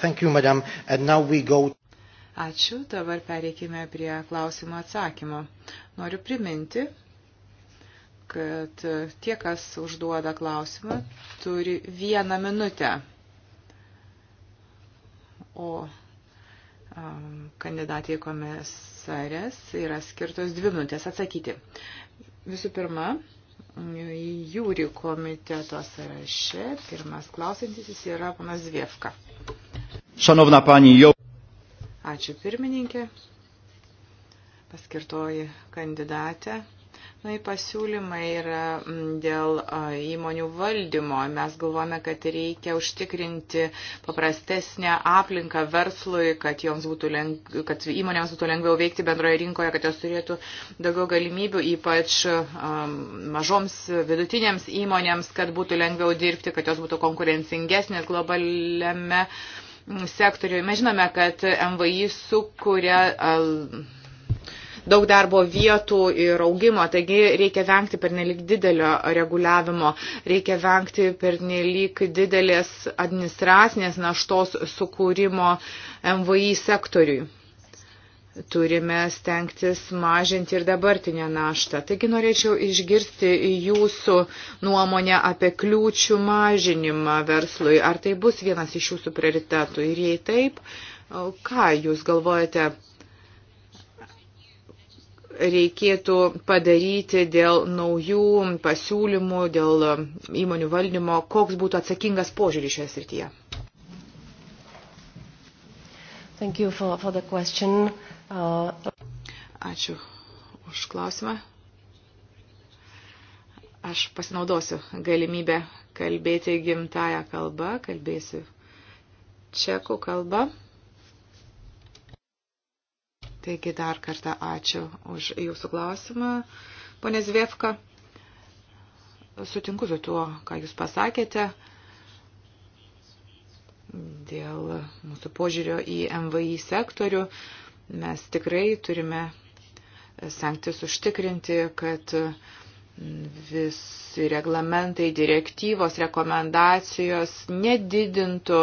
Thank you, madam. And now we go. Ačiū, dabar pereikime prie klausimo atsakymo. Noriu priminti, kad tie, kas užduoda klausimą, turi vieną minutę. O kandidatė į komisarės yra skirtos dvi minutės atsakyti. Visų pirma, jūri komiteto sąraše pirmas klausantis yra panas Zviefka. Šanovna pani jau. Ačiū pirmininkė, paskirtoji kandidatė. Na, pasiūlymai yra mm, dėl įmonių valdymo. Mes galvome, kad reikia užtikrinti paprastesnę aplinką verslui, kad, būtų leng... kad įmonėms būtų lengviau veikti bendroje rinkoje, kad jos turėtų daugiau galimybių, ypač um, mažoms vidutinėms įmonėms, kad būtų lengviau dirbti, kad jos būtų konkurencingesnės globaliame. Um, sektoriui. Mes žinome, kad MVI sukuria daug darbo vietų ir augimo, taigi reikia vengti pernelik didelio reguliavimo, reikia vengti pernelik didelės administracinės naštos sukūrimo MVI sektoriui turime stengtis mažinti ir dabartinę naštą. Taigi norėčiau išgirsti jūsų nuomonę apie kliūčių mažinimą verslui. Ar tai bus vienas iš jūsų prioritetų? Ir jei taip, ką jūs galvojate reikėtų padaryti dėl naujų pasiūlymų, dėl įmonių valdymo, koks būtų atsakingas požiūris šioje srityje? Thank you for, for the question. Ačiū už klausimą. Aš pasinaudosiu galimybę kalbėti gimtają kalbą, kalbėsiu čekų kalbą. Taigi dar kartą ačiū už jūsų klausimą, ponė Zviefka. Sutinku su tuo, ką jūs pasakėte dėl mūsų požiūrio į MVI sektorių. Mes tikrai turime stengtis užtikrinti, kad visi reglamentai, direktyvos, rekomendacijos nedidintų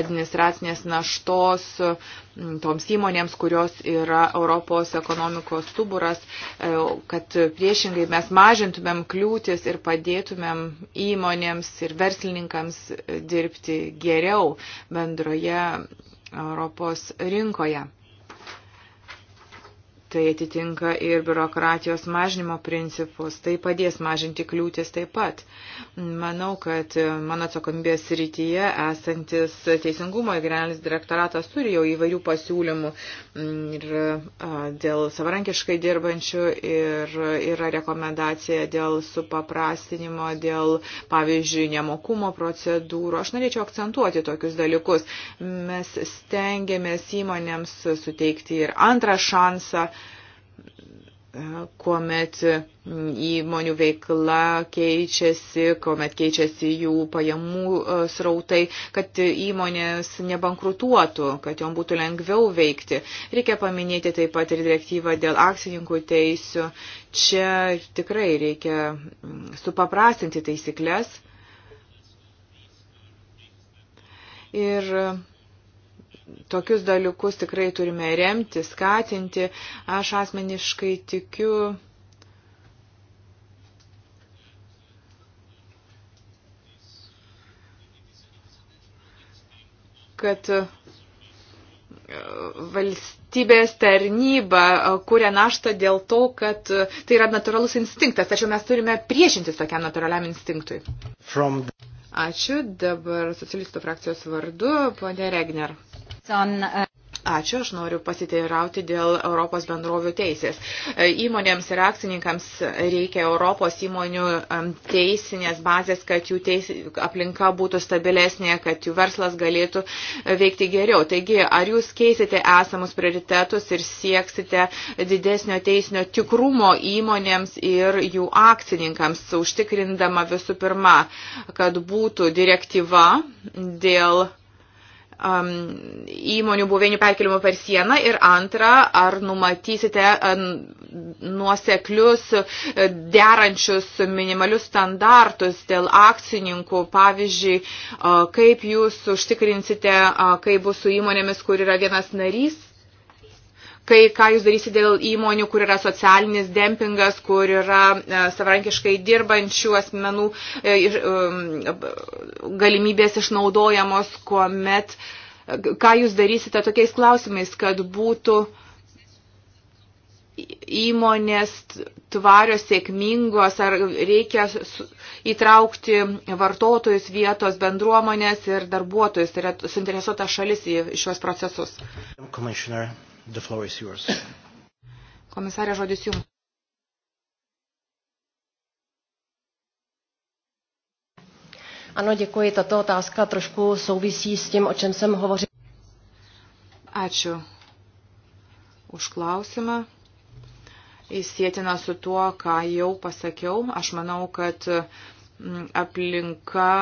administracinės naštos toms įmonėms, kurios yra Europos ekonomikos stuburas, kad priešingai mes mažintumėm kliūtis ir padėtumėm įmonėms ir verslininkams dirbti geriau bendroje Europos rinkoje. Tai atitinka ir biurokratijos mažinimo principus, tai padės mažinti kliūtis taip pat. Manau, kad mano atsakomybės rytyje esantis Teisingumo generalinis direktoratas turi jau įvairių pasiūlymų ir dėl savarankiškai dirbančių ir yra rekomendacija dėl supaprastinimo, dėl, pavyzdžiui, nemokumo procedūrų. Aš norėčiau akcentuoti tokius dalykus. Mes stengiamės įmonėms suteikti ir antrą šansą kuomet įmonių veikla keičiasi, kuomet keičiasi jų pajamų e, srautai, kad įmonės nebankrutuotų, kad jom būtų lengviau veikti. Reikia paminėti taip pat ir direktyvą dėl akcininkų teisių. Čia tikrai reikia mm, supaprastinti taisyklės. Ir tokius dalykus tikrai turime remti, skatinti. Aš asmeniškai tikiu. kad e, valstybės tarnyba e, kuria naštą dėl to, kad e, tai yra natūralus instinktas, tačiau mes turime priešintis tokiam natūraliam instinktui. From... Ačiū. Dabar socialistų frakcijos vardu, ponė Regner on, uh... E, Ačiū, aš noriu pasiteirauti dėl Europos bendrovių teisės. E, įmonėms ir akcininkams reikia Europos įmonių e, teisinės bazės, kad jų teis, aplinka būtų stabilesnė, kad jų verslas galėtų veikti geriau. Taigi, ar jūs keisite esamus prioritetus ir sieksite didesnio teisinio tikrumo įmonėms ir jų akcininkams, užtikrindama visų pirma, kad būtų direktyva dėl um, įmonių buveinių perkelimu per sieną ir antra, ar numatysite um, nuoseklius e, derančius minimalius standartus dėl akcininkų, pavyzdžiui, uh, kaip jūs užtikrinsite, uh, kaip bus su įmonėmis, kur yra vienas narys kai ką jūs darysite dėl įmonių, kur yra socialinis dempingas, kur yra e, savarankiškai dirbančių asmenų e, e, galimybės išnaudojamos, kuomet, ką jūs darysite tokiais klausimais, kad būtų įmonės tvarios, sėkmingos, ar reikia įtraukti vartotojus, vietos bendruomonės ir darbuotojus, tai yra suinteresuota šalis į šiuos procesus. Komisioner. The floor is yours. Komisarė, žodis jums. Ano, děkuji. Tato otázka trošku souvisí s tím, o čem jsem hovořil. Ačiū už klausimą. Įsietina su tuo, ką jau pasakiau. Aš manau, kad uh, aplinka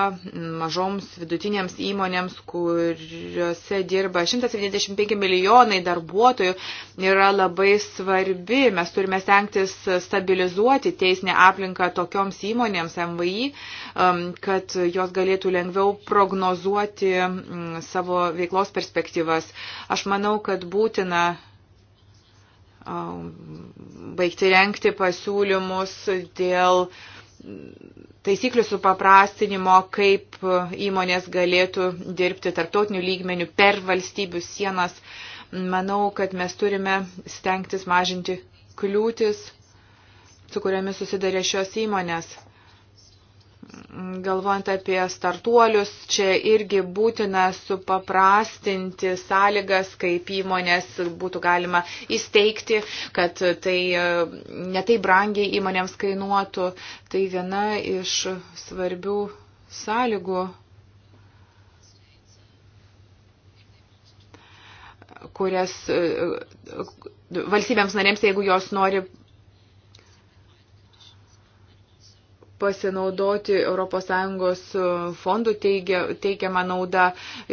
mažoms vidutinėms įmonėms, kuriuose dirba 175 milijonai darbuotojų, yra labai svarbi. Mes turime stengtis stabilizuoti teisinę aplinką tokioms įmonėms MVI, um, kad jos galėtų lengviau prognozuoti mm, savo veiklos perspektyvas. Aš manau, kad būtina um, baigti renkti pasiūlymus dėl uh, taisyklių supaprastinimo, kaip įmonės galėtų dirbti tarptautinių lygmenių per valstybių sienas. Manau, kad mes turime stengtis mažinti kliūtis, su kuriamis susidarė šios įmonės galvojant apie startuolius, čia irgi būtina supaprastinti sąlygas, kaip įmonės būtų galima įsteigti, kad tai e, netai brangiai įmonėms kainuotų. Tai viena iš svarbių sąlygų, kurias e, valstybėms narėms, jeigu jos nori pasinaudoti ES e, fondų teigia, teigiamą naudą,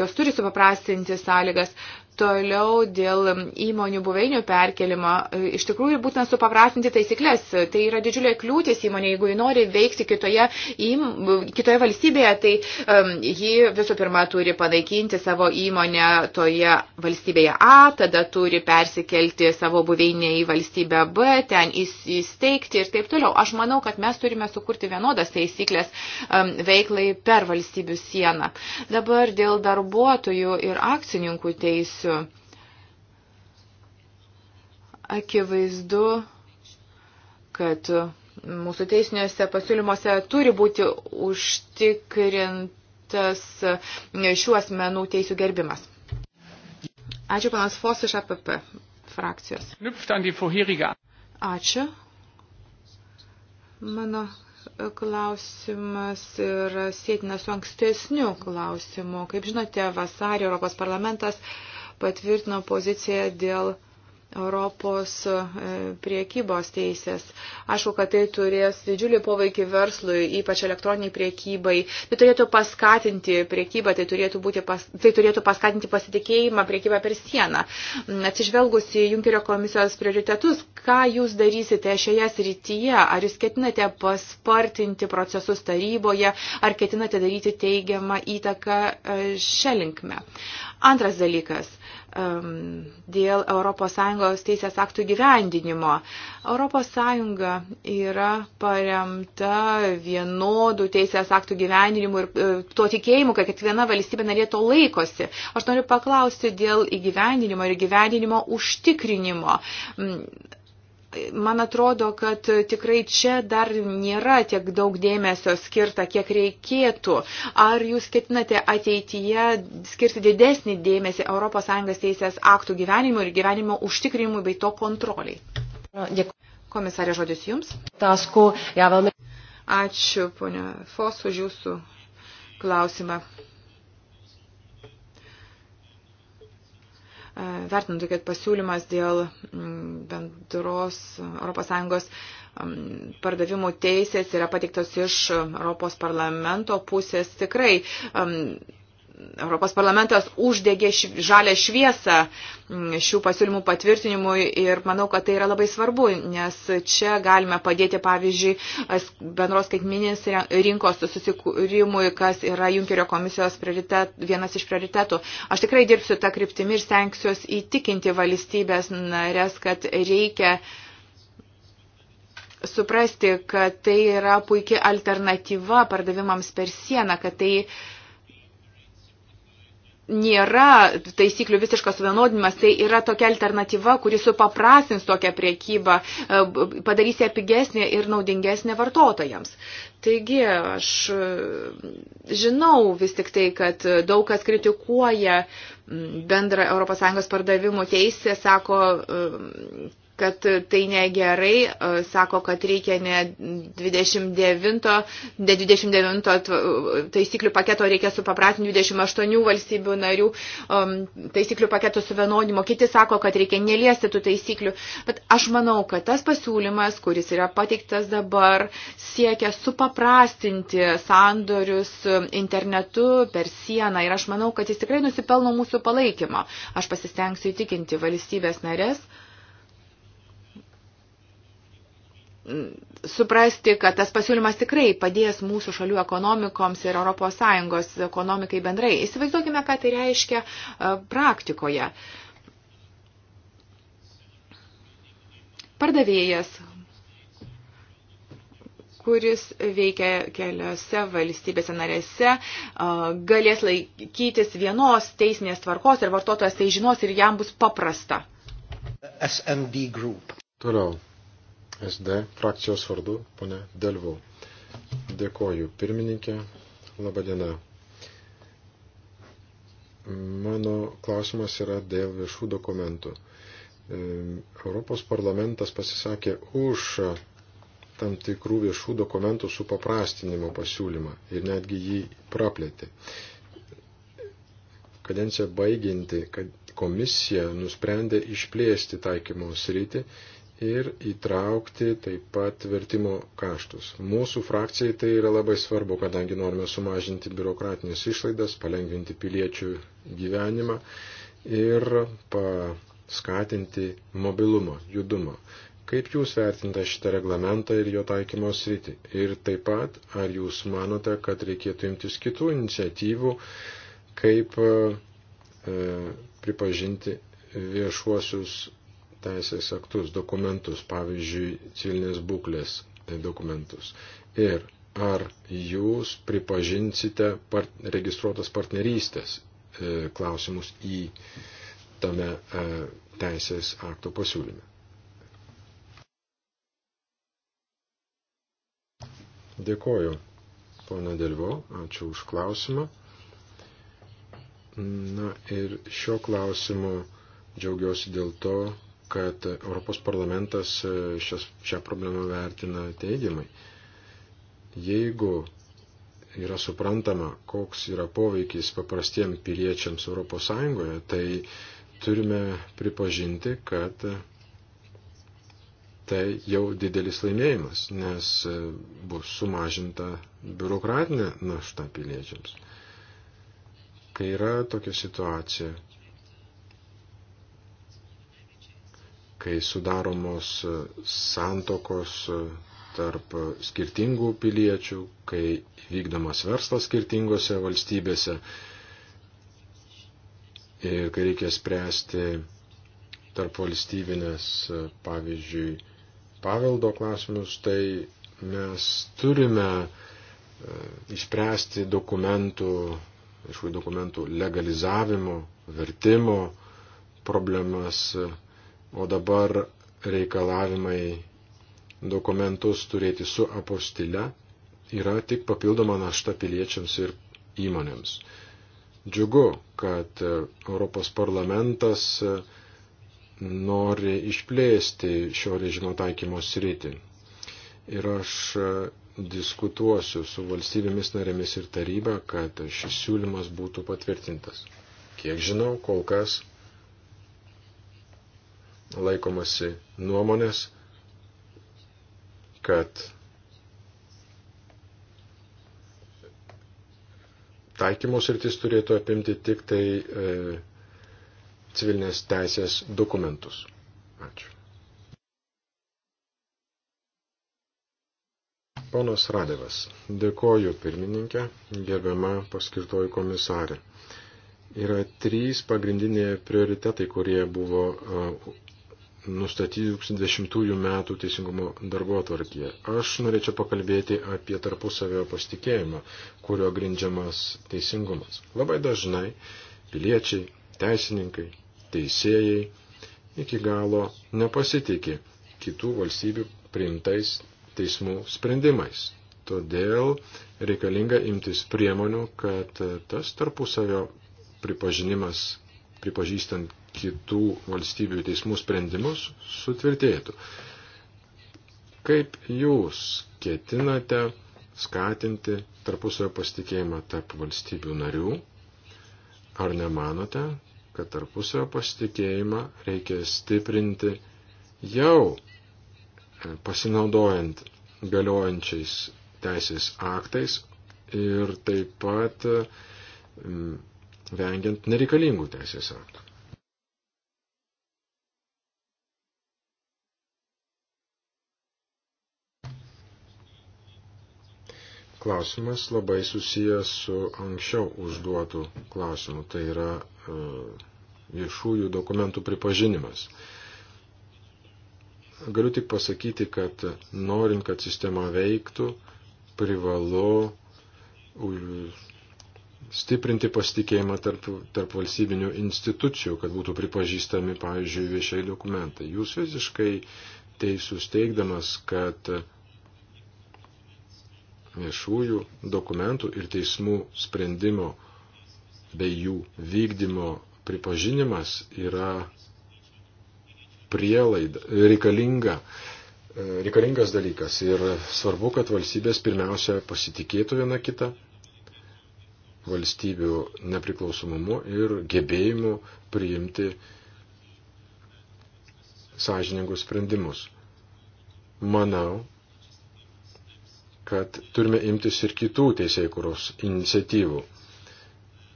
jos turi supaprastinti sąlygas. Toliau dėl įmonių buveinių perkelimo. Iš tikrųjų, būtina supaprastinti taisyklės. Tai yra didžiulė kliūtis įmonė. Jeigu ji nori veikti kitoje, im, kitoje valstybėje, tai um, ji visų pirma turi panaikinti savo įmonę toje valstybėje A, tada turi persikelti savo buveinę į valstybę B, ten įsteigti ir taip toliau. Aš manau, kad mes turime sukurti vienodas taisyklės um, veiklai per valstybių sieną. Dabar dėl darbuotojų ir akcininkų teisų teisių. Akivaizdu, kad mūsų teisiniuose pasiūlymuose turi būti užtikrintas šių asmenų teisų gerbimas. Ačiū panas Fos iš APP frakcijos. Ačiū. Mano klausimas yra sėtinas su ankstesniu klausimu. Kaip žinote, vasarį Europos parlamentas uh, patvirtino poziciją dėl Europos e, priekybos teisės. Aišku, kad tai turės didžiulį poveikį verslui, ypač elektroniniai priekybai. Tai turėtų paskatinti priekybą, tai turėtų, būti pas, tai turėtų paskatinti pasitikėjimą priekybą per sieną. Atsižvelgus į Junkerio komisijos prioritetus, ką jūs darysite šioje srityje? Ar jūs ketinate paspartinti procesus taryboje, ar ketinate daryti teigiamą įtaką e, šią linkmę? Antras dalykas – um, dėl ES teisės aktų gyvendinimo. ES yra paremta vienodų teisės aktų gyvendinimu ir e, tuo tikėjimu, kad kiekviena valstybė narė to laikosi. Aš noriu paklausti dėl įgyvendinimo ir įgyvendinimo užtikrinimo. Mm, man atrodo, kad tikrai čia dar nėra tiek daug dėmesio skirta, kiek reikėtų. Ar jūs ketinate ateityje skirti didesnį dėmesį ES teisės aktų gyvenimui ir gyvenimo užtikrinimui bei to kontroliai? Komisarė, žodis jums. Tasku, ja, Ačiū, ponia Fos, už jūsų klausimą. vertinant, tai, kad pasiūlymas dėl mm, bendros ES mm, pardavimų teisės yra patiktas iš Europos parlamento pusės, tikrai mm, Europos parlamentas uždegė žalę šviesą mm, šių pasiūlymų patvirtinimui ir manau, kad tai yra labai svarbu, nes čia galime padėti, pavyzdžiui, bendros skaitminės rinkos susikūrimui, kas yra Junkerio komisijos prioritet, vienas iš prioritetų. Aš tikrai dirbsiu tą kryptimį ir stengsiuos įtikinti valstybės narės, kad reikia suprasti, kad tai yra puikia alternatyva pardavimams per sieną, kad tai uh, nėra taisyklių visiškas vienodinimas, tai yra tokia alternatyva, kuri supaprasins tokią priekybą, e, padarys ją pigesnė ir naudingesnė vartotojams. Taigi aš e, žinau vis tik tai, kad daug kas kritikuoja bendrą ES pardavimų teisę, sako, e, kad tai negerai, e, sako, kad reikia ne 29, ne 29 e, taisyklių paketo, reikia supapratinti 28 valstybių narių um, taisyklių paketo suvienodimo, kiti sako, kad reikia neliesti tų taisyklių. Bet aš manau, kad tas pasiūlymas, kuris yra pateiktas dabar, siekia supaprastinti sandorius um, internetu per sieną ir aš manau, kad jis tikrai nusipelno mūsų palaikymo. Aš pasistengsiu įtikinti valstybės narės. suprasti, kad tas pasiūlymas tikrai padės mūsų šalių ekonomikoms ir ES ekonomikai bendrai. Įsivaizduokime, ką tai reiškia e, praktikoje. Pardavėjas, kuris veikia keliose valstybėse narėse, e, galės laikytis vienos teisinės tvarkos ir vartotojas tai žinos ir jam bus paprasta. SMD Group. Toliau. SD frakcijos vardu, ponė Delvau. Dėkoju pirmininkė, labadiena. Mano klausimas yra dėl viešų dokumentų. E, Europos parlamentas pasisakė už tam tikrų viešų dokumentų supaprastinimo pasiūlymą ir netgi jį praplėtė. Kadencija baiginti, kad komisija nusprendė išplėsti taikymo sritį ir įtraukti taip pat vertimo kaštus. Mūsų frakcijai tai yra labai svarbu, kadangi norime sumažinti biurokratinės išlaidas, palengvinti piliečių gyvenimą ir paskatinti mobilumą, judumą. Kaip jūs vertinate šitą reglamentą ir jo taikymo sritį? Ir taip pat, ar jūs manote, kad reikėtų imtis kitų iniciatyvų, kaip e, pripažinti viešuosius teisės aktus, dokumentus, pavyzdžiui, civilinės būklės dokumentus. Ir ar jūs pripažinsite part, registruotas partnerystės e, klausimus į tame e, teisės akto pasiūlyme. Dėkoju, pona Delvo, ačiū už klausimą. Na ir šio klausimu džiaugiuosi dėl to, kad Europos parlamentas e, šias, šią problemą vertina teigiamai. Jeigu yra suprantama, koks yra poveikis paprastiem piliečiams ES, tai turime pripažinti, kad tai jau didelis laimėjimas, nes e, bus sumažinta biurokratinė našta piliečiams. Kai yra tokia situacija, kai sudaromos santokos tarp skirtingų piliečių, kai vykdomas verslas skirtingose valstybėse ir kai reikia spręsti tarp valstybinės, pavyzdžiui, paveldo klausimus, tai mes turime e, išspręsti dokumentų, išvai dokumentų legalizavimo, vertimo problemas o dabar reikalavimai dokumentus turėti su apostile yra tik papildoma našta piliečiams ir įmonėms. Džiugu, kad e, Europos parlamentas e, nori išplėsti šio režimo taikymo sritį. Ir aš e, diskutuosiu su valstybėmis narėmis ir taryba, kad šis siūlymas būtų patvirtintas. Kiek žinau, kol kas laikomasi nuomonės, kad taikymos rytis turėtų apimti tik tai e, civilinės teisės dokumentus. Ačiū. Ponas Radevas, dėkoju pirmininkė, gerbiama paskirtoji komisarė. Yra trys pagrindiniai prioritetai, kurie buvo e, nustatyti 2010 metų teisingumo darbo atvarkyje. Aš norėčiau pakalbėti apie tarpusavio pasitikėjimą, kurio grindžiamas teisingumas. Labai dažnai piliečiai, teisininkai, teisėjai iki galo nepasitikė kitų valstybių priimtais teismų sprendimais. Todėl reikalinga imtis priemonių, kad tas tarpusavio pripažinimas, pripažįstant kitų valstybių teismų sprendimus sutvirtėtų. Kaip jūs ketinate skatinti tarpusavio pasitikėjimą tarp valstybių narių? Ar nemanote, kad tarpusavio pasitikėjimą reikia stiprinti jau e, pasinaudojant galiojančiais teisės aktais ir taip pat vengiant nereikalingų teisės aktų? klausimas labai susijęs su anksčiau užduotų klausimų, tai yra e, viešųjų dokumentų pripažinimas. Galiu tik pasakyti, kad norint, kad sistema veiktų, privalu stiprinti pasitikėjimą tarp, tarp valstybinių institucijų, kad būtų pripažįstami, pavyzdžiui, viešiai dokumentai. Jūs visiškai teisus teikdamas, kad viešųjų dokumentų ir teismų sprendimo bei jų vykdymo pripažinimas yra prielaida, reikalinga, e, reikalingas dalykas ir svarbu, kad valstybės pirmiausia pasitikėtų viena kita valstybių nepriklausomumu ir gebėjimu priimti sąžiningus sprendimus. Manau, kad turime imtis ir kitų teisėkuros iniciatyvų.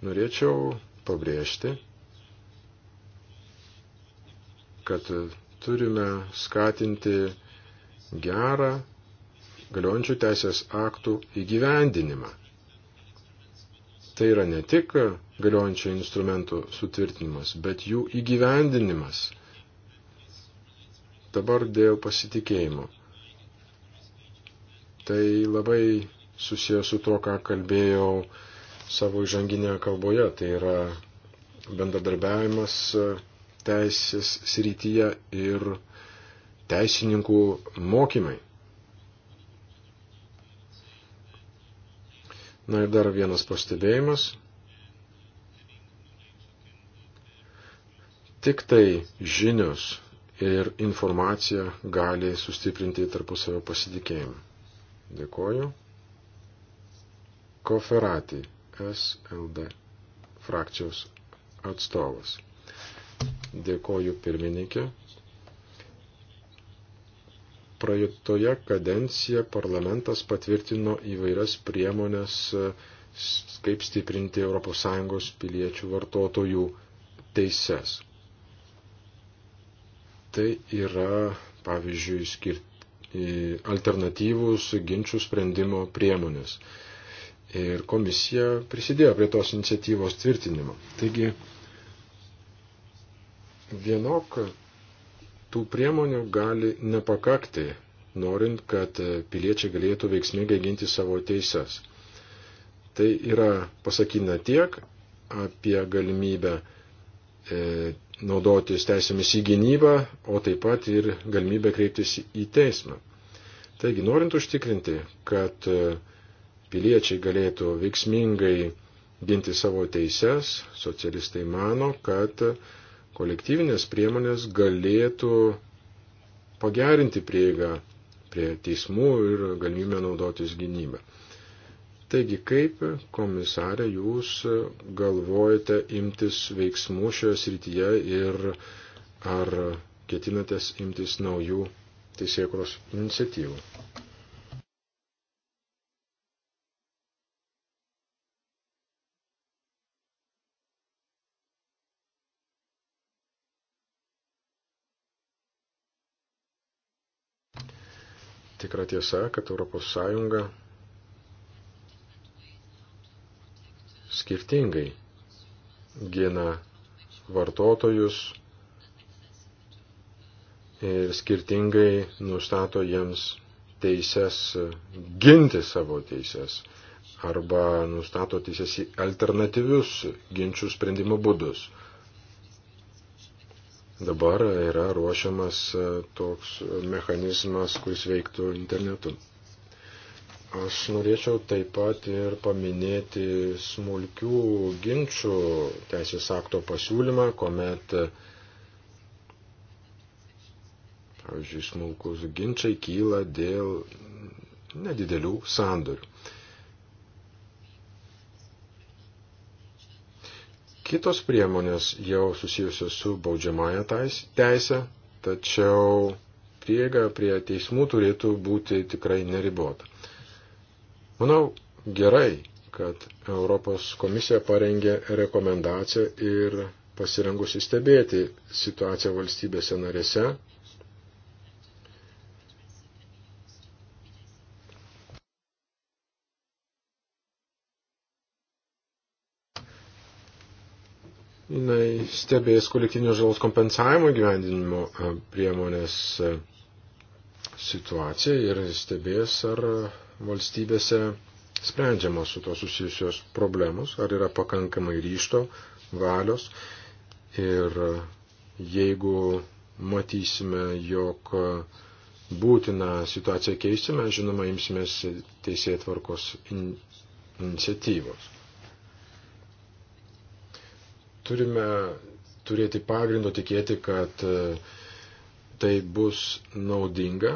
Norėčiau pabrėžti, kad turime skatinti gerą galiojančių teisės aktų įgyvendinimą. Tai yra ne tik galiojančių instrumentų sutvirtinimas, bet jų įgyvendinimas. Dabar dėl pasitikėjimo. Tai labai susijęs su to, ką kalbėjau savo įžanginėje kalboje. Tai yra bendradarbiavimas e, teisės srityje ir teisininkų mokymai. Na ir dar vienas pastebėjimas. Tik tai žinios ir informacija gali sustiprinti tarpusavio pasitikėjimą. Dėkoju. Koferati, SLD frakcijos atstovas. Dėkoju pirmininkė. Praeitoje kadencijoje parlamentas patvirtino įvairias priemonės, kaip stiprinti ES piliečių vartotojų teises. Tai yra, pavyzdžiui, skirti alternatyvūs ginčių sprendimo priemonės. Ir komisija prisidėjo prie tos iniciatyvos tvirtinimo. Taigi, vienok tų priemonių gali nepakakti, norint, kad piliečiai galėtų veiksmingai ginti savo teises. Tai yra pasakyna tiek apie galimybę E, naudotis teisėmis į gynybą, o taip pat ir galimybę kreiptis į teismą. Taigi, norint užtikrinti, kad e, piliečiai galėtų veiksmingai ginti savo teises, socialistai mano, kad kolektyvinės priemonės galėtų pagerinti prieigą prie teismų ir galimybę naudotis gynybą. Taigi, kaip komisarė jūs galvojate imtis veiksmų šioje srityje ir ar ketinatės imtis naujų teisėkuros iniciatyvų? Tikra tiesa, kad ES skirtingai gina vartotojus ir skirtingai nustato jiems teises ginti savo teises arba nustato teises į alternatyvius ginčių sprendimo būdus. Dabar yra ruošiamas toks mechanizmas, kuris veiktų internetu. Aš norėčiau taip pat ir paminėti smulkių ginčių teisės akto pasiūlymą, kuomet, pavyzdžiui, smulkus ginčiai kyla dėl nedidelių sandorių. Kitos priemonės jau susijusios su baudžiamąją teisę, tačiau prieiga prie teismų turėtų būti tikrai neribota. Manau, gerai, kad Europos komisija parengė rekomendaciją ir pasirengusi stebėti situaciją valstybėse narėse. Jis stebės kolektyvinio žalos kompensavimo gyvendinimo e, priemonės e, situaciją ir stebės, ar valstybėse sprendžiamos su to susijusios problemos, ar yra pakankamai ryšto, valios ir jeigu matysime, jog būtina situaciją keisti, mes žinoma imsimės teisėjai tvarkos in iniciatyvos. Turime turėti pagrindo tikėti, kad e, tai bus naudinga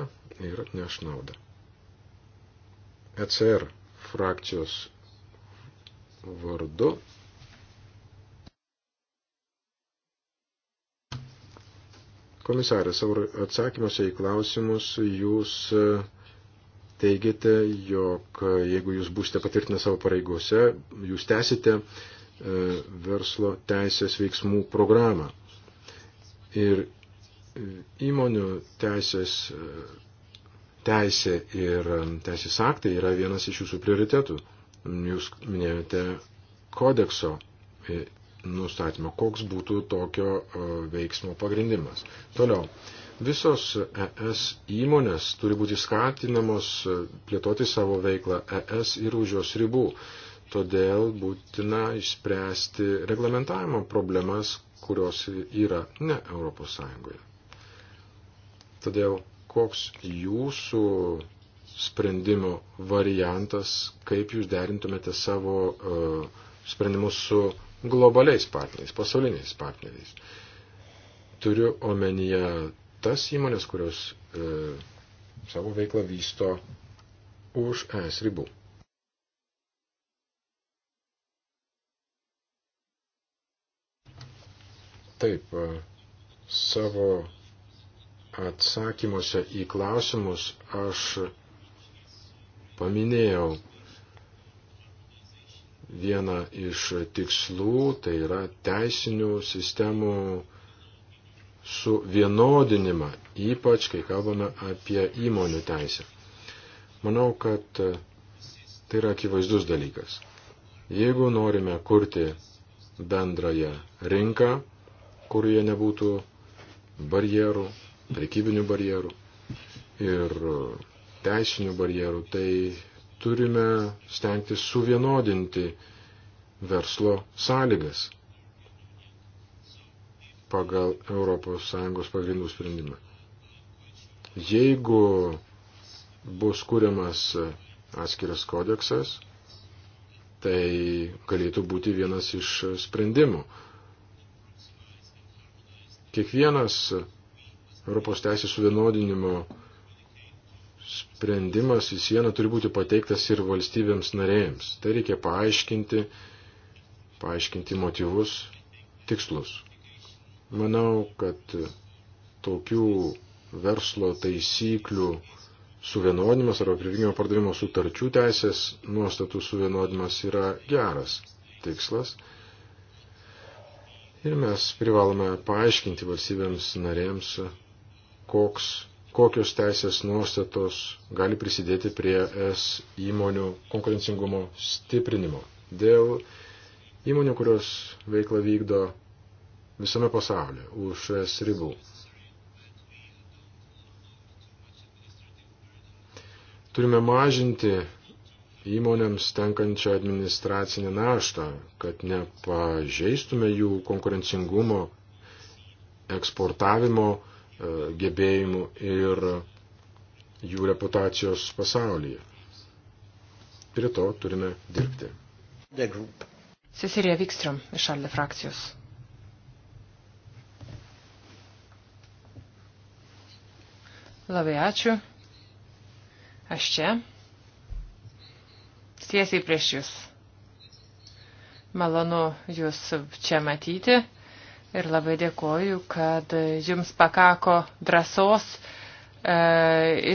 ir neš naudą. ECR frakcijos vardu. Komisarė, savo atsakymuose į klausimus jūs e, teigiate, jog e, jeigu jūs būsite patvirtinę savo pareigose, jūs tęsite e, verslo teisės veiksmų programą. Ir įmonių teisės teisė ir um, teisės aktai yra vienas iš jūsų prioritetų. Jūs minėjote kodekso e, nustatymą, koks būtų tokio e, veiksmo pagrindimas. Toliau, visos ES įmonės turi būti skatinamos e, plėtoti savo veiklą ES ir už jos ribų. Todėl būtina išspręsti reglamentavimo problemas, kurios yra ne Europos Sąjungoje. Todėl koks jūsų sprendimo variantas, kaip jūs derintumėte savo uh, sprendimus su globaliais partneriais, pasauliniais partneriais. Turiu omenyje tas įmonės, kurios uh, savo veiklą vysto už ES ribų. Taip, uh, savo atsakymuose į klausimus aš paminėjau vieną iš tikslų, tai yra teisinių sistemų suvienodinimą, ypač kai kalbame apie įmonių teisę. Manau, kad tai yra akivaizdus dalykas. Jeigu norime kurti bendrąją rinką, kurioje nebūtų barjerų, prekybinių barjerų ir teisinių barjerų, tai turime stengti suvienodinti verslo sąlygas pagal ES pagrindų sprendimą. Jeigu bus kuriamas atskiras kodeksas, tai galėtų būti vienas iš sprendimų. Kiekvienas Europos teisės suvienodinimo sprendimas į sieną turi būti pateiktas ir valstybėms narėjams. Tai reikia paaiškinti, paaiškinti motyvus, tikslus. Manau, kad tokių verslo taisyklių suvienodinimas arba pirkimo pardavimo sutarčių teisės nuostatų suvienodinimas yra geras tikslas. Ir mes privalome paaiškinti valstybėms narėms koks, kokios teisės nuostatos gali prisidėti prie es įmonių konkurencingumo stiprinimo. Dėl įmonių, kurios veiklą vykdo visame pasaulyje už es ribų. Turime mažinti įmonėms tenkančią administracinę naštą, kad nepažeistume jų konkurencingumo, eksportavimo E, gebėjimų ir jų reputacijos pasaulyje. Prie to turime dirbti. Cecilija Vikstrom iš Alde frakcijos. Labai ačiū. Aš čia. Tiesiai prieš Jūs. Malonu Jūs čia matyti ir labai dėkoju, kad jums pakako drąsos e,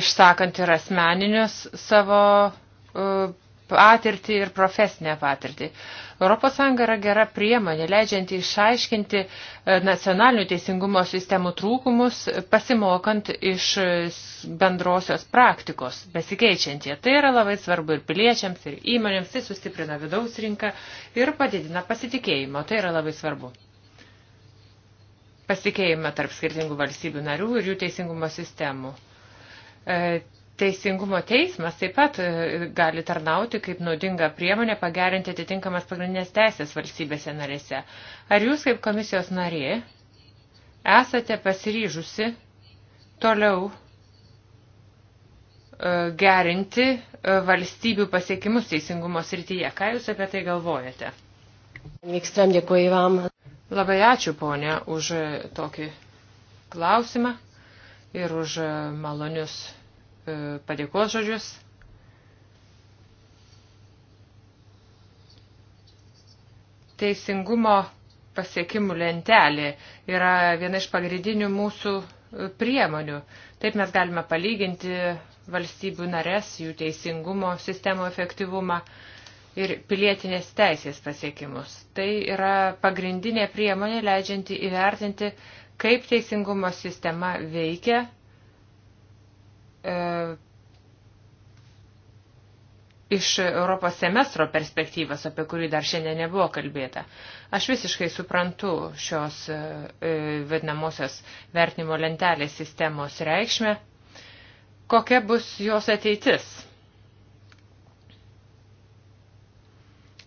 išsakant ir asmeninius savo e, patirtį ir profesinę patirtį. ES yra gera priemonė, leidžianti išaiškinti e, nacionalinių teisingumo sistemų trūkumus, pasimokant iš bendrosios praktikos, besikeičiant jie. Tai yra labai svarbu ir piliečiams, ir įmonėms, tai sustiprina vidaus rinką ir padidina pasitikėjimo. Tai yra labai svarbu pasikeimą tarp skirtingų valstybių narių ir jų teisingumo sistemų. E, teisingumo teismas taip pat e, gali tarnauti kaip naudinga priemonė pagerinti atitinkamas pagrindinės teisės valstybėse narėse. Ar jūs kaip komisijos narė esate pasiryžusi toliau e, gerinti valstybių pasiekimus teisingumo srityje? Ką jūs apie tai galvojate? Ekstrem, dėkuoju vam. Labai ačiū, ponė, už tokį klausimą ir už malonius e, padėkos žodžius. Teisingumo pasiekimų lentelė yra viena iš pagrindinių mūsų e, priemonių. Taip mes galime palyginti valstybių narės, jų teisingumo sistemų efektyvumą ir pilietinės teisės pasiekimus. Tai yra pagrindinė priemonė leidžianti įvertinti, kaip teisingumo sistema veikia e, iš Europos semestro perspektyvas, apie kurį dar šiandien nebuvo kalbėta. Aš visiškai suprantu šios e, e vadinamosios vertinimo lentelės sistemos reikšmę. Kokia bus jos ateitis?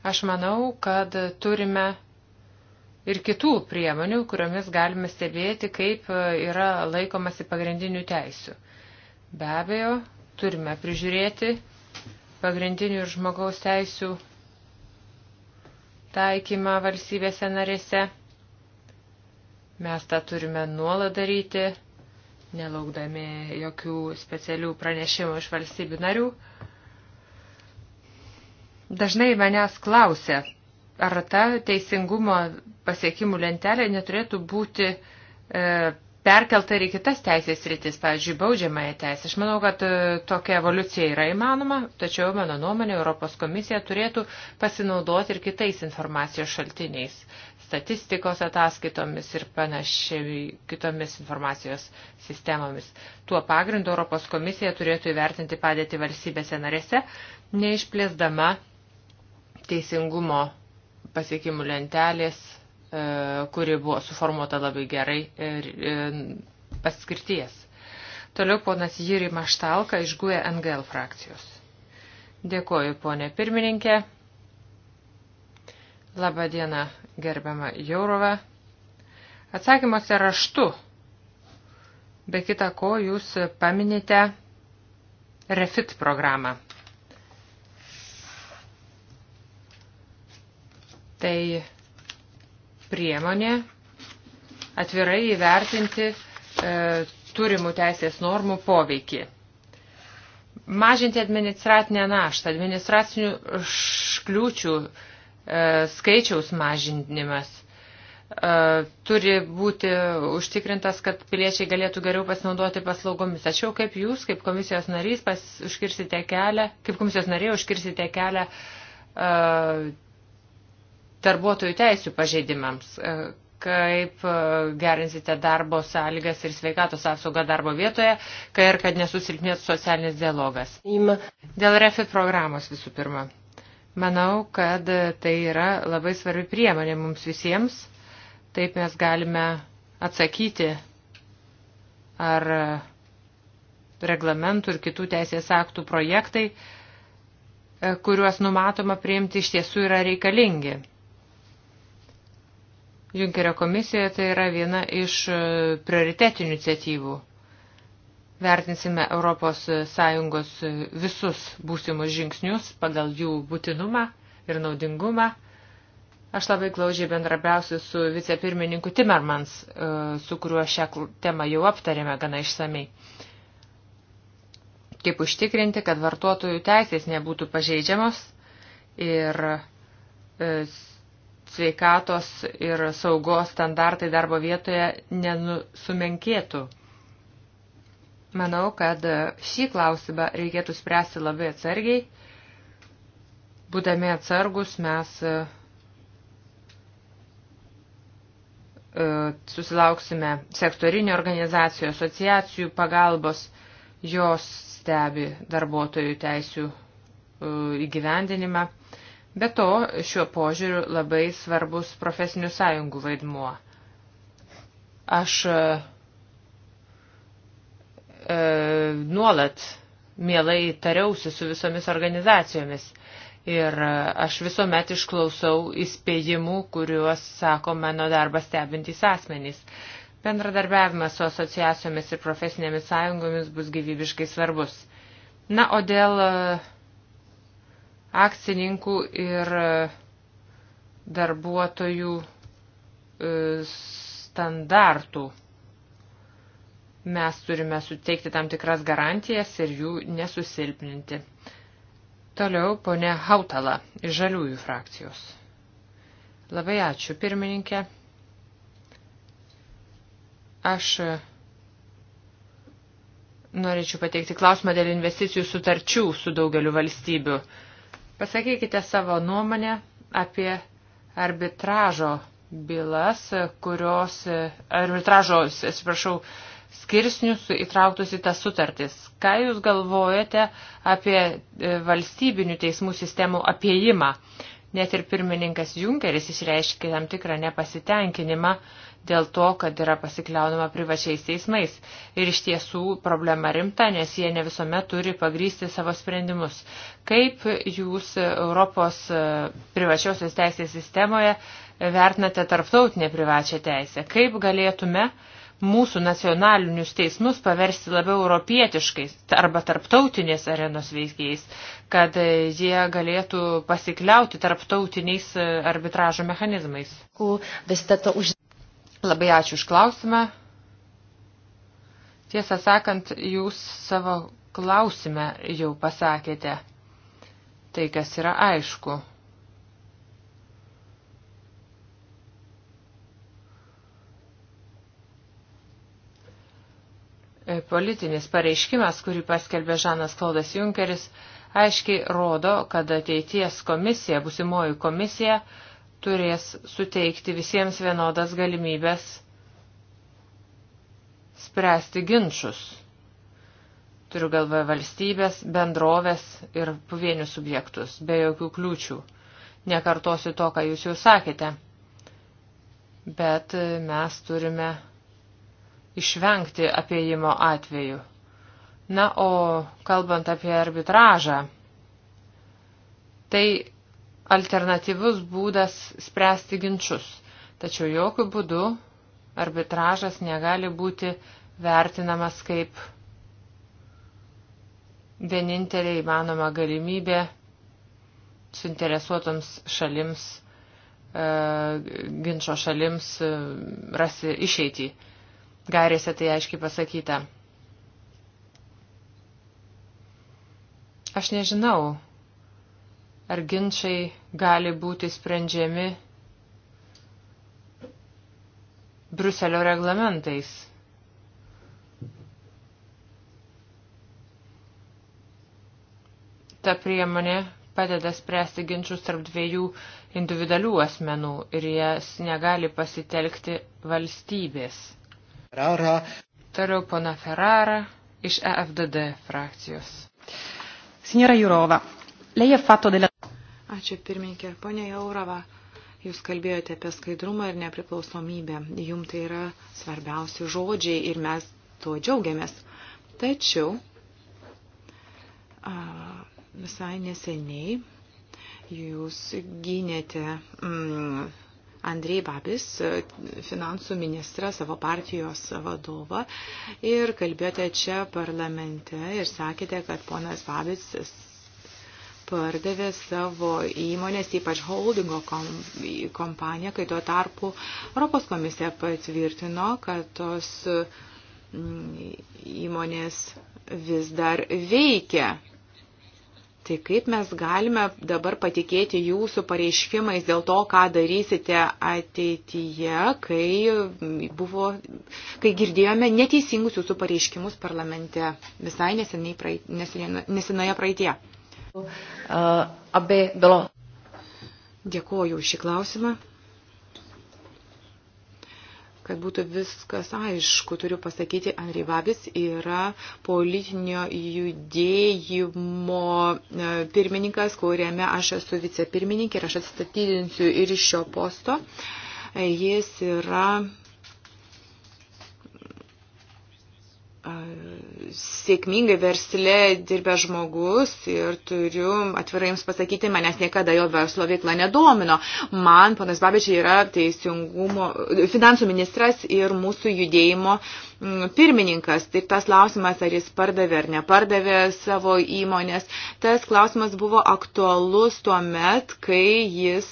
Aš manau, kad turime ir kitų priemonių, kuriomis galime stebėti, kaip yra laikomasi pagrindinių teisių. Be abejo, turime prižiūrėti pagrindinių ir žmogaus teisių taikymą valstybėse narėse. Mes tą turime nuolat daryti, nelaukdami jokių specialių pranešimų iš valstybių narių. Dažnai manęs klausia, ar ta teisingumo pasiekimų lentelė neturėtų būti e, perkelta ir į kitas teisės rytis, pavyzdžiui, baudžiamąją teisę. Aš manau, kad e, tokia evoliucija yra įmanoma, tačiau, mano nuomonė, Europos komisija turėtų pasinaudoti ir kitais informacijos šaltiniais - statistikos ataskaitomis ir panašiai kitomis informacijos sistemomis. Tuo pagrindu Europos komisija turėtų įvertinti padėti valstybėse narėse, neišplėsdama teisingumo pasiekimų lentelės, e, kuri buvo suformuota labai gerai ir e, paskirties. Toliau ponas Jiri Maštalka iš GUE NGL frakcijos. Dėkoju, ponė pirmininkė. Labą dieną, gerbiama Jaurova. Atsakymuose raštu, be kita ko, jūs paminite REFIT programą. tai priemonė atvirai įvertinti e, turimų teisės normų poveikį. Mažinti administratinę naštą, administracinių kliūčių e, skaičiaus mažinimas e, turi būti užtikrintas, kad piliečiai galėtų geriau pasinaudoti paslaugomis. Tačiau kaip jūs, kaip komisijos narys, pas, užkirsite kelią, kaip komisijos narė užkirsite kelią e, darbuotojų teisų pažeidimams, e, kaip e, gerinsite darbo sąlygas ir sveikatos apsaugą darbo vietoje, kai ir kad nesusilpnėtų socialinis dialogas. Dėl refit programos visų pirma. Manau, kad tai yra labai svarbi priemonė mums visiems. Taip mes galime atsakyti, ar e, reglamentų ir kitų teisės aktų projektai, kuriuos numatoma priimti, iš tiesų yra reikalingi Junkerio komisijoje tai yra viena iš e, prioritetinių iniciatyvų. Vertinsime ES visus būsimus žingsnius pagal jų būtinumą ir naudingumą. Aš labai glaudžiai bendrabiausiu su vicepirmininku Timmermans, e, su kuriuo šią temą jau aptarėme gana išsamei. Kaip užtikrinti, kad vartotojų teisės nebūtų pažeidžiamos ir e, sveikatos ir saugos standartai darbo vietoje nesumenkėtų. Manau, kad šį klausimą reikėtų spręsti labai atsargiai. Būdami atsargus mes e, susilauksime sektorinių organizacijų, asociacijų pagalbos, jos stebi darbuotojų teisių e, įgyvendinimą. Be to, šiuo požiūriu labai svarbus profesinių sąjungų vaidmuo. Aš e, e nuolat mielai tariausi su visomis organizacijomis ir e, aš visuomet išklausau įspėjimų, kuriuos sako mano darbą stebintys asmenys. Bendradarbiavimas su asociacijomis ir profesinėmis sąjungomis bus gyvybiškai svarbus. Na, o dėl e, akcininkų ir e, darbuotojų e, standartų. Mes turime suteikti tam tikras garantijas ir jų nesusilpninti. Toliau ponė Hautala iš Žaliųjų frakcijos. Labai ačiū, pirmininkė. Aš e, norėčiau pateikti klausimą dėl investicijų sutarčių su daugeliu valstybių. Pasakykite savo nuomonę apie arbitražo bylas, kurios, arbitražo, atsiprašau, skirsnius įtrauktus į tas sutartis. Ką Jūs galvojate apie e, valstybinių teismų sistemų apiejimą? Net ir pirmininkas Junkeris išreiškė tam tikrą nepasitenkinimą dėl to, kad yra pasikliaunama privačiais teismais. Ir iš tiesų problema rimta, nes jie ne visuomet turi pagrysti savo sprendimus. Kaip jūs Europos e, privačiosios teisės sistemoje vertinate tarptautinę privačią teisę? Kaip galėtume mūsų nacionalinius teismus paversti labiau europietiškais arba tarptautinės arenos veikėjais, kad jie galėtų pasikliauti tarptautiniais e, arbitražo mechanizmais. Už... Labai ačiū už klausimą. Tiesą sakant, jūs savo klausime jau pasakėte tai, kas yra aišku. Politinis pareiškimas, kurį paskelbė Žanas Klaudas Junkeris, aiškiai rodo, kad ateities komisija, busimoji komisija, turės suteikti visiems vienodas galimybės spręsti ginčius. Turiu galvoje valstybės, bendrovės ir pavienius subjektus, be jokių kliūčių. Nekartosiu to, ką jūs jau sakėte, bet mes turime išvengti apiejimo atveju. Na, o kalbant apie arbitražą, tai alternatyvus būdas spręsti ginčius, tačiau jokių būdų arbitražas negali būti vertinamas kaip vienintelė įmanoma galimybė suinteresuotoms šalims, e, ginčio šalims e, rasti išeitį. Gairėse tai aiškiai pasakyta. Aš nežinau, ar ginčiai gali būti sprendžiami Bruselio reglamentais. Ta priemonė padeda spręsti ginčius tarp dviejų individualių asmenų ir jas negali pasitelkti valstybės. Ferrara. Toliau pona Ferrara iš EFDD frakcijos. Signora Jurova, Lei ha fatto della... Ačiū pirmininkė. Pone Jaurava, jūs kalbėjote apie skaidrumą ir nepriklausomybę. Jums tai yra svarbiausi žodžiai ir mes tuo džiaugiamės. Tačiau a, visai neseniai jūs gynėte mm, Andrei Babis, finansų ministrą, savo partijos vadovą ir kalbėjote čia parlamente ir sakėte, kad ponas Babis pardavė savo įmonės, ypač holdingo kom, kompaniją, kai tuo tarpu Europos komisija patvirtino, kad tos mm, įmonės vis dar veikia. Tai kaip mes galime dabar patikėti jūsų pareiškimais dėl to, ką darysite ateityje, kai, buvo, kai girdėjome neteisingus jūsų pareiškimus parlamente visai neseniai praeit, nesenoje praeitie. Eh, aby bylo. Dėkuoju už šį klausimą. Kad būtų viskas aišku, turiu pasakyti, Andrei Vabis yra politinio judėjimo eh, pirmininkas, kuriame aš esu vicepirmininkė ir aš atstatydinsiu ir iš šio posto. Jis yra eh, sėkmingai verslė dirbęs žmogus ir turiu atvirai jums pasakyti, manęs niekada jo verslo veikla nedomino. Man ponas Babičiai yra teisingumo, finansų ministras ir mūsų judėjimo mm, pirmininkas. Taip tas klausimas, ar jis pardavė ar nepardavė savo įmonės, tas klausimas buvo aktualus tuo met, kai jis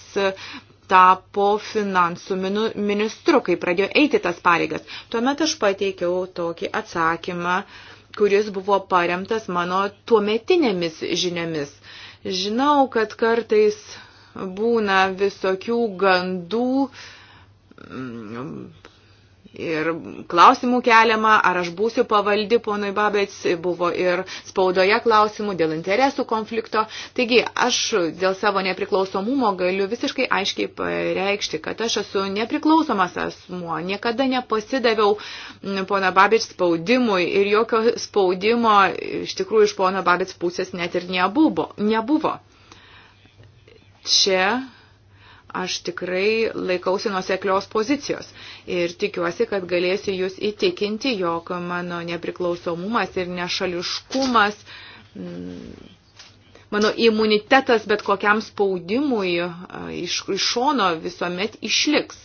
tapo finansų ministru, kai pradėjo eiti tas pareigas. Tuomet aš pateikiau tokį atsakymą uh, kuris buvo paremtas mano tuometinėmis žiniomis. Žinau, kad kartais būna visokių gandų, ir klausimų keliama, ar aš būsiu pavaldi ponui Babets, buvo ir spaudoje klausimų dėl interesų konflikto. Taigi aš dėl savo nepriklausomumo galiu visiškai aiškiai pareikšti, kad aš esu nepriklausomas asmuo, niekada nepasidaviau pono Babets spaudimui ir jokio spaudimo iš tikrųjų iš pono Babets pusės net ir nebuvo. nebuvo. Čia aš tikrai laikausi nuoseklios pozicijos ir tikiuosi, kad galėsiu jūs įtikinti, jog mano nepriklausomumas ir nešališkumas, mm, mano imunitetas bet kokiam spaudimui e, iš, iš šono visuomet išliks.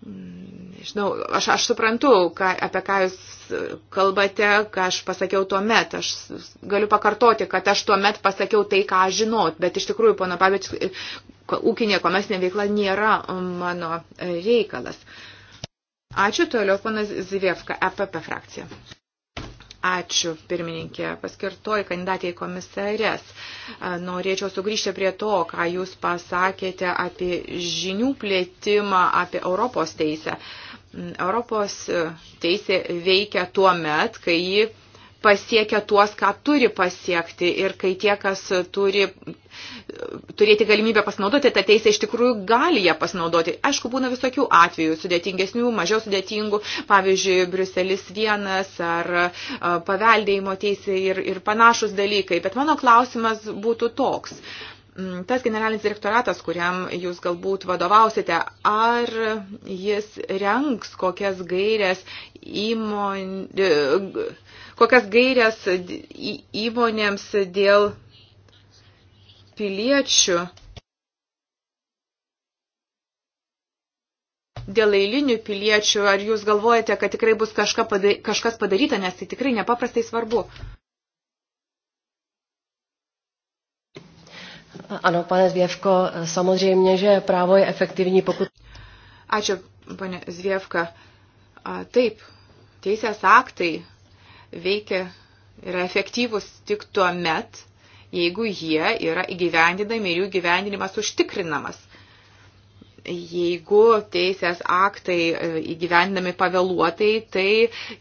Mm, žinau, aš, aš suprantu, ką, apie ką jūs kalbate, ką aš pasakiau tuo met. Aš galiu pakartoti, kad aš tuo met pasakiau tai, ką aš žinot, bet iš tikrųjų, pono Pavič, ūkinė komersinė veikla nėra mano reikalas. Ačiū toliau, panas Zivievka, EPP frakcija. Ačiū, pirmininkė, paskirtoji kandidatė į komisarės. Norėčiau sugrįžti prie to, ką jūs pasakėte apie žinių plėtimą, apie Europos teisę. Mm, Europos teisė veikia tuo met, kai ji pasiekia tuos, ką turi pasiekti ir kai tie, kas turi turėti galimybę pasinaudoti tą teisę, iš tikrųjų gali ją pasinaudoti. Aišku, būna visokių atvejų, sudėtingesnių, mažiau sudėtingų, pavyzdžiui, Bruselis vienas ar paveldėjimo teisė ir, ir panašus dalykai. Bet mano klausimas būtų toks. Mm, tas generalinis direktoratas, kuriam jūs galbūt vadovausite, ar jis renks kokias gairias įmonė e, kokias gairias įmonėms dėl piliečių, dėl eilinių piliečių, ar jūs galvojate, kad tikrai bus kažkas padaryta, nes tai tikrai nepaprastai svarbu. Ano, pane Zvěvko, samozřejmě, že právo je efektivní, pokud... Ačiū, pane Zvěvka. Taip, teisės aktai veikia, yra efektyvus tik tuo met, jeigu jie yra įgyvendinami ir jų gyvendinimas užtikrinamas. Jeigu teisės aktai e, įgyvendinami pavėluotai, tai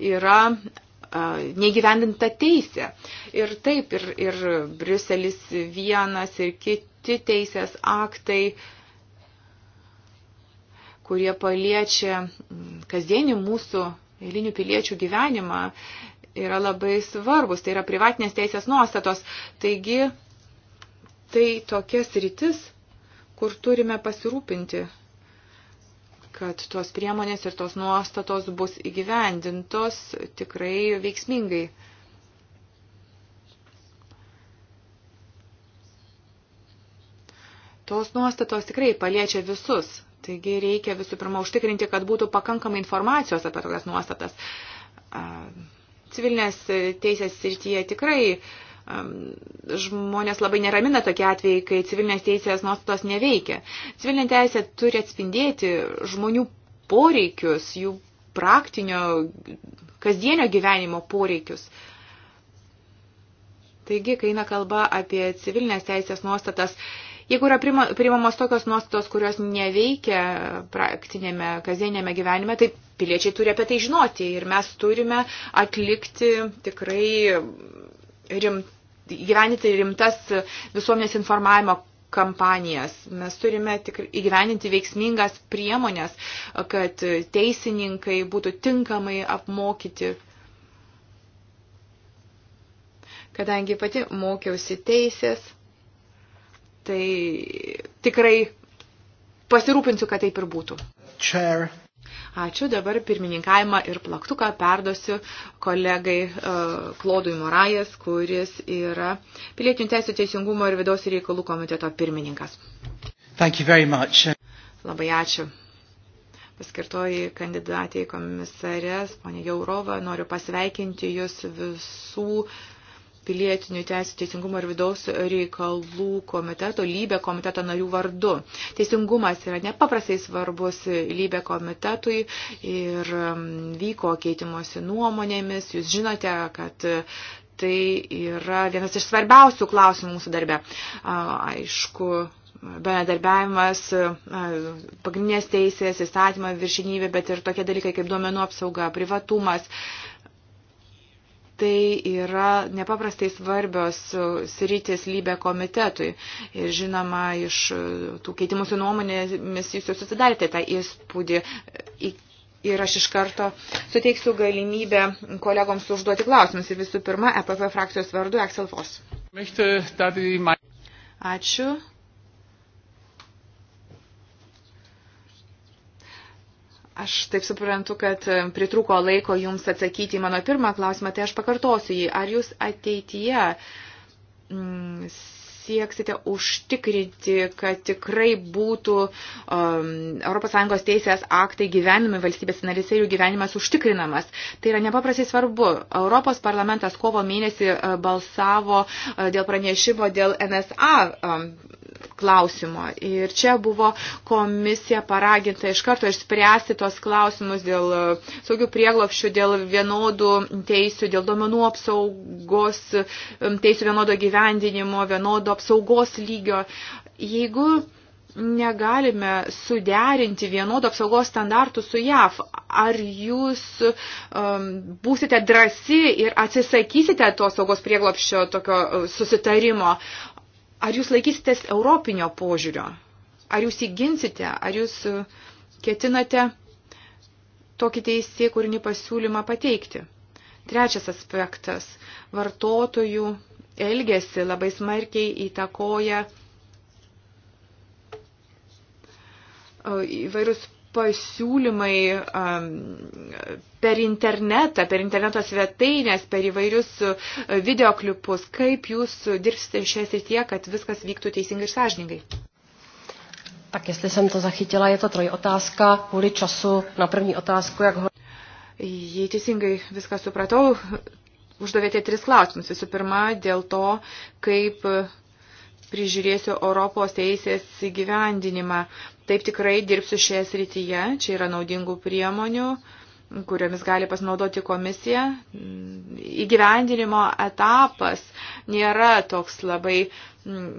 yra e, neįgyvendinta teisė. Ir taip, ir, ir Briuselis vienas, ir kiti teisės aktai, kurie paliečia kasdienį mūsų eilinių piliečių gyvenimą, yra labai svarbus, tai yra privatinės teisės nuostatos. Taigi, tai tokias rytis, kur turime pasirūpinti kad tos priemonės ir tos nuostatos bus įgyvendintos tikrai veiksmingai. Tos nuostatos tikrai paliečia visus, taigi reikia visų pirma užtikrinti, kad būtų pakankamai informacijos apie tokias nuostatas. Uh, civilinės teisės srityje tikrai žmonės labai neramina tokie atvejai, kai civilinės teisės nuostatos neveikia. Civilinė teisė turi atspindėti žmonių poreikius, jų praktinio, kasdienio gyvenimo poreikius. Taigi, kai eina kalba apie civilinės teisės nuostatas, Jeigu yra priimamos tokios nuostatos, kurios neveikia praktinėme, kasdienėme gyvenime, tai piliečiai turi apie tai žinoti ir mes turime atlikti tikrai rim, gyveninti rimtas visuomenės informavimo kampanijas. Mes turime tikrai įgyveninti veiksmingas priemonės, kad teisininkai būtų tinkamai apmokyti kadangi pati mokiausi teisės, Tai tikrai pasirūpinsiu, kad taip ir būtų. Chair. Ačiū, dabar pirmininkavimą ir plaktuką perdosiu kolegai uh, Klodui Morajas, kuris yra Pilietinių teisų teisingumo ir vidaus reikalų komiteto pirmininkas. Thank you very much. Labai ačiū paskirtoji kandidatė į komisarės, ponė Jaurova, noriu pasveikinti jūs visų pilietinių teisų teisingumo ir vidaus reikalų komiteto, lybė komiteto narių vardu. Teisingumas yra nepaprastai svarbus lybė komitetui ir um, vyko keitimosi nuomonėmis. Jūs žinote, kad uh, tai yra vienas iš svarbiausių klausimų mūsų darbe. Aišku, bendradarbiavimas, pagrindinės teisės, įstatymo viršinybė, bet ir tokie dalykai kaip duomenų apsauga, privatumas, tai yra nepaprastai svarbios e, sritis lybė komitetui. Ir žinoma, iš e, tų keitimusių nuomonėmis jūs jau susidarėte tą įspūdį. E, ir aš iš karto suteiksiu galimybę kolegoms užduoti klausimus. Ir visų pirma, EPP frakcijos vardu Axel Vos. Ačiū. Aš taip suprantu, kad e, pritruko laiko jums atsakyti į mano pirmą klausimą, tai aš pakartosiu jį. Ar jūs ateityje mm, sieksite užtikrinti, kad tikrai būtų um, ES teisės aktai gyvenimai valstybės narėse ir jų gyvenimas užtikrinamas. Tai yra nepaprastai svarbu. Europos parlamentas kovo mėnesį e, balsavo e, dėl pranešimo dėl NSA um, klausimo. Ir čia buvo komisija paraginta iš karto išspręsti tos klausimus dėl e, saugių prieglopščių, dėl vienodų teisių, dėl domenų apsaugos, teisių vienodo gyvendinimo, vienodo apsaugos lygio. Jeigu negalime suderinti vienodo apsaugos standartų su JAV. Ar jūs um, būsite drasi ir atsisakysite to saugos prieglopščio tokio e, susitarimo? Ar jūs laikysitės europinio požiūrio? Ar jūs įginsite? Ar jūs e, ketinate tokį teisį kūrinį pasiūlymą pateikti? Trečias aspektas - vartotojų elgesi labai smarkiai įtakoja e, įvairius pasiūlymai um, per internetą, per interneto svetainės, per įvairius e, videoklipus, kaip jūs dirbsite šioje srityje, kad viskas vyktų teisingai ir sąžiningai. Tak jestli jsem to zachytila, je to troj otázka, kvůli času na první otázku, jak ho... Jei teisingai viską supratau, uždavėte tris klausimus. Visų pirma, dėl to, kaip prižiūrėsiu Europos teisės įgyvendinimą. Taip tikrai dirbsiu šioje srityje, čia yra naudingų priemonių kuriomis gali pasinaudoti komisija. Įgyvendinimo etapas nėra toks labai mm,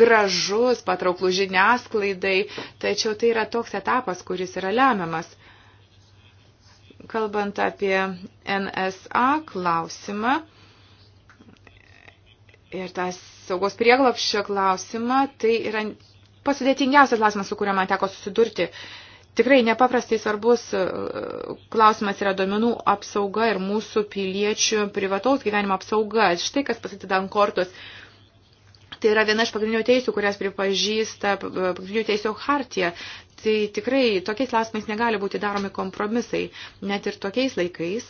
gražus, patrauklų žiniasklaidai, tačiau tai yra toks etapas, kuris yra lemiamas. Kalbant apie NSA klausimą, ir tą saugos prieglapščio klausimą, tai yra pasidėtingiausias klausimas, su kuriuo man teko susidurti. Tikrai nepaprastai svarbus uh, klausimas yra domenų apsauga ir mūsų piliečių privataus gyvenimo apsauga. Štai kas pasitida ant kortos. Tai yra viena iš pagrindinių teisų, kurias pripažįsta uh, pagrindinių teisų hartija. Tai tikrai tokiais klausimais negali būti daromi kompromisai, net ir tokiais laikais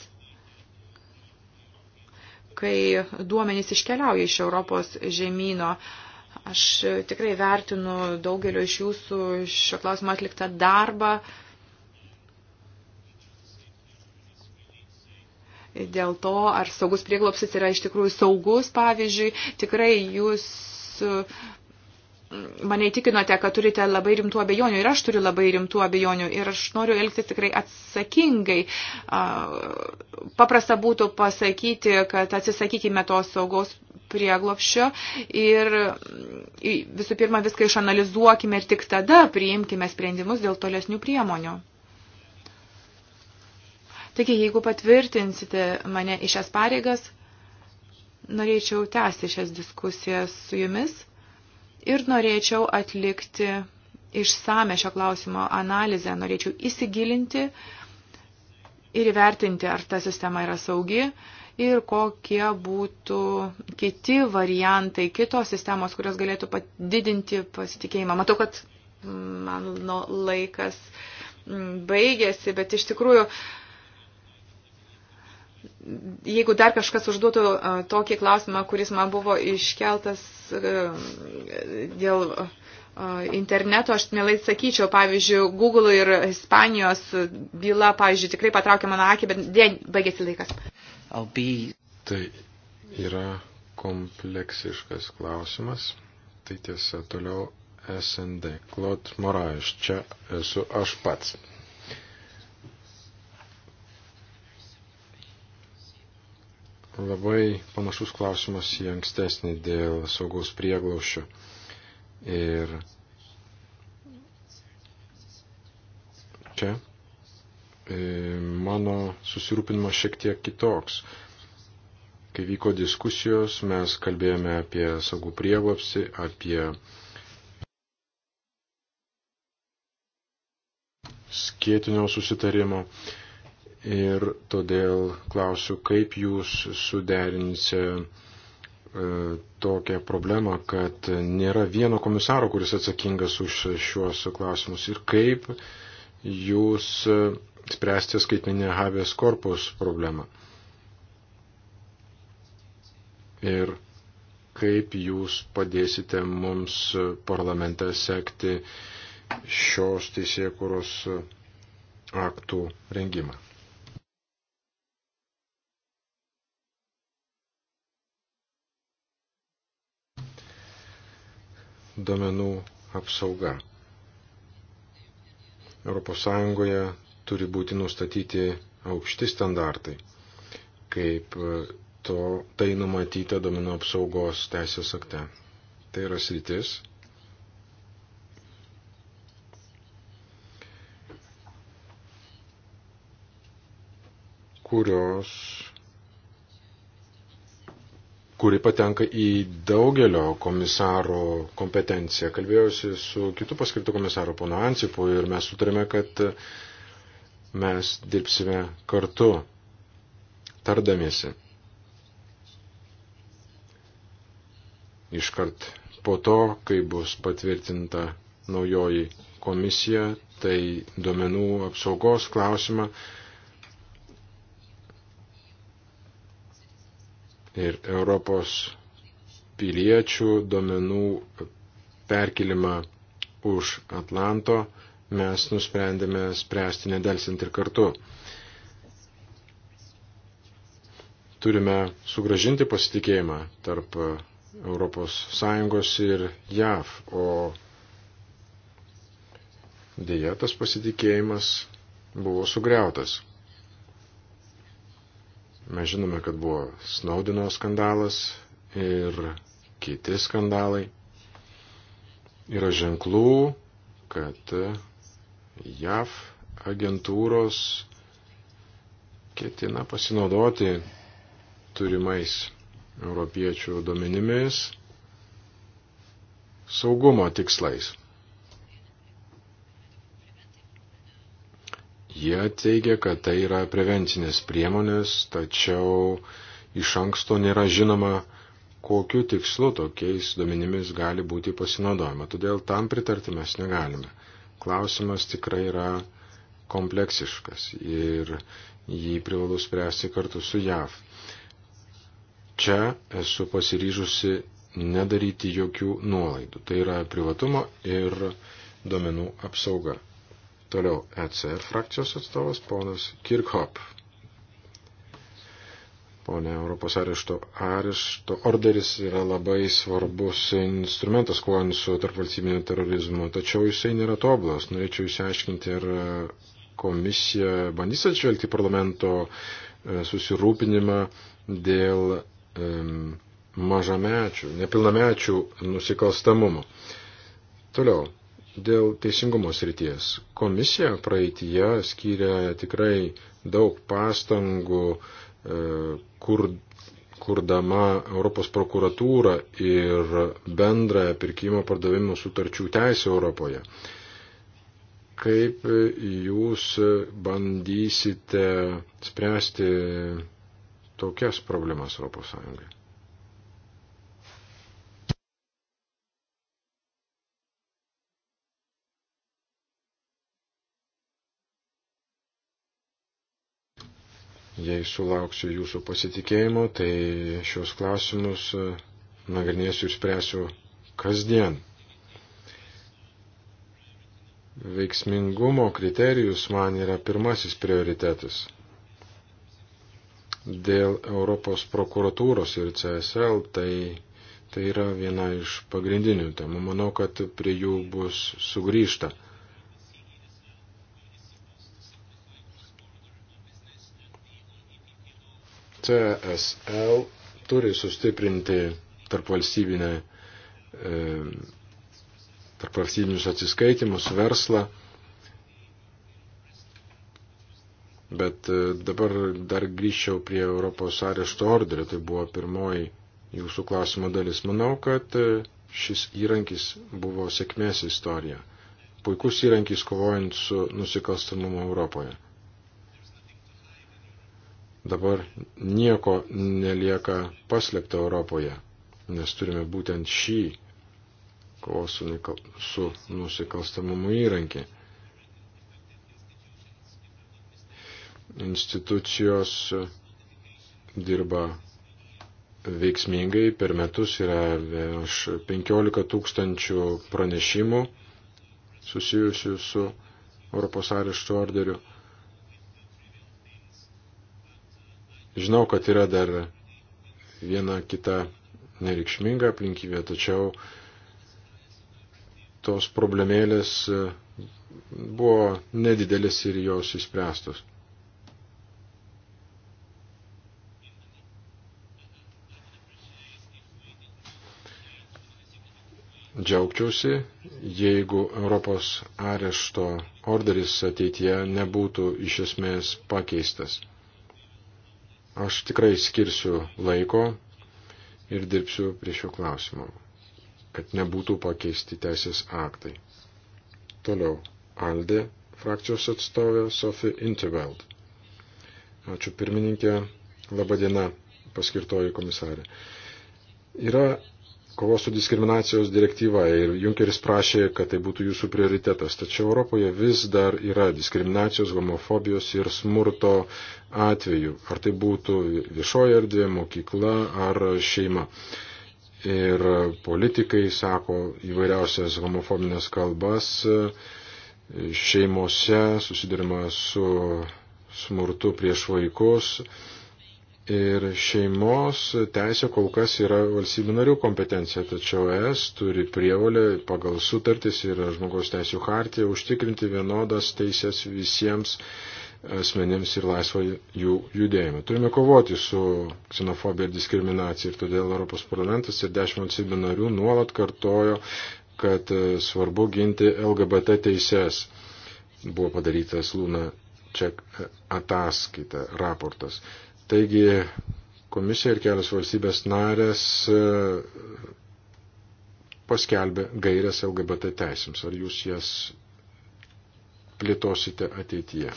kai duomenys iškeliauja iš Europos žemynų. Aš tikrai vertinu daugelio iš jūsų šio klausimo atliktą darbą. Dėl to, ar saugus prieglopsis yra iš tikrųjų saugus, pavyzdžiui, tikrai jūs mane įtikinote, kad turite labai rimtų abejonių ir aš turiu labai rimtų abejonių ir aš noriu elgtis tikrai atsakingai. Paprasta būtų pasakyti, kad atsisakykime tos saugos prieglopščio ir visų pirma viską išanalizuokime ir tik tada priimkime sprendimus dėl tolesnių priemonių. Taigi, jeigu patvirtinsite mane į šias pareigas, norėčiau tęsti šias diskusijas su jumis ir norėčiau atlikti išsame šio klausimo analizę, norėčiau įsigilinti ir įvertinti, ar ta sistema yra saugi ir kokie būtų kiti variantai, kitos sistemos, kurios galėtų padidinti pasitikėjimą. Matau, kad mm, mano laikas mm, baigėsi, bet iš tikrųjų jeigu dar kažkas užduotų tokį klausimą, kuris man buvo iškeltas E, dėl e, interneto, aš mielai sakyčiau, pavyzdžiui, Google ir Ispanijos byla, pavyzdžiui, tikrai patraukė mano akį, bet dien baigėsi laikas. Be... Tai yra kompleksiškas klausimas. Tai tiesa, toliau SND. Klot Morais, čia esu aš pats. Labai panašus klausimas į ankstesnį dėl saugaus prieglaušio. Ir čia e, mano susirūpinimas šiek tiek kitoks. Kai vyko diskusijos, mes kalbėjome apie saugų prieglopsį, apie skėtinio susitarimo. Ir todėl klausiu, kaip jūs suderinsite e, tokią problemą, kad nėra vieno komisaro, kuris atsakingas už šiuos klausimus ir kaip jūs e, spręsti skaitminę habės korpus problemą. Ir kaip jūs padėsite mums parlamente sekti šios teisėkuros aktų rengimą. duomenų apsauga. ES turi būti nustatyti aukšti standartai, kaip e, to, tai numatyta duomenų apsaugos teisės akte. Tai yra sritis, kurios kuri patenka į daugelio komisaro kompetenciją. Kalbėjausi su kitu paskirtu komisaru, pono Ancipu, ir mes sutarėme, kad mes dirbsime kartu, tardamiesi. Iškart po to, kai bus patvirtinta naujoji komisija, tai duomenų apsaugos klausimą ir Europos piliečių domenų perkelimą už Atlanto mes nusprendėme spręsti nedelsint ir kartu. Turime sugražinti pasitikėjimą tarp ES ir JAV, o dėja tas pasitikėjimas buvo sugriautas. Mes žinome, kad buvo Snaudino skandalas ir kiti skandalai. Yra ženklų, kad JAV agentūros ketina pasinaudoti turimais europiečių duomenimis saugumo tikslais. Jie teigia, kad tai yra prevencinės priemonės, tačiau iš anksto nėra žinoma, kokiu tikslu tokiais duomenimis gali būti pasinaudojama. Todėl tam pritarti mes negalime. Klausimas tikrai yra kompleksiškas ir jį privalu spręsti kartu su JAV. Čia esu pasiryžusi nedaryti jokių nuolaidų. Tai yra privatumo ir duomenų apsauga. Toliau ECR frakcijos atstovas ponas Kirkhop. Pone Europos arešto, arešto orderis yra labai svarbus instrumentas kovojant su tarpvalstybinio terorizmu, tačiau jisai nėra tobulas. Norėčiau išsiaiškinti, ar komisija bandys atžvelgti parlamento e, susirūpinimą dėl um, mažamečių, nepilnamečių nusikalstamumo. Toliau, Dėl teisingumo srities. Komisija praeitie skyrė tikrai daug pastangų, e, kur, kurdama Europos prokuratūrą ir bendrąją pirkimo pardavimų sutarčių teisę Europoje. Kaip jūs bandysite spręsti tokias problemas Europos Sąjungai? Jei sulauksiu jūsų pasitikėjimo, tai šios klausimus e, nagrinėsiu ir spręsiu kasdien. Veiksmingumo kriterijus man yra pirmasis prioritetas. Dėl Europos prokuratūros ir CSL tai, tai yra viena iš pagrindinių temų. Manau, kad prie jų bus sugrįžta. CSL turi sustiprinti tarpvalstybinę, e, tarpvalstybinius atsiskaitimus, verslą. Bet e, dabar dar grįžčiau prie Europos arešto orderio, tai buvo pirmoji jūsų klausimo dalis. Manau, kad e, šis įrankis buvo sėkmės istorija. Puikus įrankis kovojant su nusikalstamumu Europoje. Dabar nieko nelieka paslėpta Europoje, nes turime būtent šį kovos su, nikal, su nusikalstamumu įrankį. Institucijos dirba veiksmingai, per metus yra 15 tūkstančių pranešimų susijusių su Europos arešto orderiu. Žinau, kad yra dar viena kita nereikšminga aplinkybė, tačiau tos problemėlės e, buvo nedidelės ir jos įspręstos. Džiaugčiausi, jeigu Europos arešto orderis ateityje nebūtų iš esmės pakeistas. Aš tikrai skirsiu laiko ir dirbsiu prie šio klausimo, kad nebūtų pakeisti teisės aktai. Toliau Aldė frakcijos atstovė Sophie Interveld. Ačiū pirmininkė, laba diena, paskirtoji komisarė. Yra kovos su diskriminacijos direktyva ir Junkeris prašė, kad tai būtų jūsų prioritetas. Tačiau Europoje vis dar yra diskriminacijos, homofobijos ir smurto atvejų. Ar tai būtų viešoje erdvė, mokykla ar šeima. Ir politikai sako įvairiausias homofobinės kalbas, šeimose susidurima su smurtu prieš vaikus Ir šeimos teisė kol kas yra valstybių narių kompetencija, tačiau ES turi prievolę pagal sutartis ir žmogaus teisų hartiją užtikrinti vienodas teisės visiems asmenėms ir laisvą jų judėjimą. Turime kovoti su ksenofobija ir diskriminacija ir todėl Europos parlamentas ir dešimt valstybių narių nuolat kartojo, kad svarbu ginti LGBT teises. Buvo padarytas Lūna Ček ataskaita, raportas. Taigi komisija ir kelios valstybės narės e, paskelbė gairias LGBT teisėms. Ar jūs jas plėtosite ateityje?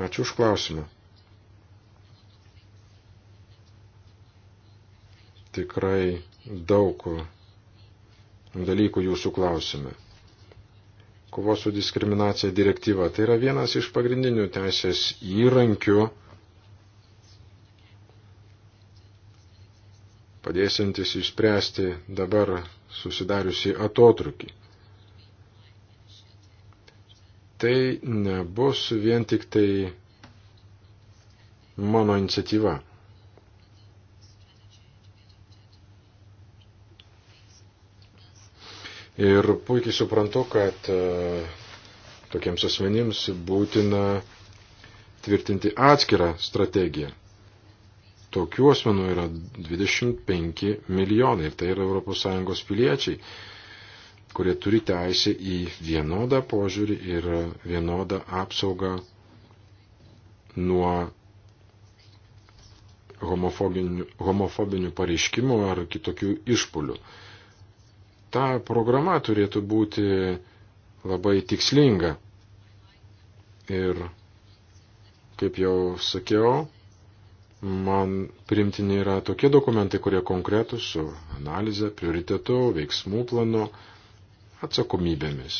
Ačiū už klausimą. Tikrai daug dalykų jūsų klausime kovos su diskriminacija direktyva. Tai yra vienas iš pagrindinių teisės įrankių, padėsintis išspręsti dabar susidariusi atotrukį. Tai nebus vien tik tai mano iniciatyva. Ir puikiai suprantu, kad e, tokiems asmenims būtina tvirtinti atskirą strategiją. Tokių asmenų yra 25 milijonai ir tai yra ES piliečiai, kurie turi teisę į vienodą požiūrį ir vienodą apsaugą nuo homofobinių, homofobinių pareiškimų ar kitokių išpolių. Ta programa turėtų būti labai tikslinga. Ir, kaip jau sakiau, man primtini yra tokie dokumentai, kurie konkretus su analize, prioritetu, veiksmų planu, atsakomybėmis.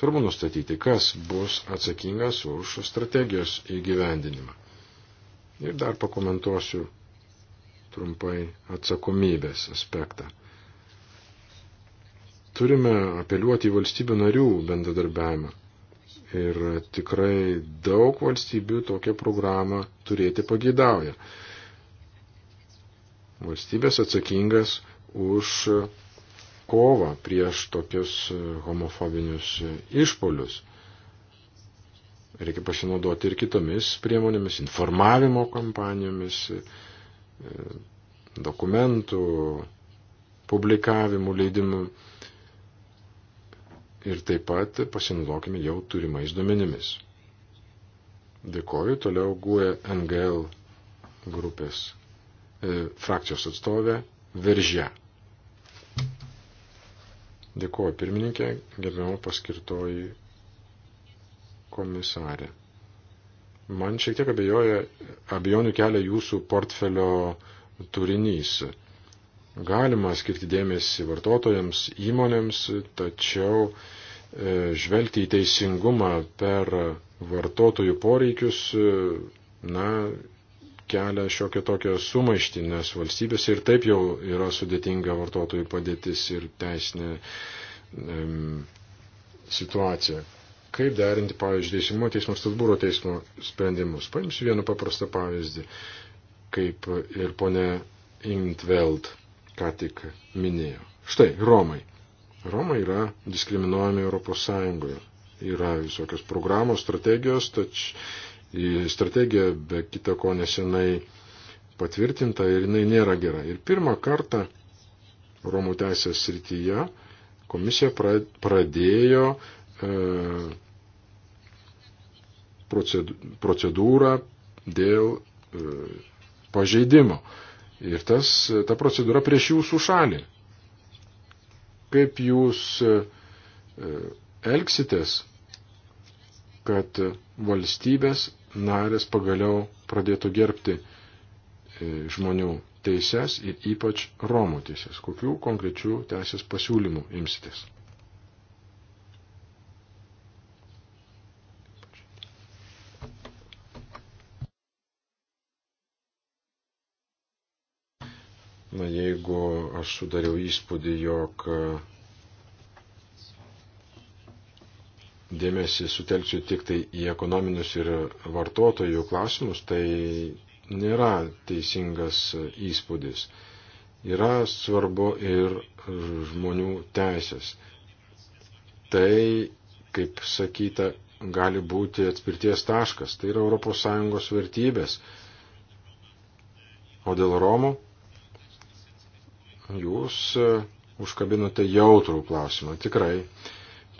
Svarbu nustatyti, kas bus atsakingas už strategijos įgyvendinimą. Ir dar pakomentuosiu trumpai atsakomybės aspektą. Turime apeliuoti į valstybių narių bendradarbiavimą. Ir tikrai daug valstybių tokią programą turėti pageidauja. Valstybės atsakingas už kovą prieš tokius homofobinius išpolius reikia pasinaudoti ir kitomis priemonėmis, informavimo kampanijomis, e, dokumentų, publikavimų, leidimų ir taip pat pasinaudokime jau turimais duomenimis. Dėkoju, toliau guoja e NGL grupės e, frakcijos atstovė Veržė. Dėkoju pirmininkė, gerbiamo paskirtoji komisarė. Man šiek tiek abejoja, abejonių kelia jūsų portfelio turinys. E, Galima skirti dėmesį vartotojams, įmonėms, tačiau e, žvelgti į teisingumą per vartotojų poreikius, e, na, kelia šiokią tokią sumaištį, nes valstybės ir taip jau yra sudėtinga vartotojų padėtis ir teisinė em, situacija. Kaip derinti, pavyzdžiui, teisingumo teismo Stalbūro teismo sprendimus? Paimsiu vieną paprastą pavyzdį, kaip ir ponė Intveld ką tik minėjo. Štai, Romai. Romai yra diskriminuojami Europos Sąjungoje. Yra visokios programos, strategijos, tač strategija be kita ko nesenai patvirtinta ir jinai nėra gera. Ir pirmą kartą Romų teisės srityje komisija pradėjo e, procedūrą dėl e, pažeidimo ir tas, ta procedūra prieš jūsų šalį. Kaip jūs e, e, elgsitės, kad valstybės narės pagaliau pradėtų gerbti e, žmonių teises ir ypač Romų teises. Kokių konkrečių teisės pasiūlymų imsitės? Na jeigu aš sudariau įspūdį, jog e, dėmesį sutelksiu tik tai į ekonominius ir vartotojų klausimus, tai nėra teisingas įspūdis. Yra svarbu ir žmonių teisės. Tai, kaip sakyta, gali būti atspirties taškas. Tai yra ES vertybės. O dėl Romų jūs e, užkabinote jautrų klausimą. Tikrai,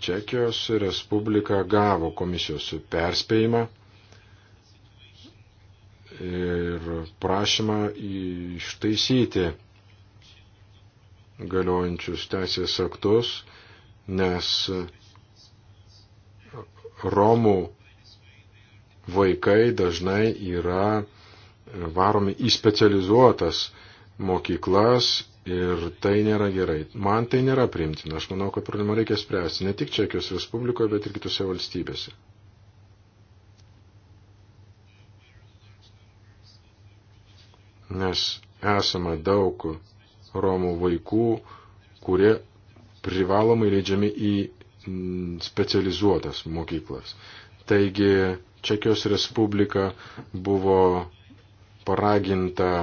Čekijos Respublika gavo komisijos perspėjimą ir prašymą ištaisyti galiojančius teisės aktus, nes Romų vaikai dažnai yra varomi į specializuotas mokyklas Ir tai nėra gerai. Man tai nėra priimtina. Aš manau, kad problemą reikia spręsti ne tik Čekijos Respublikoje, bet ir kitose valstybėse. Nes esama daug Romų vaikų, kurie privalomai leidžiami į mm, specializuotas mokyklas. Taigi Čekijos Respublika buvo paraginta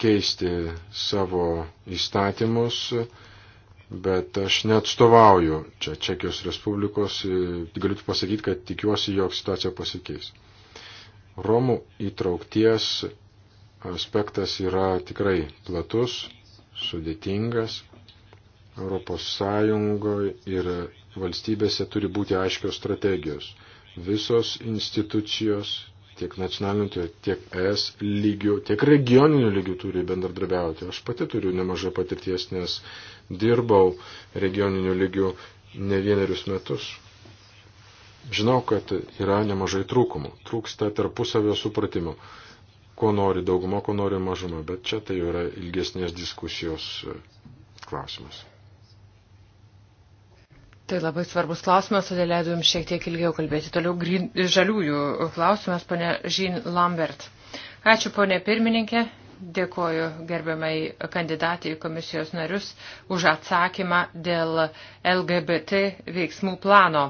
keisti savo įstatymus, bet aš neatstovauju čia Čekijos Respublikos, galiu pasakyti, kad tikiuosi, jog situacija pasikeis. Romų įtraukties aspektas yra tikrai platus, sudėtingas. Europos Sąjungoje ir valstybėse turi būti aiškios strategijos. Visos institucijos tiek nacionaliniu, tiek ES lygiu, tiek regioniniu lygiu turi bendradarbiauti. Aš pati turiu nemažai patirties, nes dirbau regioniniu lygiu ne vienerius metus. Žinau, kad yra nemažai trūkumų, trūksta tarpusavio supratimo, ko nori dauguma, ko nori mažuma, bet čia tai yra ilgesnės diskusijos e, klausimas. Tai labai svarbus klausimas, todėl leidau jums šiek tiek ilgiau kalbėti. Toliau green, žaliųjų klausimas, ponė Žin Lambert. Ačiū, ponė pirmininkė. Dėkoju gerbiamai kandidatai į komisijos narius už atsakymą dėl LGBT veiksmų plano.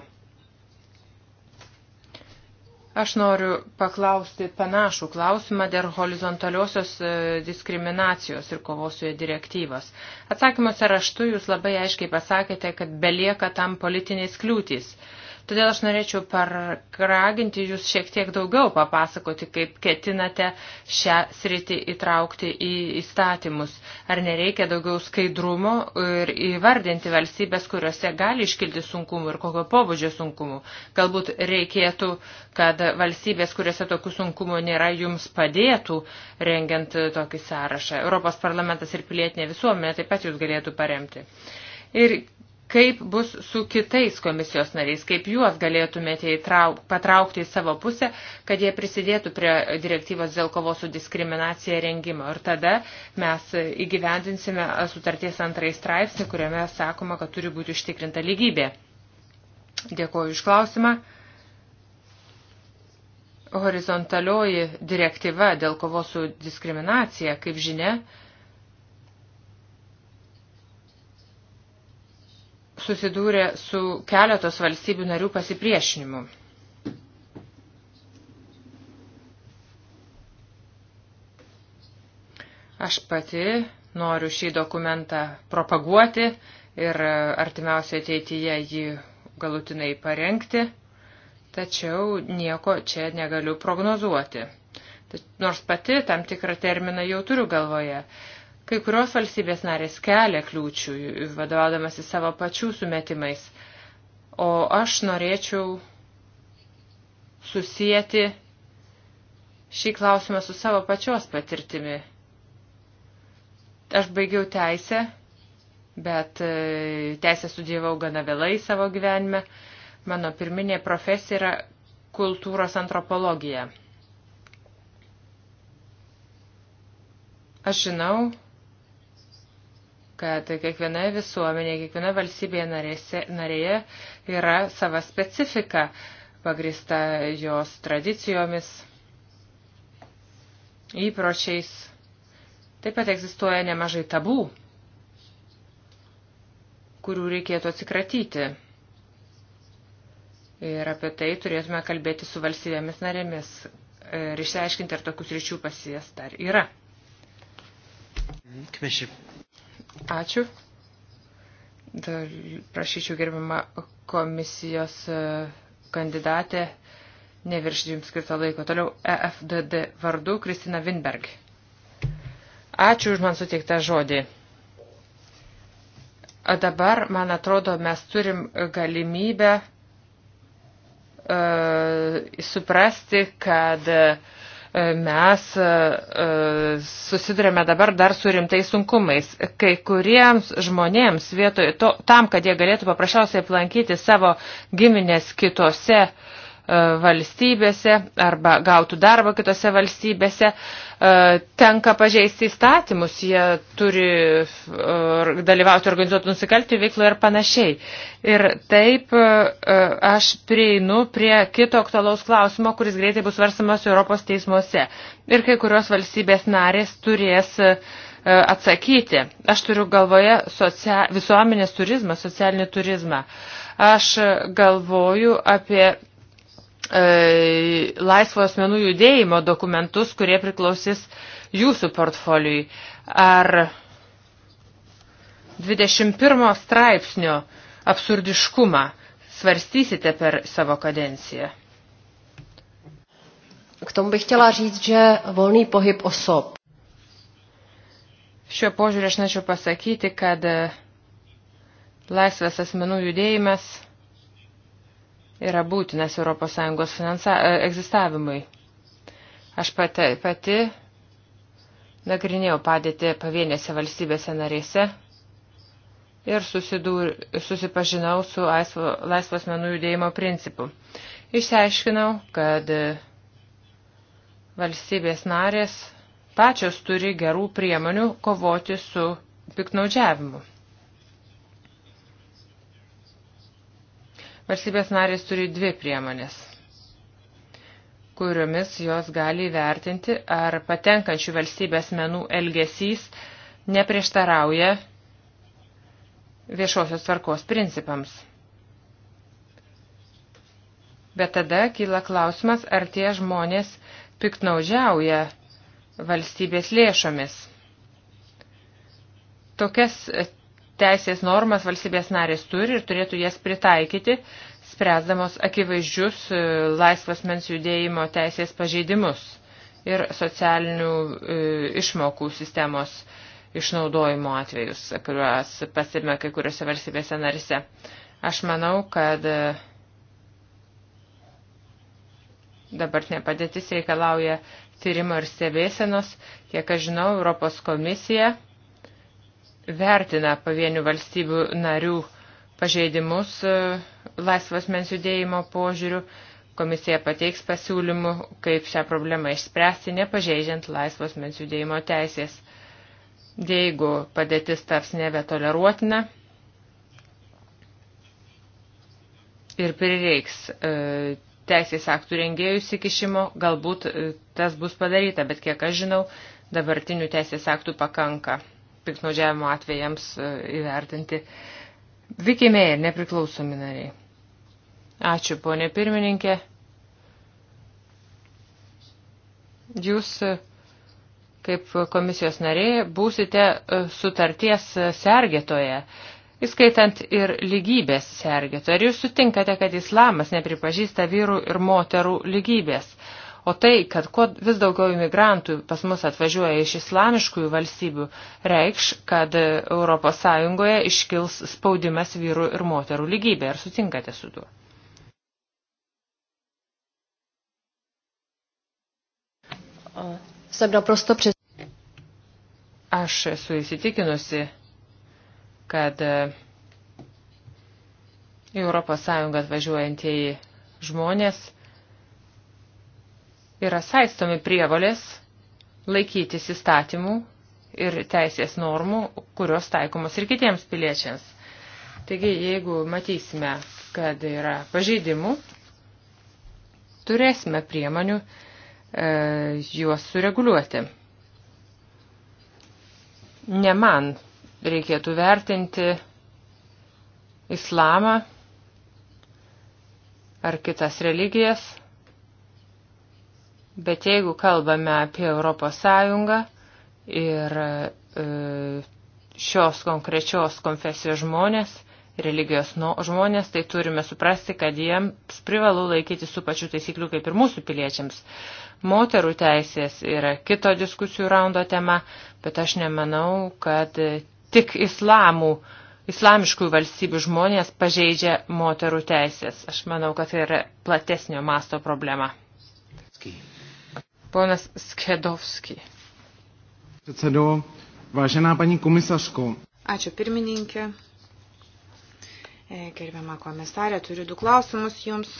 Aš noriu paklausti panašų klausimą dėl horizontaliosios e, diskriminacijos ir kovos su jie direktyvos. Atsakymuose raštu jūs labai aiškiai pasakėte, kad belieka tam politinės kliūtys. Uh, Todėl aš norėčiau paraginti jūs šiek tiek daugiau papasakoti, kaip ketinate šią sritį įtraukti į įstatymus. Ar nereikia daugiau skaidrumo ir įvardinti valstybės, kuriuose gali iškilti sunkumų ir kokio pobūdžio sunkumų. Galbūt reikėtų, kad valstybės, kuriuose tokių sunkumų nėra, jums padėtų rengiant tokį sąrašą. Europos parlamentas ir pilietinė visuomenė taip pat jūs galėtų paremti. Ir kaip bus su kitais komisijos nariais, kaip juos galėtumėte įtrauk, patraukti į savo pusę, kad jie prisidėtų prie direktyvos dėl kovos su diskriminacija rengimo. Ir tada mes įgyvendinsime sutarties antrai straipsnį, kuriame sakoma, kad turi būti užtikrinta lygybė. Dėkuoju iš klausimą. Horizontalioji direktyva dėl kovos su diskriminacija, kaip žinia, susidūrė su keletos valstybių narių pasipriešinimu. Aš pati noriu šį dokumentą propaguoti ir artimiausioje ateityje jį galutinai parengti, tačiau nieko čia negaliu prognozuoti. Nors pati tam tikrą terminą jau turiu galvoje. Kai kurios valstybės narės kelia kliūčių, vadovaudamasi savo pačių sumetimais. O aš norėčiau susijęti šį klausimą su savo pačios patirtimi. Aš baigiau teisę, bet e, teisę studijavau gana vėlai savo gyvenime. Mano pirminė profesija yra kultūros antropologija. Aš žinau, kad kiekviena visuomenė, kiekviena valstybė narėse, narėje yra sava specifika, pagrista jos tradicijomis, įpročiais. Taip pat egzistuoja nemažai tabų, kurių reikėtų atsikratyti. Ir apie tai turėtume kalbėti su valstybėmis narėmis ir išsiaiškinti, ar tokius ryčių pasijas dar yra. Commissioner Ačiū. Dar prašyčiau gerbimą komisijos e, kandidatę neviršyti jums skirtą laiko. Toliau EFDD vardu Kristina Winberg. Ačiū už man suteiktą žodį. O dabar, man atrodo, mes turim galimybę uh, suprasti, kad uh, mes e, e, susidurėme dabar dar su rimtais sunkumais. Kai kuriems žmonėms vietoj to, tam, kad jie galėtų paprasčiausiai aplankyti savo giminės kitose uh, E, valstybėse arba gautų darbą kitose valstybėse, e, tenka pažeisti įstatymus, jie turi e, dalyvauti organizuotų nusikaltijų veikloje ir panašiai. Ir taip aš prieinu prie kito aktualaus klausimo, kuris greitai bus varsamas Europos teismuose. Ir kai kurios valstybės narės turės atsakyti. Aš turiu galvoje socia visuomenės turizmą, socialinį turizmą. Aš galvoju apie E, laisvo asmenų judėjimo dokumentus, kurie priklausys jūsų portfoliui. Ar 21 straipsnio absurdiškumą svarstysite per savo kadenciją? K tomu bych chtěla říct, že volný pohyb osob. Šiuo požiūrė aš norėčiau pasakyti, kad laisvas asmenų judėjimas yra būtinas ES finansa, e, egzistavimui. Aš pati, pati nagrinėjau padėti pavienėse valstybėse narėse ir susidūr, susipažinau su laisvo, laisvos menų judėjimo principu. Išsiaiškinau, kad valstybės narės pačios turi gerų priemonių kovoti su piknaudžiavimu. Valstybės narės turi dvi priemonės, kuriomis jos gali įvertinti, ar patenkančių valstybės menų elgesys neprieštarauja viešosios tvarkos principams. Bet tada kyla klausimas, ar tie žmonės piknaudžiauja valstybės lėšomis. Tokias teisės normas valstybės narės turi ir turėtų jas pritaikyti, spręsdamos akivaizdžius e, laisvas mens judėjimo teisės pažeidimus ir socialinių e, išmokų sistemos išnaudojimo atvejus, kuriuos pasime kai kuriuose valstybėse narise. Aš manau, kad e, dabartinė padėtis reikalauja tyrimo ir stebėsenos. Kiek aš žinau, Europos komisija vertina pavienių valstybių narių pažeidimus e, laisvas mens judėjimo požiūrių. Komisija pateiks pasiūlymų, kaip šią problemą išspręsti, nepažeidžiant laisvos mens judėjimo teisės. Jeigu padėtis taps nebetoleruotina ir prireiks e, teisės aktų rengėjų įsikišimo, galbūt e, tas bus padaryta, bet kiek aš žinau, dabartinių teisės aktų pakanka piknaudžiavimo atvejams e, įvertinti. Vikimėjai, nepriklausomi nariai. Ačiū, ponė pirmininkė. Jūs, e, kaip komisijos nariai, būsite e, sutarties sergėtoje, įskaitant ir lygybės sergėtoje. Ar jūs sutinkate, kad islamas nepripažįsta vyrų ir moterų lygybės? O tai, kad kuo vis daugiau imigrantų pas mus atvažiuoja iš islamiškųjų valstybių, reikš, kad ES iškils spaudimas vyrų ir moterų lygybė. Ar sutinkate su tuo? Aš esu įsitikinusi, kad e, į ES atvažiuojantieji žmonės – yra saistomi prievalės laikytis įstatymų ir teisės normų, kurios taikomos ir kitiems piliečiams. Taigi, jeigu matysime, kad yra pažeidimų, turėsime priemonių e, juos sureguliuoti. Ne man reikėtų vertinti islamą ar kitas religijas, Bet jeigu kalbame apie Europos Sąjungą ir e, šios konkrečios konfesijos žmonės, religijos no, žmonės, tai turime suprasti, kad jiems privalu laikyti su pačiu taisykliu kaip ir mūsų piliečiams. Moterų teisės yra kito diskusijų raundo tema, bet aš nemanau, kad tik islamų, islamiškų valstybių žmonės pažeidžia moterų teisės. Aš manau, kad tai yra platesnio masto problema. Skai. Ponas Skedovski. Předsedo, vážená paní komisařko. Ačiū pirmininkė. E, gerbiama komisarė, turiu du klausimus jums.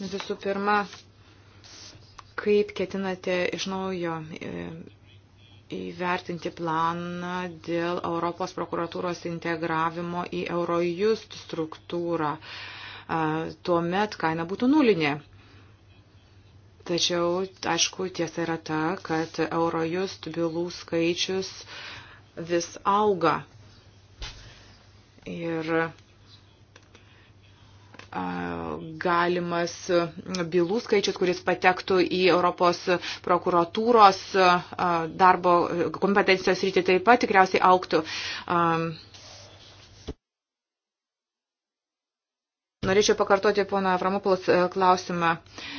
Visų pirma, kaip ketinate iš naujo e, įvertinti planą dėl Europos prokuratūros integravimo į Eurojust struktūrą. E, tuomet kaina būtų nulinė. Tačiau, aišku, tiesa yra ta, kad Eurojust bylų skaičius vis auga. Ir galimas bylų skaičius, kuris patektų į Europos prokuratūros darbo kompetencijos rytį taip pat tikriausiai auktų. Norėčiau pakartoti pono Avramopulos e, klausimą. Uh,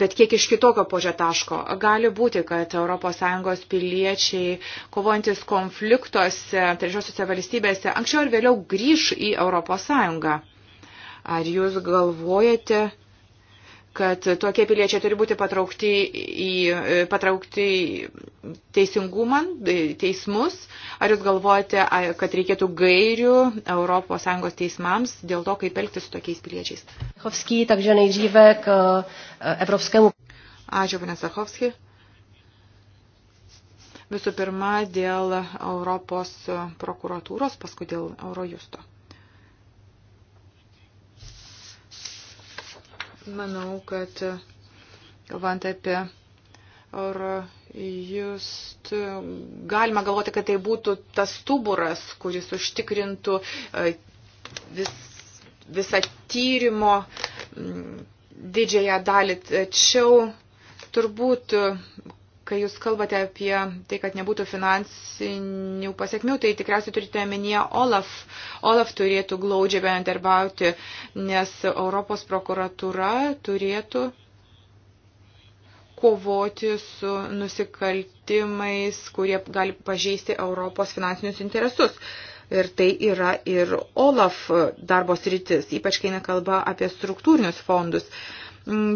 bet kiek iš kitokio požio taško. Gali būti, kad ES piliečiai, kovojantis konfliktuose, trečiosiuose valstybėse, anksčiau ar vėliau grįž į ES. Ar jūs galvojate, kad tokie piliečiai turi būti patraukti į, patraukti į teisingumą, teismus. Ar jūs galvojate, kad reikėtų gairių ES teismams dėl to, kaip elgtis su tokiais piliečiais? E, Ačiū, pane Sachovski. Visų pirma, dėl Europos prokuratūros, paskui dėl Eurojusto. manau, kad kalbant apie oro just galima galvoti, kad tai būtų tas stuburas, kuris užtikrintų e, vis, visą tyrimo didžiąją dalį. Tačiau turbūt kai jūs kalbate apie tai, kad nebūtų finansinių pasiekmių, tai tikriausiai turite omenyje Olaf. Olaf turėtų glaudžiai bendarbiauti, nes Europos prokuratura turėtų kovoti su nusikaltimais, kurie gali pažeisti Europos finansinius interesus. Ir tai yra ir OLAF darbos rytis, ypač kai nekalba apie struktūrinius fondus.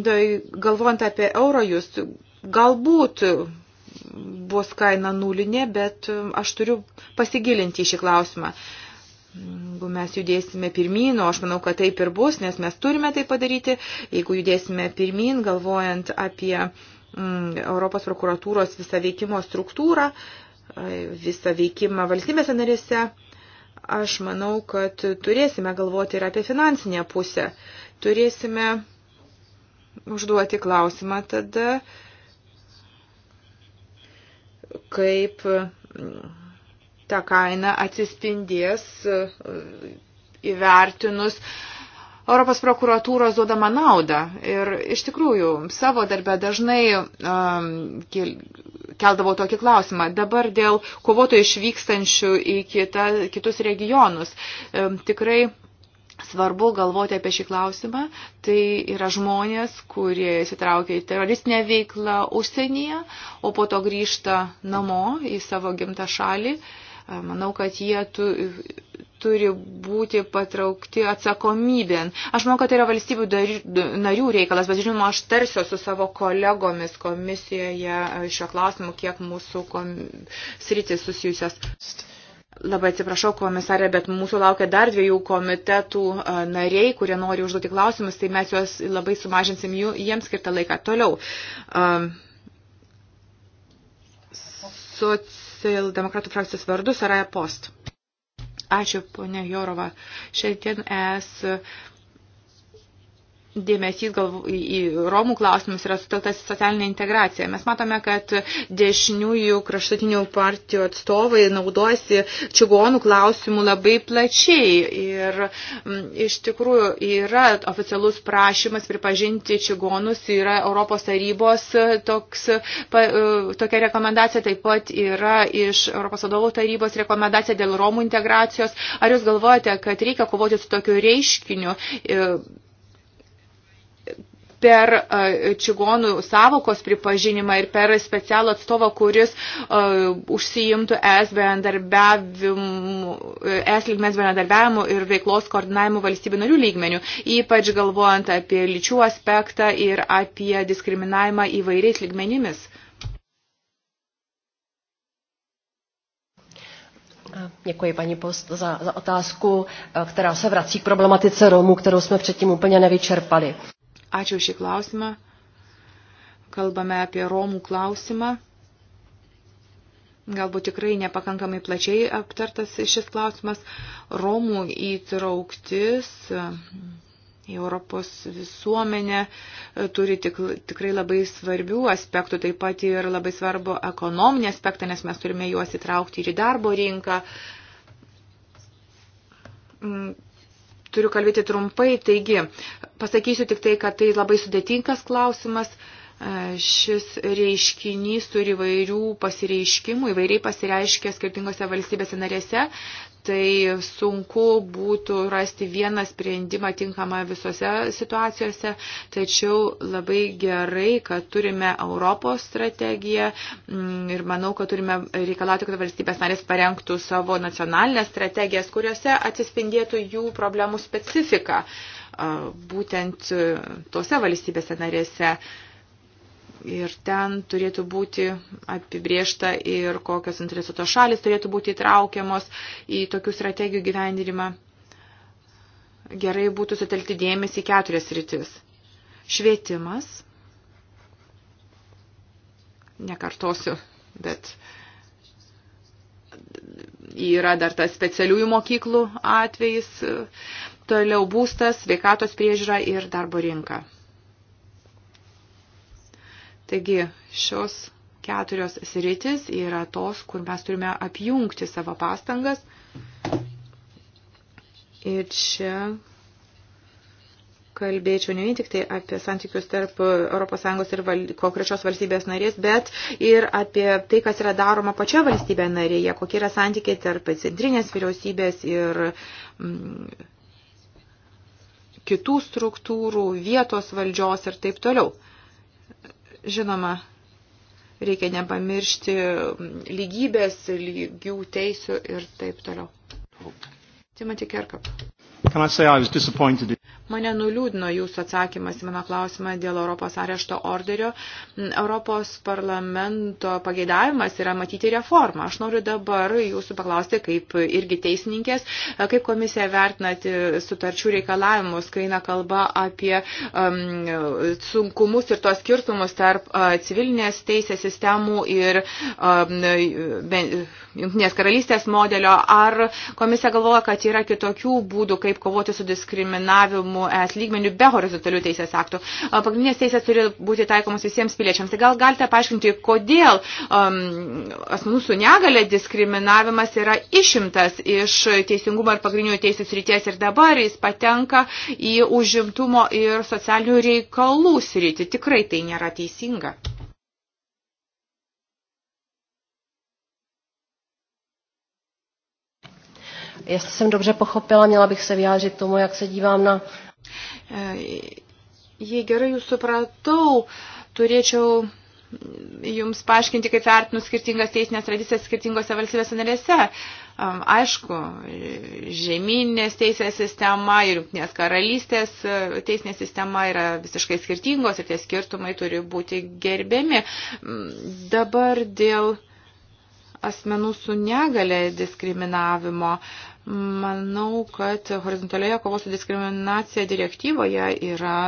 Tai galvojant apie Eurojus, Galbūt bus kaina nulinė, bet um, aš turiu pasigilinti į šį klausimą. Jeigu mes judėsime pirmin, o aš manau, kad taip ir bus, nes mes turime tai padaryti, jeigu judėsime pirmin, galvojant apie mm, Europos prokuratūros visą veikimo struktūrą, e, visą veikimą valstybėse narėse, aš manau, kad turėsime galvoti ir apie finansinę pusę. Turėsime užduoti klausimą tada, mm, kaip mm, ta kaina atsispindės e, įvertinus Europos prokuratūros duodama naudą. Ir iš tikrųjų, savo darbę dažnai um, keldavau tokį klausimą. Dabar dėl kovotojų išvykstančių į kita, kitus regionus. Um, tikrai svarbu galvoti apie šį klausimą. Tai yra žmonės, kurie įsitraukia į teroristinę veiklą užsienyje, o po to grįžta namo į savo gimtą šalį. Manau, kad jie tu, turi būti patraukti atsakomybėn. Aš manau, kad tai yra valstybių dar, narių reikalas, bet žinoma, aš tarsiu su savo kolegomis komisijoje šio klausimu, kiek mūsų kom... sritis susijusios. Labai atsiprašau, komisarė, bet mūsų laukia dar dviejų komitetų nariai, kurie nori užduoti klausimus, tai mes juos labai sumažinsim jų, jiems skirtą laiką. Toliau. Um, Socialdemokratų frakcijos vardu Saraja Post. Ačiū, ponė Jorova. Šiandien es dėmesys gal, į, į Romų klausimus yra suteltas į socialinę integraciją. Mes matome, kad dešiniųjų kraštutinių partijų atstovai naudojasi čigonų klausimų labai plačiai. Ir m, mm, iš tikrųjų yra oficialus prašymas pripažinti čigonus, yra Europos tarybos e, toks, pa, e, tokia rekomendacija, taip pat yra iš Europos vadovų tarybos rekomendacija dėl Romų integracijos. Ar jūs galvojate, kad reikia kovoti su tokiu reiškiniu? E, per čigonų savokos pripažinimą ir per specialų atstovą, kuris užsiimtų es lygmens bendradarbiavimu ir veiklos koordinavimu valstybių narių lygmenių, ypač galvojant apie lyčių aspektą ir apie diskriminavimą įvairiais lygmenimis. Děkuji paní post za, za otázku, která se vrací k problematice Romů, kterou jsme předtím úplně nevyčerpali. Ačiū šį klausimą. Kalbame apie Romų klausimą. Galbūt tikrai nepakankamai plačiai aptartas šis klausimas. Romų įtrauktis į Europos visuomenę turi tik, tikrai labai svarbių aspektų, taip pat ir labai svarbu ekonominį aspektą, nes mes turime juos įtraukti ir į darbo rinką turiu kalbėti trumpai, taigi pasakysiu tik tai, kad tai labai sudėtingas klausimas. Uh, Šis reiškinys turi įvairių pasireiškimų, įvairiai pasireiškia skirtingose valstybėse narėse, tai sunku būtų rasti vieną sprendimą tinkamą visose situacijose, tačiau labai gerai, kad turime Europos strategiją mm, ir manau, kad turime reikalauti, kad valstybės narės parengtų savo nacionalinės strategijas, kuriuose atsispindėtų jų problemų specifika būtent e, tose valstybėse narėse. Ir ten turėtų būti apibriešta ir kokios interesuotos šalis turėtų būti įtraukiamos į tokių strategijų gyvendinimą. Gerai būtų sutelkti dėmesį į keturias rytis. Švietimas. Nekartosiu, bet yra dar tas specialiųjų mokyklų atvejis. Toliau būstas, sveikatos priežiūra ir darbo rinka. Taigi šios keturios sritis yra tos, kur mes turime apjungti savo pastangas. Ir čia kalbėčiau ne vien tik tai apie santykius tarp ES ir val, konkrečios valstybės narės, bet ir apie tai, kas yra daroma pačioje valstybėje narėje, kokie yra santykiai tarp centrinės vyriausybės ir mm, kitų struktūrų, vietos valdžios ir taip toliau. Žinoma, reikia nepamiršti lygybės, lygių teisių ir taip toliau. Timothy Kerkap. Can I say I was disappointed? Mane nuliūdino jūsų atsakymas į mano klausimą dėl Europos arešto orderio. Europos parlamento pageidavimas yra matyti reformą. Aš noriu dabar jūsų paklausti, kaip irgi teisininkės, kaip komisija vertinate sutarčių reikalavimus, kai eina kalba apie um, sunkumus ir tos skirtumus tarp uh, civilinės teisės sistemų ir um, Junktinės karalystės modelio. Ar komisija galvoja, kad yra kitokių būdų, kaip kovoti su diskriminavimu? taikomų es lygmenių be horizontalių teisės aktų. Pagrindinės teisės turi būti taikomos visiems piliečiams. Tai gal galite paaiškinti, kodėl um, asmenų su negale diskriminavimas yra išimtas iš teisingumo ir pagrindinių teisės ryties ir dabar jis patenka į užimtumo ir socialinių reikalų sritį. Tikrai tai nėra teisinga. jestli jsem dobře pochopila, měla bych se vyjádřit tomu, jak se dívám na E, jei gerai jūs supratau, turėčiau jums paaiškinti, kaip vertinu skirtingas teisinės tradicijas skirtingose valstybėse narėse. E, aišku, žemynės teisės sistema ir jungtinės karalystės e, teisinė sistema yra visiškai skirtingos ir tie skirtumai turi būti gerbiami. Mm, dabar dėl asmenų su negale diskriminavimo. Uh, Manau, kad horizontalioje kovos su diskriminacija direktyvoje yra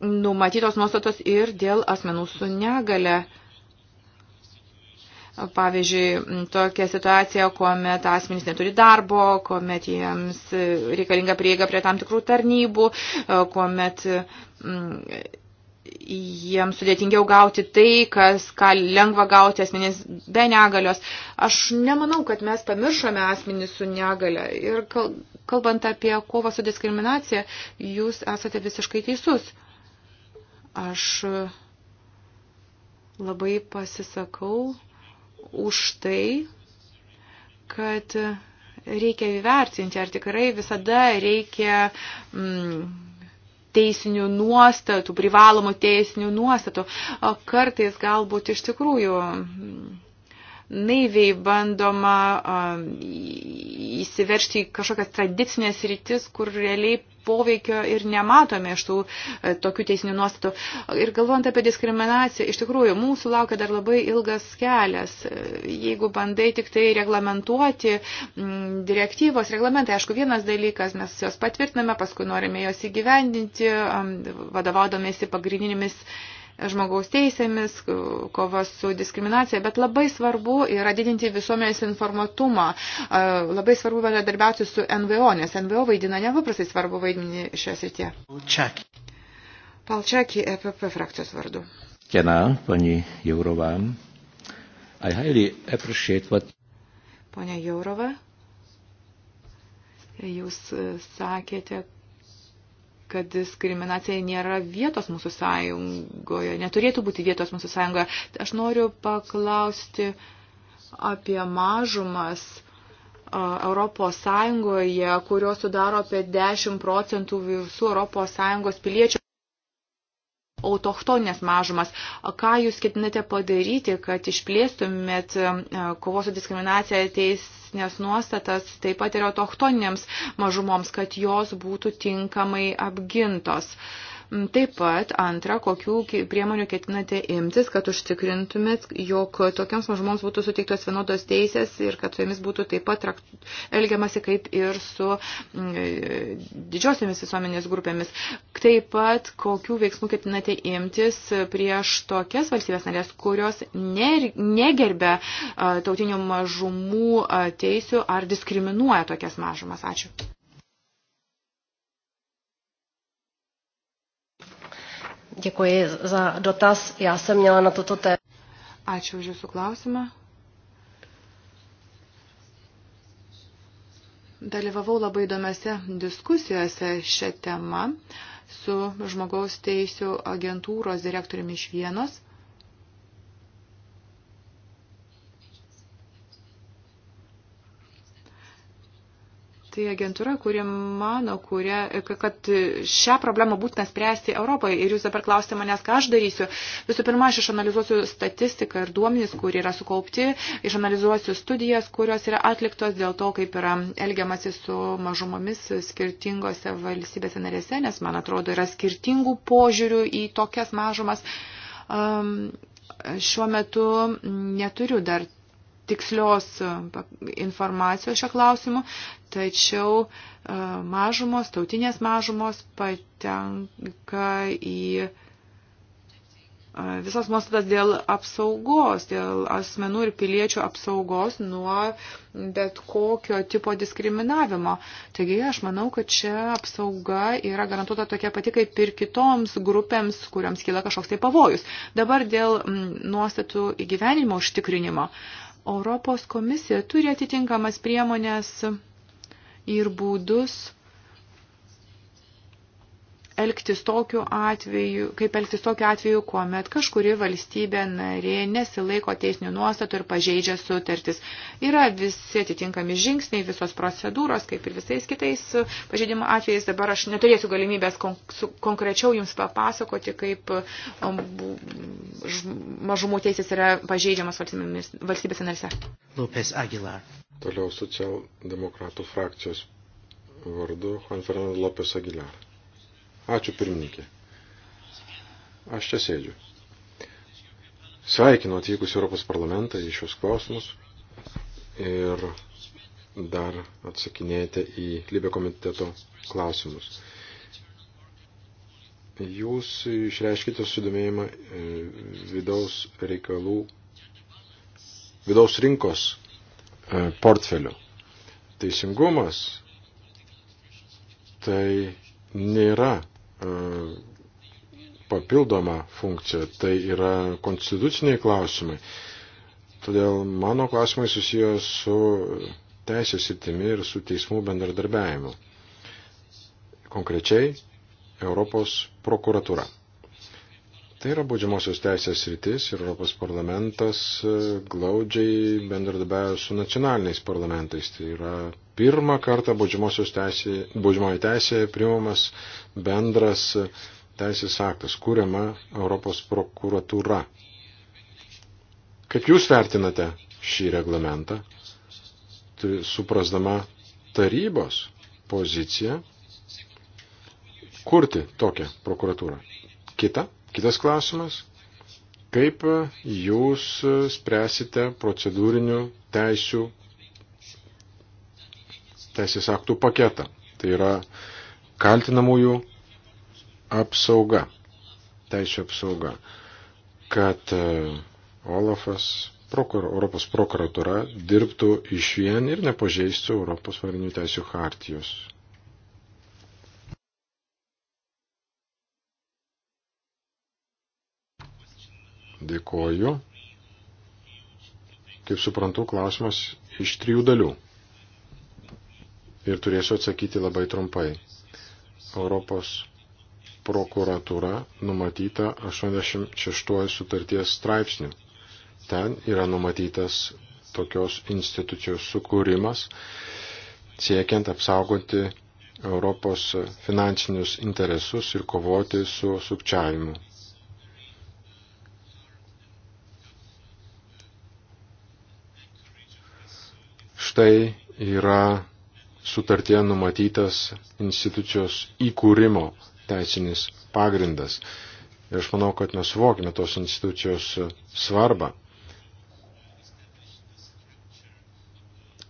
numatytos nuostatos ir dėl asmenų su negale. Pavyzdžiui, tokia situacija, kuomet asmenys neturi darbo, kuomet jiems reikalinga prieiga prie tam tikrų tarnybų, kuomet mm, jiems sudėtingiau gauti tai, kas, ką lengva gauti asmenys be negalios. Aš nemanau, kad mes pamiršome asmenį su negale. Ir kalbant apie kovą su diskriminacija, jūs esate visiškai teisus. Aš labai pasisakau už tai, kad reikia įvertinti, ar tikrai visada reikia mm, teisinių nuostatų, privalomų teisinių nuostatų. O kartais galbūt iš tikrųjų naiviai bandoma um, įsiveršti į kažkokias tradicinės rytis, kur realiai poveikio ir nematome iš tų e, tokių teisinių nuostatų. Ir galvojant apie diskriminaciją, iš tikrųjų, mūsų laukia dar labai ilgas kelias. E, jeigu bandai tik tai reglamentuoti m, direktyvos, reglamentai, aišku, vienas dalykas, mes jos patvirtiname, paskui norime jos įgyvendinti, vadovaudomėsi pagrindinėmis žmogaus teisėmis, kova su diskriminacija, bet labai svarbu yra didinti visuomenės informatumą, labai svarbu bendradarbiauti su NVO, nes NVO vaidina nepaprastai svarbu vaidmenį šią srityje. Palčiakį. Palčiakį EPP frakcijos vardu. Kena, pani Jaurova. I highly appreciate what... Pone Jaurova, jūs e, sakėte, kad diskriminacija nėra vietos mūsų sąjungoje, neturėtų būti vietos mūsų sąjungoje. Aš noriu paklausti apie mažumas Europos sąjungoje, kurios sudaro apie 10 procentų visų Europos sąjungos piliečių autochtonės mažumas. Ką jūs ketinate padaryti, kad išplėstumėt e, kovos su diskriminacija teisinės nuostatas taip pat ir autochtoninėms mažumoms, kad jos būtų tinkamai apgintos? Uh, Taip pat, antra, kokių priemonių ketinate imtis, kad užtikrintumėt, jog tokiams mažumoms būtų suteiktos vienodos teisės ir kad su jomis būtų taip pat trakt... elgiamasi kaip ir su mm, e, didžiosiamis visuomenės grupėmis. Taip pat, kokių veiksmų ketinate imtis prieš tokias valstybės narės, kurios negerbė tautinių mažumų teisių ar diskriminuoja tokias mažumas. Ačiū. Děkuji za dotaz. Já jsem měla na toto téma. Ačiū už Jūsų klausimą. Dalyvavau labai įdomiose diskusijose šią temą su žmogaus teisų agentūros direktoriumi iš Vienos. Tai agentūra, kuri mano, kuria, kad šią problemą būtina spręsti Europoje. Ir jūs dabar klausite manęs, ką aš darysiu. Visų pirma, aš išanalizuosiu statistiką ir duomenys, kur yra sukaupti, išanalizuosiu studijas, kurios yra atliktos dėl to, kaip yra elgiamasi su mažumomis skirtingose valstybėse narėse, nes, man atrodo, yra skirtingų požiūrių į tokias mažumas. Um, šiuo metu neturiu dar tikslios informacijos šio klausimu, tačiau e, mažumos, tautinės mažumos patenka į e, visas nuostatas dėl apsaugos, dėl asmenų ir piliečių apsaugos nuo bet kokio tipo diskriminavimo. Taigi aš manau, kad čia apsauga yra garantuota tokia pati kaip ir kitoms grupėms, kuriams kyla kažkoks tai pavojus. Dabar dėl nuostatų įgyvenimo užtikrinimo. Europos komisija turi atitinkamas priemonės ir būdus elgtis tokiu atveju, kaip elgtis tokiu atveju, kuomet kažkuri valstybė narė nesilaiko teisinių nuostatų ir pažeidžia sutartis. Yra visi atitinkami žingsniai, visos procedūros, kaip ir visais kitais pažeidimo atvejais. Dabar aš neturėsiu galimybės konkrečiau jums papasakoti, kaip um, mažumų teisės yra pažeidžiamas valstybės narėse. Lopez Aguilar. Toliau socialdemokratų frakcijos vardu Juan Fernando Lopes Aguilar. Ačiū pirmininkė. Aš čia sėdžiu. Sveikinu atvykus Europos parlamentą į šios klausimus ir dar atsakinėjate į Libė komiteto klausimus. Jūs išreiškite sudomėjimą e, vidaus reikalų, vidaus rinkos E, portfelių. Teisingumas tai nėra e, papildoma funkcija, tai yra konstituciniai klausimai. Todėl mano klausimai susiję su teisės įtimi ir su teismų bendradarbiavimu. Konkrečiai Europos prokuratūra. Tai yra baudžiamosios teisės rytis ir Europos parlamentas e, glaudžiai bendradarbiavo su nacionaliniais parlamentais. Tai yra pirmą kartą baudžiamosios teisė, baudžiamoji teisė primamas bendras teisės aktas, kuriama Europos prokuratūra. Kaip jūs vertinate šį reglamentą, tai suprasdama tarybos poziciją, kurti tokią prokuratūrą? Kita Kitas klausimas. Kaip jūs spręsite procedūrinių teisių, teisės aktų paketą? Tai yra kaltinamųjų apsauga, teisų apsauga, kad e, Olafas, prokur, Europos prokuratura dirbtų iš vien ir nepažeistų Europos varinių teisų hartijos Dėkoju. Kaip suprantu, klausimas iš trijų dalių. Ir turėsiu atsakyti labai trumpai. Europos prokuratūra numatyta 86 sutarties straipsnių. Ten yra numatytas tokios institucijos sukūrimas, siekiant apsaugoti Europos finansinius interesus ir kovoti su sukčiavimu. štai yra sutartie numatytas institucijos įkūrimo teisinis pagrindas. Ir aš manau, kad mes suvokime tos institucijos svarbą.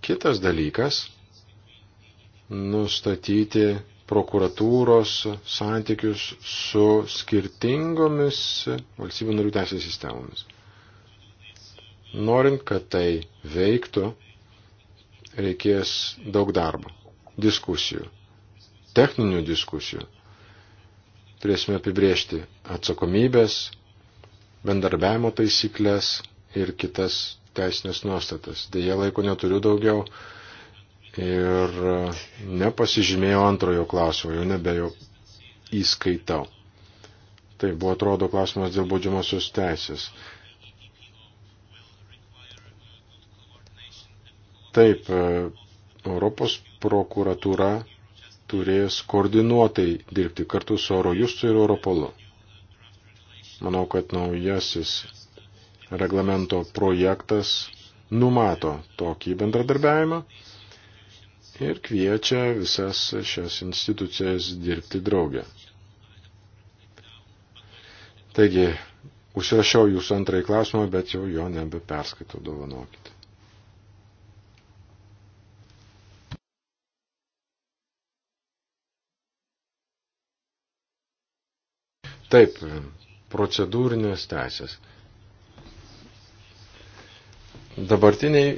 Kitas dalykas - nustatyti prokuratūros santykius su skirtingomis valstybių narių teisės sistemomis. Norint, kad tai veiktų, reikės daug darbo, diskusijų, techninių diskusijų. Turėsime apibriežti atsakomybės, bendarbiavimo taisyklės ir kitas teisinės nuostatas. Deja, laiko neturiu daugiau ir nepasižymėjau antrojo klausimo, jau nebejo įskaitau. Tai buvo atrodo klausimas dėl baudžiamosios teisės. Taip, e, Europos prokuratūra turės koordinuotai dirbti kartu su Eurojustu ir Europolu. Manau, kad naujasis reglamento projektas numato tokį bendradarbiavimą ir kviečia visas šias institucijas dirbti draugę. Taigi, užsirašiau jūsų antrąjį klausimą, bet jau jo nebeperskaitau, dovanokite. Taip, procedūrinės teisės. Dabartiniai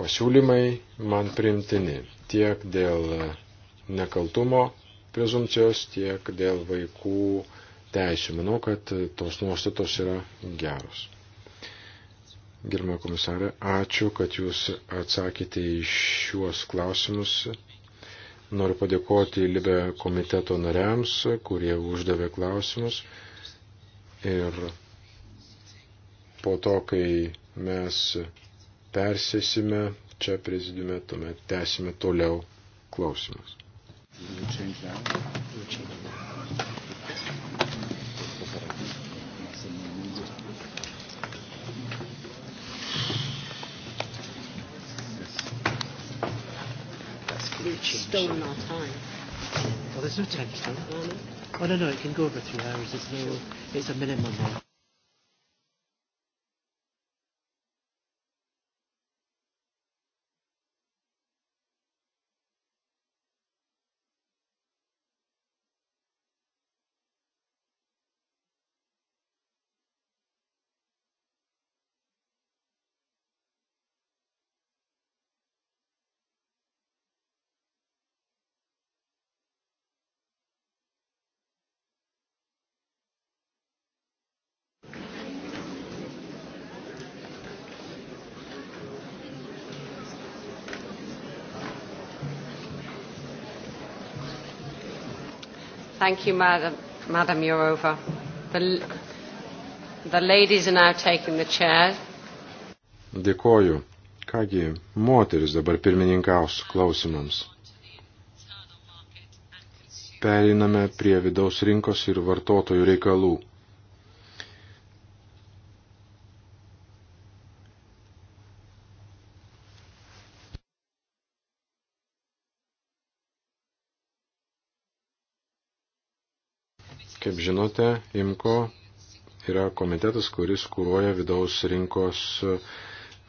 pasiūlymai man primtini tiek dėl nekaltumo prezumcijos, tiek dėl vaikų teisų. Manau, kad tos nuostatos yra geros. Gerbama komisarė, ačiū, kad jūs atsakėte į šiuos klausimus. Noriu padėkoti Libe komiteto nariams, kurie uždavė klausimus. Ir po to, kai mes persėsime čia prezidiume, tuomet tęsime toliau klausimus. Change now. Change now. We've stolen our time. Well, there's no time stone. Um, oh, no, no, it can go over three hours. There's no, it's a minimum now. Thank you, Madam, Madam Jourova. The, the ladies are now taking the chair. Dėkoju. Kągi, moteris dabar pirmininkaus klausimams. Pereiname prie vidaus rinkos ir vartotojų reikalų. Kaip žinote, IMCO yra komitetas, kuris kūruoja vidaus rinkos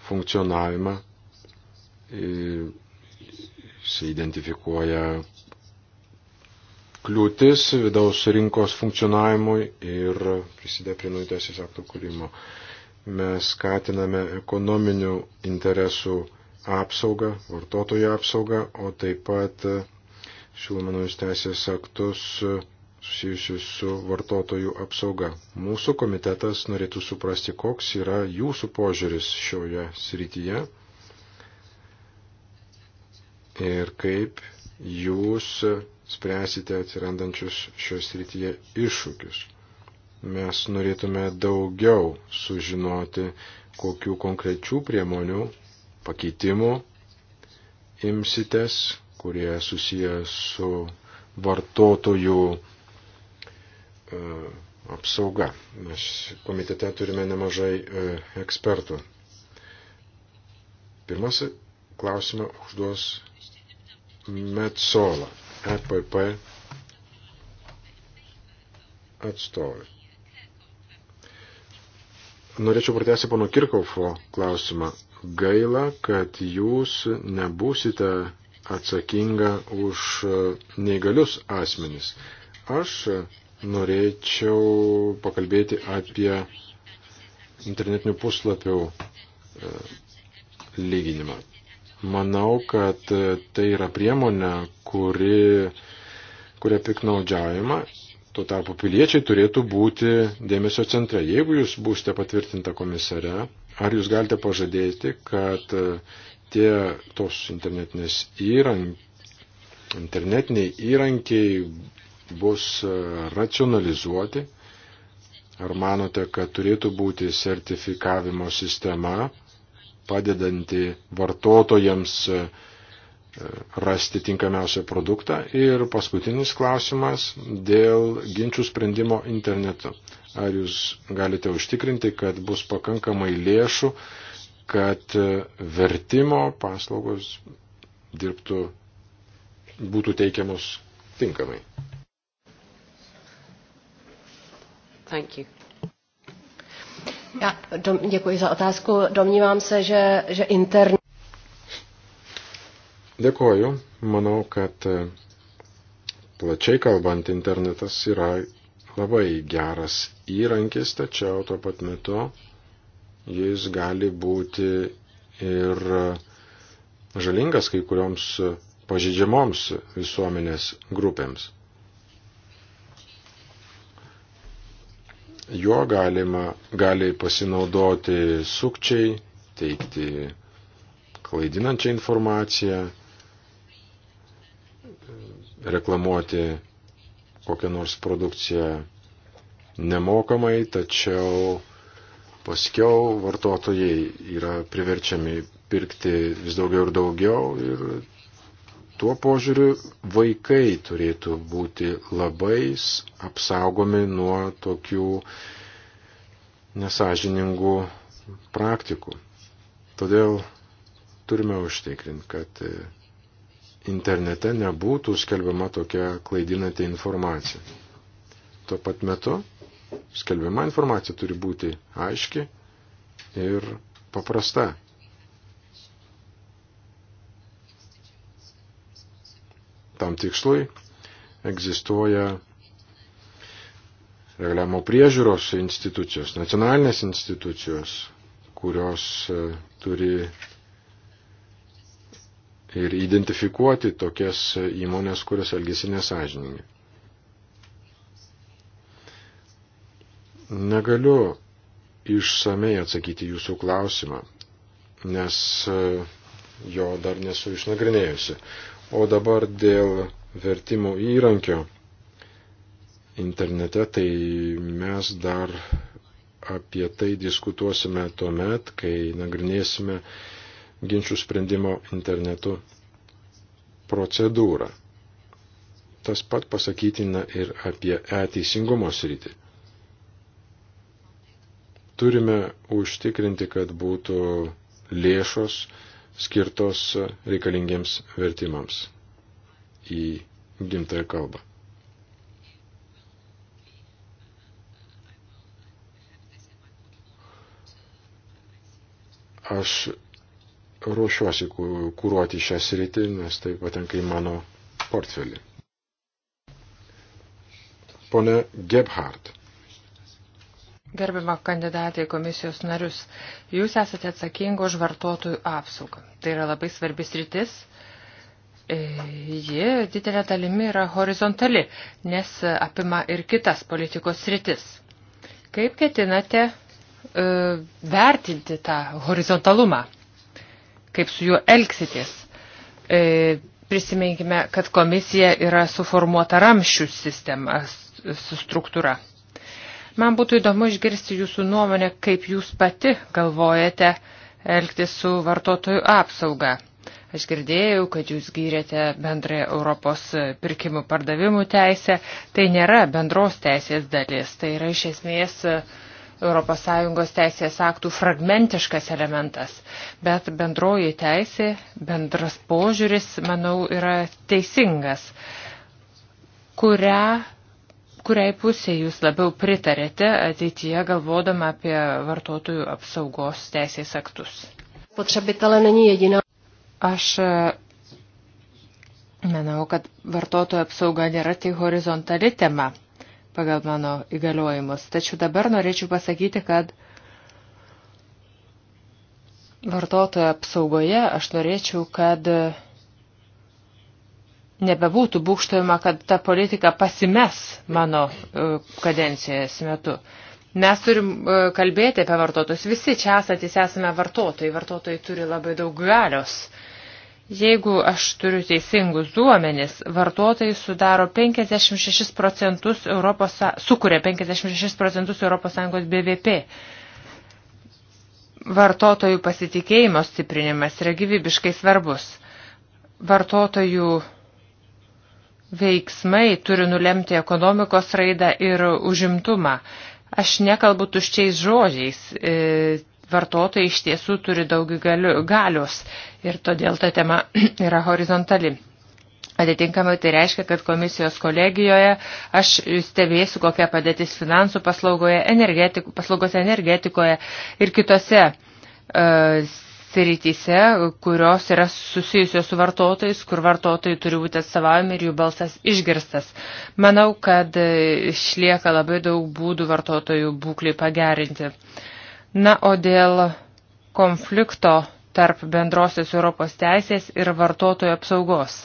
funkcionavimą. Jis identifikuoja kliūtis vidaus rinkos funkcionavimui ir prisideda prie nuitėsis aktų kūrimo. Mes skatiname ekonominių interesų apsaugą, vartotojų apsaugą, o taip pat siūlome naujus teisės aktus susijusių su vartotojų apsauga. Mūsų komitetas norėtų suprasti, koks yra jūsų požiūris šioje srityje ir kaip jūs spręsite atsirandančius šios srityje iššūkius. Mes norėtume daugiau sužinoti, kokių konkrečių priemonių, pakeitimų imsitės, kurie susiję su vartotojų E, apsauga. Mes komitete turime nemažai e, ekspertų. Pirmasi klausimą užduos Metsola, EPP atstovai. Norėčiau pratęsti pono Kirkaufo klausimą. Gaila, kad jūs nebūsite atsakinga už neįgalius asmenis. Aš norėčiau pakalbėti apie internetinių puslapių e, lyginimą. Manau, kad e, tai yra priemonė, kuri, kuria piknaudžiaujama. Tuo tarpu piliečiai turėtų būti dėmesio centre. Jeigu jūs būsite patvirtinta komisare, ar jūs galite pažadėti, kad e, tie tos internetinės įrankiai, internetiniai įrankiai bus e, racionalizuoti? Ar manote, kad turėtų būti sertifikavimo sistema, padedanti vartotojams e, rasti tinkamiausią produktą? Ir paskutinis klausimas dėl ginčių sprendimo internetu. Ar jūs galite užtikrinti, kad bus pakankamai lėšų, kad e, vertimo paslaugos dirbtų, būtų teikiamos tinkamai? Thank you. Já dom, děkuji za otázku. Domnívám se, že, že internet. Dėkoju. Manau, kad eh, plačiai kalbant, internetas yra labai geras įrankis, tačiau tuo pat metu jis gali būti ir eh, žalingas kai kurioms eh, pažydžiamoms visuomenės grupėms. Juo galima, gali pasinaudoti sukčiai, teikti klaidinančią informaciją, reklamuoti kokią nors produkciją nemokamai, tačiau paskiau vartotojai yra priverčiami pirkti vis daugiau ir daugiau ir Tuo požiūriu vaikai turėtų būti labai apsaugomi nuo tokių nesažiningų praktikų. Todėl turime užtikrinti, kad e, internete nebūtų skelbiama tokia klaidinanti informacija. Tuo pat metu skelbiama informacija turi būti aiški ir paprasta. tam tikslui egzistuoja reglamo priežiūros institucijos, nacionalinės institucijos, kurios e, turi ir identifikuoti tokias įmonės, kurios elgesi nesažiningai. Negaliu išsamei atsakyti jūsų klausimą, nes e, jo dar nesu išnagrinėjusi. O dabar dėl vertimo įrankio internete, tai mes dar apie tai diskutuosime tuo met, kai nagrinėsime ginčių sprendimo internetu procedūrą. Tas pat pasakytina ir apie e-teisingumo sritį. Turime užtikrinti, kad būtų lėšos, skirtos reikalingiems vertimams į gimtąją kalbą. Aš ruošiuosi kūruoti šią sritį, nes tai patenka į mano portfelį. Pone Gebhardt Gerbimo kandidatai komisijos narius, jūs esate atsakingo už vartotojų apsaugą. Tai yra labai svarbis rytis. E, ji didelė dalimi yra horizontali, nes apima ir kitas politikos rytis. Kaip ketinate e, vertinti tą horizontalumą? Kaip su juo elgsitės? E, prisiminkime, kad komisija yra suformuota ramščių sistema, struktūra. Man būtų įdomu išgirsti jūsų nuomonę, kaip jūs pati galvojate elgtis su vartotojų apsauga. Aš girdėjau, kad jūs gyrėte bendrąją Europos pirkimų pardavimų teisę. Tai nėra bendros teisės dalis, tai yra iš esmės ES teisės aktų fragmentiškas elementas, bet bendroji teisė, bendras požiūris, manau, yra teisingas, kurią kuriai pusė jūs labiau pritarėte ateityje galvodama apie vartotojų apsaugos teisės aktus? Aš e, manau, kad vartotojų apsauga nėra tik horizontali tema pagal mano įgaliojimus. Tačiau dabar norėčiau pasakyti, kad vartotojo apsaugoje aš norėčiau, kad nebebūtų būkštojama, kad ta politika pasimes mano e, kadencijos metu. Mes turim e, kalbėti apie vartotojus. Visi čia esatys esame vartotojai. Vartotojai turi labai daug galios. Jeigu aš turiu teisingus duomenis, vartotojai sudaro 56 procentus Europos, sukuria 56 procentus ES BVP. Vartotojų pasitikėjimo stiprinimas yra gyvybiškai svarbus. Vartotojų veiksmai turi nulemti ekonomikos raidą ir užimtumą. Aš nekalbu tuščiais žodžiais. E, vartotojai iš tiesų turi daug galios ir todėl ta tema yra horizontali. Atitinkamai tai reiškia, kad komisijos kolegijoje aš stebėsiu, kokia padėtis finansų paslaugoje, energetik, paslaugos energetikoje ir kitose uh, srityse, kurios yra susijusios su vartotojais, kur vartotojai turi būti atstovavimi ir jų balsas išgirstas. Manau, kad išlieka labai daug būdų vartotojų būklį pagerinti. Na, o dėl konflikto tarp bendrosios Europos teisės ir vartotojų apsaugos.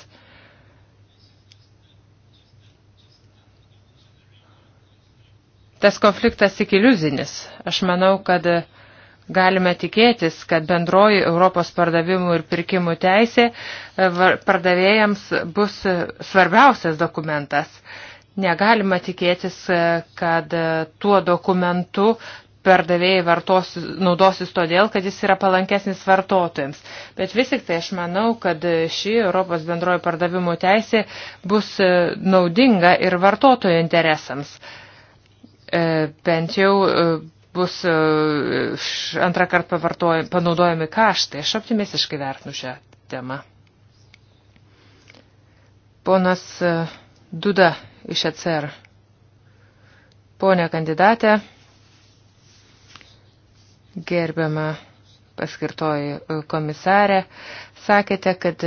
Tas konfliktas tik iliuzinis. Aš manau, kad Galime tikėtis, kad bendroji Europos pardavimų ir pirkimų teisė e, pardavėjams bus svarbiausias dokumentas. Negalima tikėtis, e, kad e, tuo dokumentu pardavėjai vartos, naudosis todėl, kad jis yra palankesnis vartotojams. Bet vis tik tai aš manau, kad ši Europos bendroji pardavimų teisė bus naudinga ir vartotojų interesams. Bent jau bus e, antrą kartą panaudojami kaštai. Aš optimistiškai vertinu šią temą. Ponas e, Duda iš ECR. Pone kandidatė, gerbiama paskirtoji e, komisarė, sakėte, kad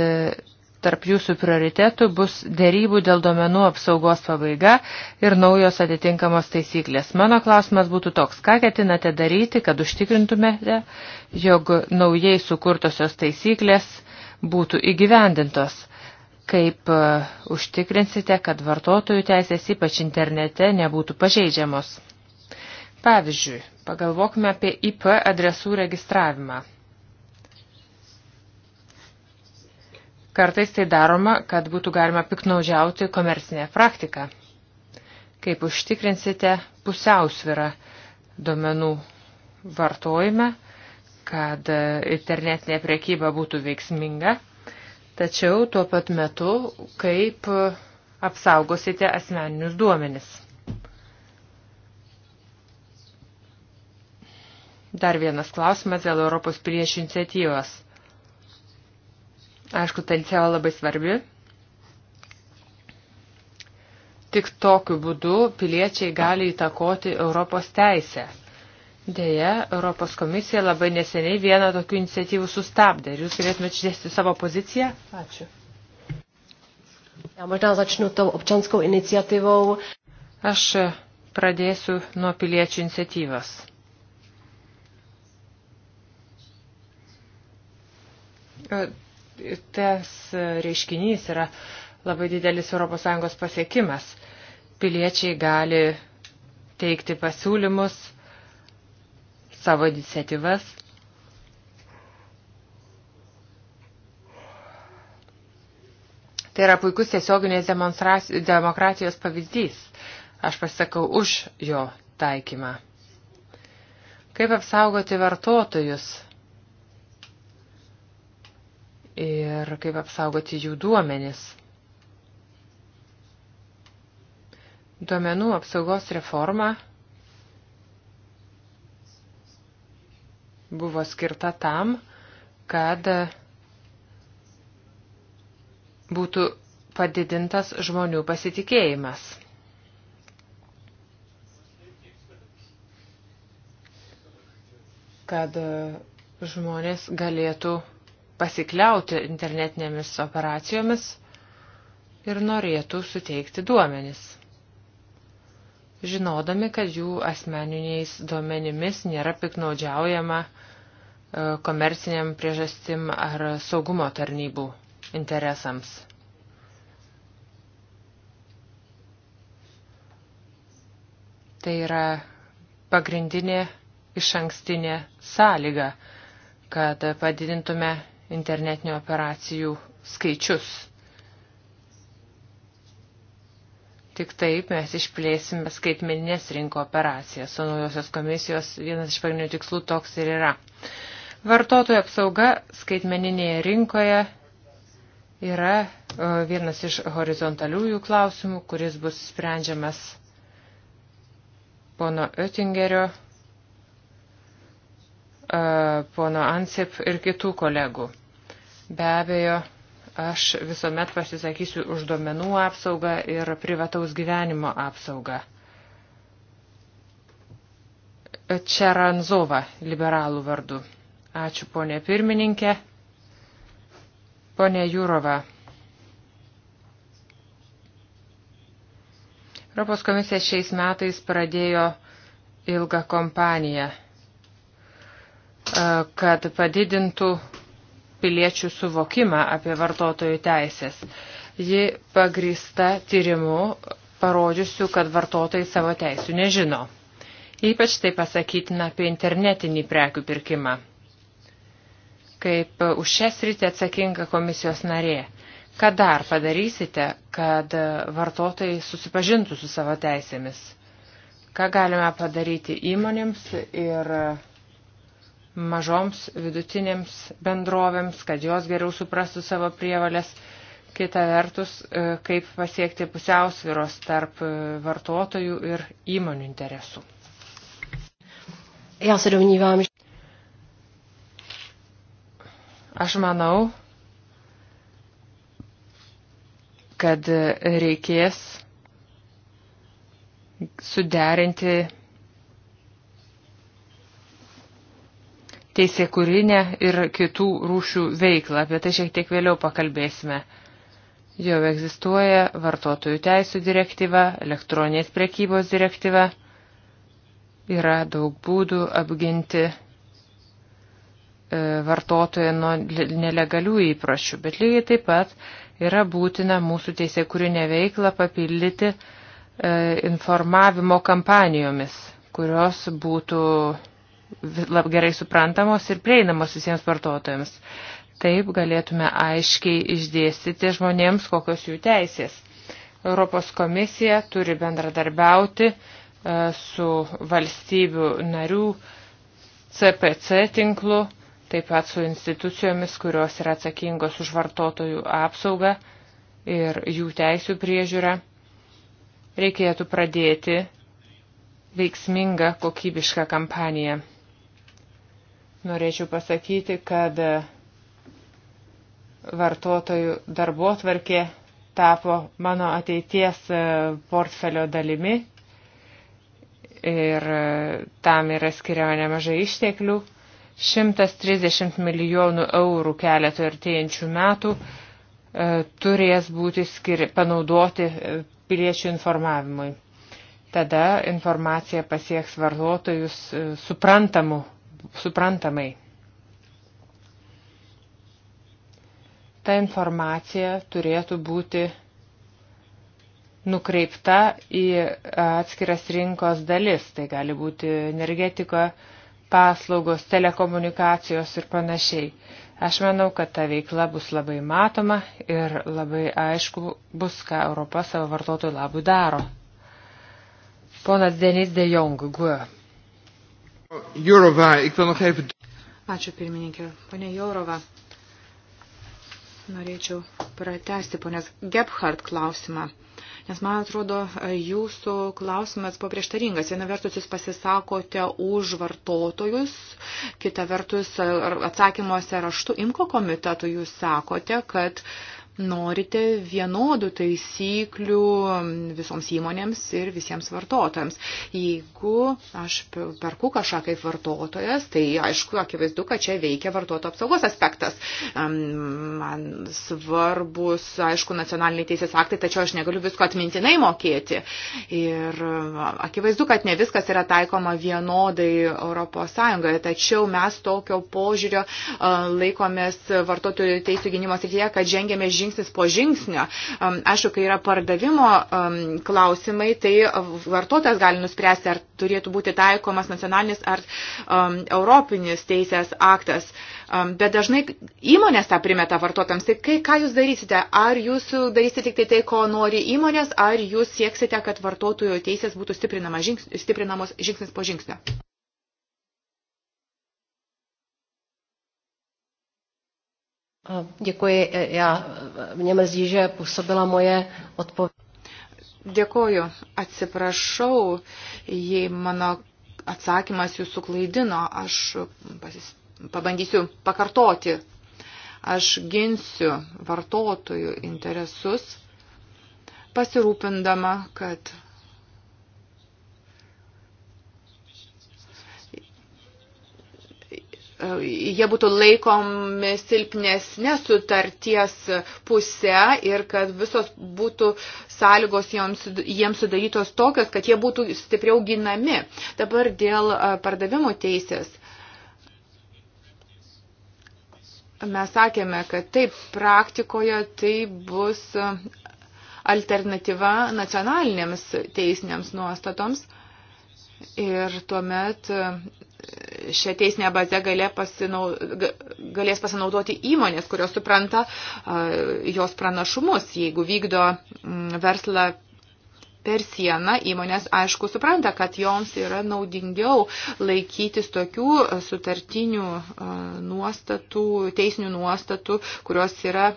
tarp jūsų prioritetų bus dėrybų dėl domenų apsaugos pabaiga ir naujos atitinkamos taisyklės. Mano klausimas būtų toks, ką ketinate daryti, kad užtikrintumėte, jog naujai sukurtosios taisyklės būtų įgyvendintos, kaip e, užtikrinsite, kad vartotojų teisės ypač internete nebūtų pažeidžiamos. Pavyzdžiui, pagalvokime apie IP adresų registravimą. Kartais tai daroma, kad būtų galima piknaudžiauti komercinę praktiką. Kaip užtikrinsite pusiausvirą duomenų vartojime, kad internetinė priekyba būtų veiksminga, tačiau tuo pat metu, kaip apsaugosite asmeninius duomenis. Dar vienas klausimas dėl Europos piliečių iniciatyvos. Aišku, ta iniciatyva labai svarbi. Tik tokiu būdu piliečiai gali įtakoti Europos teisę. Deja, Europos komisija labai neseniai vieną tokių iniciatyvų sustabdė. Ar jūs galėtumėte išdėsti savo poziciją? Ačiū. Ja možná začnu tou občanskou iniciativou. Aš pradėsiu nuo piliečių iniciatyvas tas reiškinys yra labai didelis ES pasiekimas. Piliečiai gali teikti pasiūlymus, savo iniciatyvas. Tai yra puikus tiesioginės demokratijos pavyzdys. Aš pasisakau už jo taikymą. Kaip apsaugoti vartotojus ir kaip apsaugoti jų duomenis. Duomenų apsaugos reforma buvo skirta tam, kad būtų padidintas žmonių pasitikėjimas. Kad žmonės galėtų pasikliauti internetinėmis operacijomis ir norėtų suteikti duomenis, žinodami, kad jų asmeniniais duomenimis nėra piknaudžiaujama e, komerciniam priežastim ar saugumo tarnybų interesams. Tai yra pagrindinė iš ankstinė sąlyga, kad padidintume internetinių operacijų skaičius. Tik taip mes išplėsime skaitmeninės rinko operacijas, o naujosios komisijos vienas iš pagrindinių tikslų toks ir yra. Vartotojų apsauga skaitmeninėje rinkoje yra e, vienas iš horizontaliųjų klausimų, kuris bus sprendžiamas pono Oettingerio, e, pono Ansip ir kitų kolegų. Be abejo, aš visuomet pasisakysiu už duomenų apsaugą ir privataus gyvenimo apsaugą. Čeranzova, liberalų vardu. Ačiū, ponė pirmininkė. Ponė Jūrova. Europos komisija šiais metais pradėjo ilgą kompaniją, e, kad padidintų piliečių suvokimą apie vartotojų teisės. Ji pagrįsta tyrimu, parodžiusiu, kad vartotojai savo teisų nežino. Ypač tai pasakytina apie internetinį prekių pirkimą. Kaip už šias rytį atsakinga komisijos narė, ką dar padarysite, kad vartotojai susipažintų su savo teisėmis? Ką galime padaryti įmonėms ir mažoms vidutinėms bendrovėms, kad jos geriau suprastų savo prievalės. Kita vertus, e, kaip pasiekti pusiausviros tarp e, vartotojų ir įmonių interesų. Já se domnívám, že... Aš manau, kad reikės suderinti teisėkūrinę ir kitų rūšių veiklą. Apie tai šiek tiek vėliau pakalbėsime. Jau egzistuoja vartotojų teisų direktyva, elektroninės prekybos direktyva. Yra daug būdų apginti e, vartotoje nuo nelegalių įpročių, bet lygiai taip pat yra būtina mūsų teisėkūrinę veiklą papildyti e, informavimo kampanijomis, kurios būtų gerai suprantamos ir prieinamos visiems vartotojams. Taip galėtume aiškiai išdėstyti žmonėms, kokios jų teisės. Europos komisija turi bendradarbiauti e, su valstybių narių CPC tinklu, taip pat su institucijomis, kurios yra atsakingos už vartotojų apsaugą ir jų teisų priežiūrą. Reikėtų pradėti veiksmingą kokybišką kampaniją. Norėčiau pasakyti, kad vartotojų darbotvarkė tapo mano ateities e, portfelio dalimi ir e, tam yra skiriama nemažai išteklių. 130 milijonų eurų keletą artėjančių metų e, turės būti skiri, panaudoti piliečių informavimui. Tada informacija pasieks vartotojus suprantamu suprantamai. Ta informacija turėtų būti nukreipta į atskiras rinkos dalis. Tai gali būti energetika, paslaugos, telekomunikacijos ir panašiai. Aš manau, kad ta veikla bus labai matoma ir labai aišku bus, ką Europa savo vartotojų labų daro. Ponas Denis de Jong, GUE Jorova, ik wil nog even... Ačiū pirmininkė. Pane Jorova, norėčiau pratesti ponės Gebhardt klausimą. Nes, man atrodo, e, jūsų klausimas buvo prieštaringas. Viena vertus jūs pasisakote už vartotojus, kita vertus atsakymuose raštu imko komitetu jūs sakote, kad uh, norite vienodų taisyklių visoms įmonėms ir visiems vartotojams. Jeigu aš perku kažką kaip vartotojas, tai aišku, akivaizdu, kad čia veikia vartoto apsaugos aspektas. Man svarbus, aišku, nacionaliniai teisės aktai, tačiau aš negaliu visko atmintinai mokėti. Ir akivaizdu, kad ne viskas yra taikoma vienodai Europos Sąjungoje, tačiau mes tokio požiūrio laikomės vartotojų teisų gynimo srityje, kad žengėme žingsnį žingsnis po žingsnio. Aišku, kai yra pardavimo klausimai, tai vartotojas gali nuspręsti, ar turėtų būti taikomas nacionalinis ar europinis teisės aktas. Bet dažnai įmonės tą primeta vartotojams. Tai kai, ką jūs darysite? Ar jūs darysite tik tai tai, ko nori įmonės, ar jūs sieksite, kad vartotojų teisės būtų stiprinamos žingsnis po žingsnio? Děkuji, ja, mne mrzí, že působila moje odpověď. Dėkoju, atsiprašau, jei mano atsakymas jūsų klaidino, aš pasis, pabandysiu pakartoti. Aš ginsiu vartotojų interesus, pasirūpindama, kad jie būtų laikomi silpnesnė sutarties pusė ir kad visos būtų sąlygos joms, jiems sudarytos tokios, kad jie būtų stipriau ginami. Dabar dėl pardavimų teisės. Mes sakėme, kad taip, praktikoje tai bus alternatyva nacionalinėms teisinėms nuostatoms ir tuomet šią teisinę bazę galė pasinau, galės pasinaudoti įmonės, kurios supranta jos pranašumus, jeigu vykdo mm, verslą. Per sieną įmonės aišku supranta, kad joms yra naudingiau laikytis tokių sutartinių nuostatų, teisinių nuostatų, kurios yra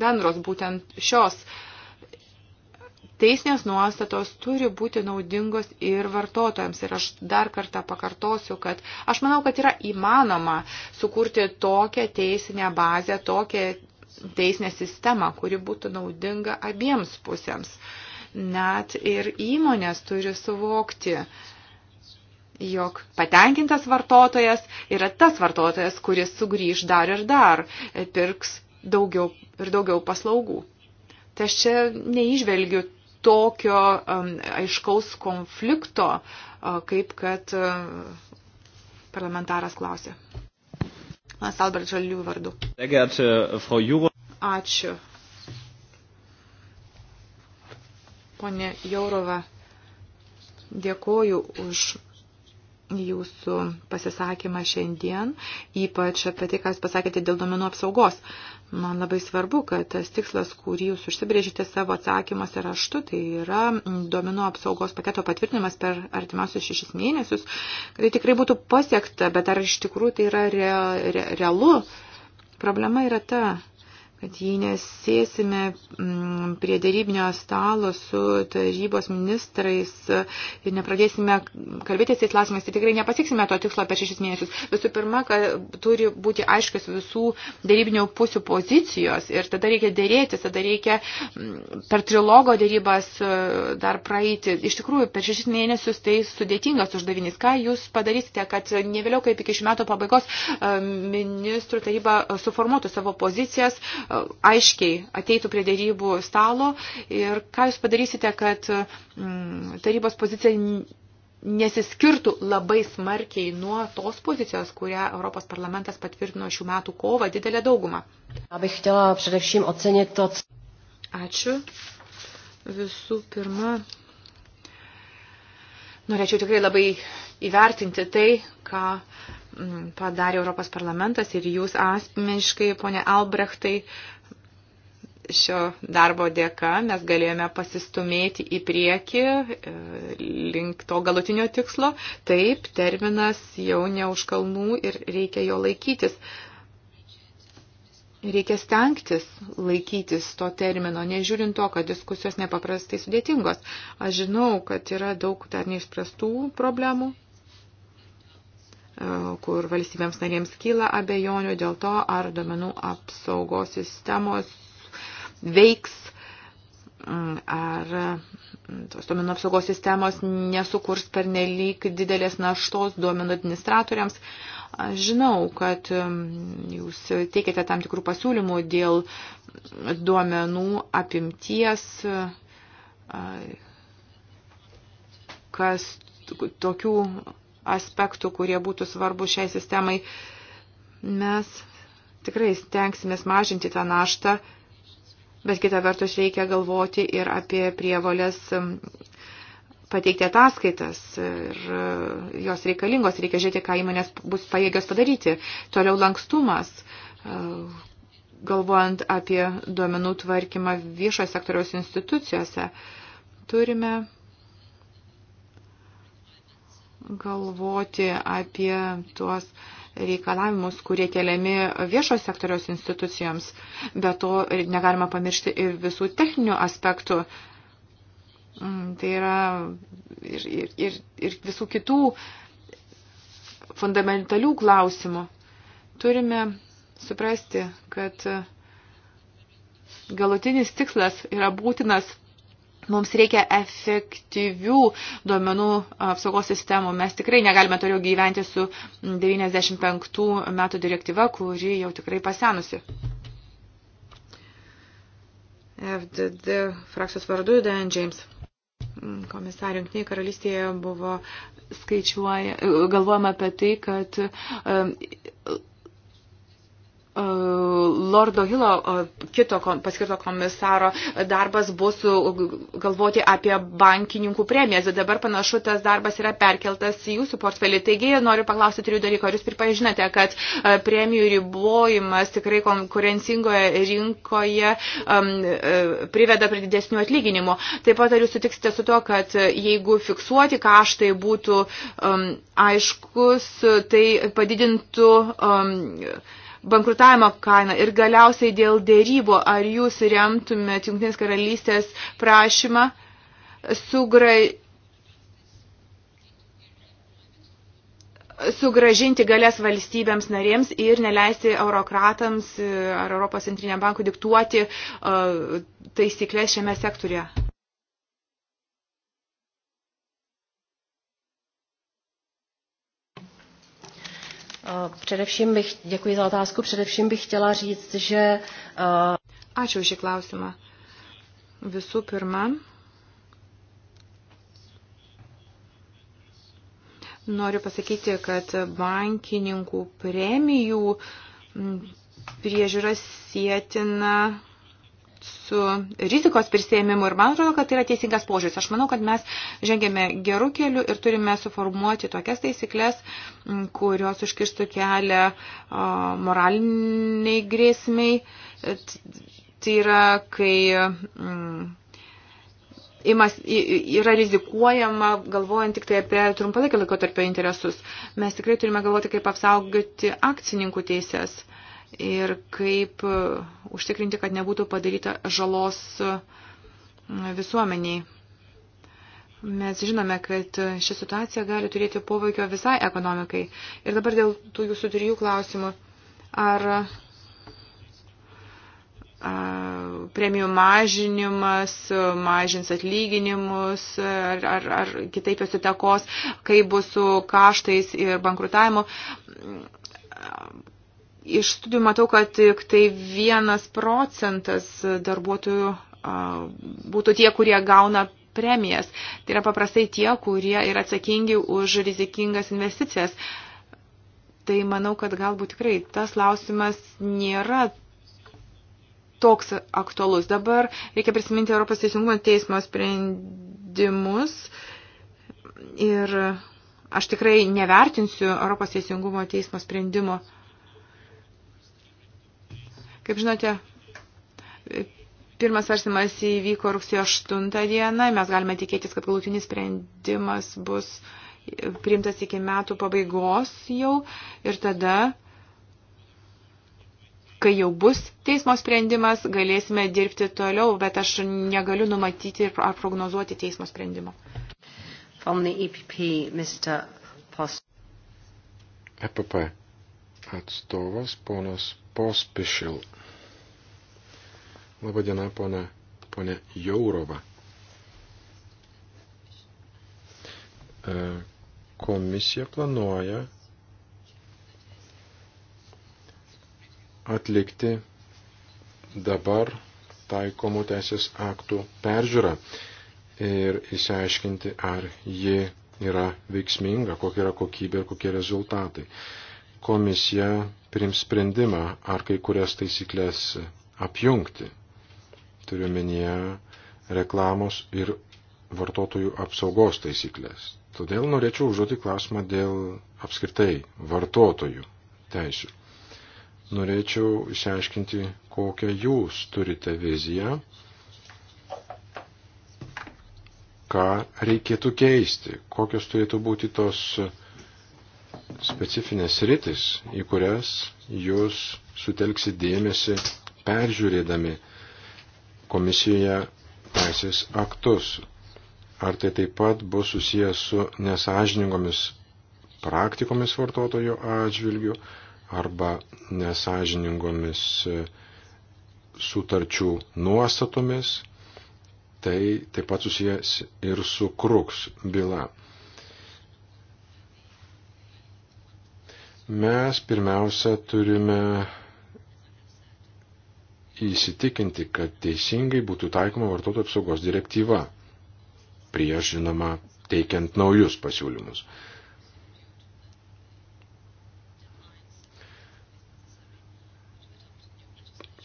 bendros būtent šios uh, teisinės nuostatos turi būti naudingos ir vartotojams. Ir aš dar kartą pakartosiu, kad aš manau, kad yra įmanoma sukurti tokią teisinę bazę, tokią teisinę sistemą, kuri būtų naudinga abiems pusėms. Net ir įmonės turi suvokti, jog patenkintas vartotojas yra tas vartotojas, kuris sugrįž dar ir dar, pirks daugiau ir daugiau paslaugų. Tai aš čia neižvelgiu tokio um, aiškaus konflikto, uh, kaip kad uh, parlamentaras klausė. Mas Albert Žalių vardu. Äh, Ačiū. Pone Jaurova, dėkoju už jūsų pasisakymą šiandien, ypač apie tai, ką jūs pasakėte dėl domenų apsaugos. Man labai svarbu, kad tas tikslas, kurį jūs užsibrėžite savo atsakymuose raštu, tai yra mm, duomenų apsaugos paketo patvirtinimas per artimiausius šešis mėnesius, kad tai tikrai būtų pasiekta, bet ar iš tikrųjų tai yra re, re, realu. Problema yra ta, kad jei nesėsime mm, prie dėrybinio stalo su tarybos ministrais ir nepradėsime kalbėti tais klausimais, tai tikrai nepasieksime to tikslo per šešis mėnesius. Visų pirma, kad turi būti aiškios visų dėrybinių pusių pozicijos ir tada reikia dėrėtis, tada reikia mm, per trilogo dėrybas e, dar praeiti. Iš tikrųjų, per šešis mėnesius tai sudėtingas uždavinys. Ką jūs padarysite, kad ne vėliau kaip iki šių metų pabaigos e, ministrų taryba suformuotų savo pozicijas, aiškiai ateitų prie dėrybų stalo ir ką jūs padarysite, kad mm, tarybos pozicija nesiskirtų labai smarkiai nuo tos pozicijos, kurią Europos parlamentas patvirtino šių metų kovą didelę daugumą. Ačiū. Visų pirma, norėčiau tikrai labai įvertinti tai, ką uh, Mm, padarė Europos parlamentas ir jūs asmeniškai, ponė Albrechtai, šio darbo dėka mes galėjome pasistumėti į priekį e, link to galutinio tikslo. Taip, terminas jau ne už kalnų ir reikia jo laikytis. Reikia stengtis laikytis to termino, nežiūrint to, kad diskusijos nepaprastai sudėtingos. Aš žinau, kad yra daug dar neišspręstų problemų, kur valstybėms narėms kyla abejonių dėl to, ar domenų apsaugos sistemos veiks, mm, ar mm, tos domenų apsaugos sistemos nesukurs per nelik didelės naštos duomenų administratoriams. Aš žinau, kad mm, jūs teikiate tam tikrų pasiūlymų dėl duomenų apimties, kas tokių aspektų, kurie būtų svarbu šiai sistemai. Mes tikrai stengsimės mažinti tą naštą, bet kita vertus reikia galvoti ir apie prievolės pateikti ataskaitas ir e, jos reikalingos, reikia žiūrėti, ką įmonės bus pajėgios padaryti. Toliau lankstumas, e, galvojant apie duomenų tvarkymą viešo sektoriaus institucijose, turime galvoti apie tuos reikalavimus, kurie keliami viešo sektoriaus institucijoms. Be to negalima pamiršti ir visų techninių aspektų. Mm, tai yra ir, ir, ir, ir visų kitų fundamentalių klausimų. Turime suprasti, kad galutinis tikslas yra būtinas Mums reikia efektyvių duomenų apsaugos sistemų. Mes tikrai negalime toliau gyventi su 95 metų direktyva, kuri jau tikrai pasenusi. FDD frakcijos vardu Dan James. Komisarių Junktinėje karalystėje buvo skaičiuoja, galvojama apie tai, kad E, Lordo Hilo e, kito paskirto komisaro darbas bus galvoti apie bankininkų premijas, bet dabar panašu tas darbas yra perkeltas į jūsų portfelį. Taigi noriu paklausti trijų dalykų. Ar jūs pripažinote, kad e, premijų ribojimas tikrai konkurencingoje rinkoje um, priveda prie didesnių atlyginimų? Taip pat ar jūs sutiksite su to, kad jeigu fiksuoti kaštai būtų um, aiškus, tai padidintų um, bankrutavimo kainą ir galiausiai dėl dėrybo, ar jūs remtumėte Junktinės karalystės prašymą sugra... sugražinti galės valstybėms narėms ir neleisti eurokratams e, ar Europos centrinė bankų diktuoti e, taisyklės šiame sektorėje. Eh, především bych, děkuji za otázku, především bych chtěla říct, že... Eh, Ačiū šį klausimą. Visų pirma, noriu pasakyti, kad bankininkų premijų mm, priežiūra sėtina su rizikos prisėmimu ir man atrodo, kad tai yra teisingas požiūris. Aš manau, kad mes žengėme gerų kelių ir turime suformuoti tokias taisyklės, kurios užkirstų kelią moraliniai grėsmiai. Tai yra, kai. Mm, imas, yra rizikuojama, galvojant tik tai apie trumpalaikį laikotarpio interesus. Mes tikrai turime galvoti, kaip apsaugoti akcininkų teisės ir kaip e, užtikrinti, kad nebūtų padaryta žalos e, visuomeniai. Mes žinome, kad ši situacija gali turėti poveikio visai ekonomikai. Ir dabar dėl tų jūsų trijų klausimų. Ar a, e, premijų mažinimas, mažins atlyginimus, ar, ar, ar kitaip jos įtakos, kaip bus su kaštais ir bankrutavimu Iš studijų matau, kad tik tai vienas procentas darbuotojų būtų tie, kurie gauna premijas. Tai yra paprastai tie, kurie yra atsakingi už rizikingas investicijas. Tai manau, kad galbūt tikrai tas klausimas nėra toks aktualus. Dabar reikia prisiminti Europos teisingumo teismo sprendimus ir aš tikrai nevertinsiu Europos teisingumo teismo sprendimo. Kaip žinote, pirmas svarstymas įvyko rugsėjo 8 dieną. Mes galime tikėtis, kad galutinis sprendimas bus priimtas iki metų pabaigos jau ir tada, kai jau bus teismo sprendimas, galėsime dirbti toliau, bet aš negaliu numatyti ar prognozuoti teismo sprendimo. From the EPP, Mr. Post. EPP atstovas, ponas Pospišil. Labadiena, pona, ponė Jaurova. E, komisija planuoja atlikti dabar taikomų teisės aktų peržiūrą ir įsiaiškinti, ar ji yra veiksminga, kokia yra kokybė ir kokie rezultatai komisija prims sprendimą, ar kai kurias taisyklės apjungti. Turiu menyje reklamos ir vartotojų apsaugos taisyklės. Todėl norėčiau užduoti klausimą dėl apskritai vartotojų teisių. Norėčiau išsiaiškinti, kokią jūs turite viziją, ką reikėtų keisti, kokios turėtų būti tos specifinės rytis, į kurias jūs sutelksit dėmesį peržiūrėdami komisijoje teisės aktus. Ar tai taip pat bus susijęs su nesažiningomis praktikomis vartotojo atžvilgių arba nesažiningomis e, sutarčių nuostatomis, tai taip pat susijęs ir su kruks byla. Mes pirmiausia turime įsitikinti, kad teisingai būtų taikoma vartotojų apsaugos direktyva, prieš žinoma teikiant naujus pasiūlymus.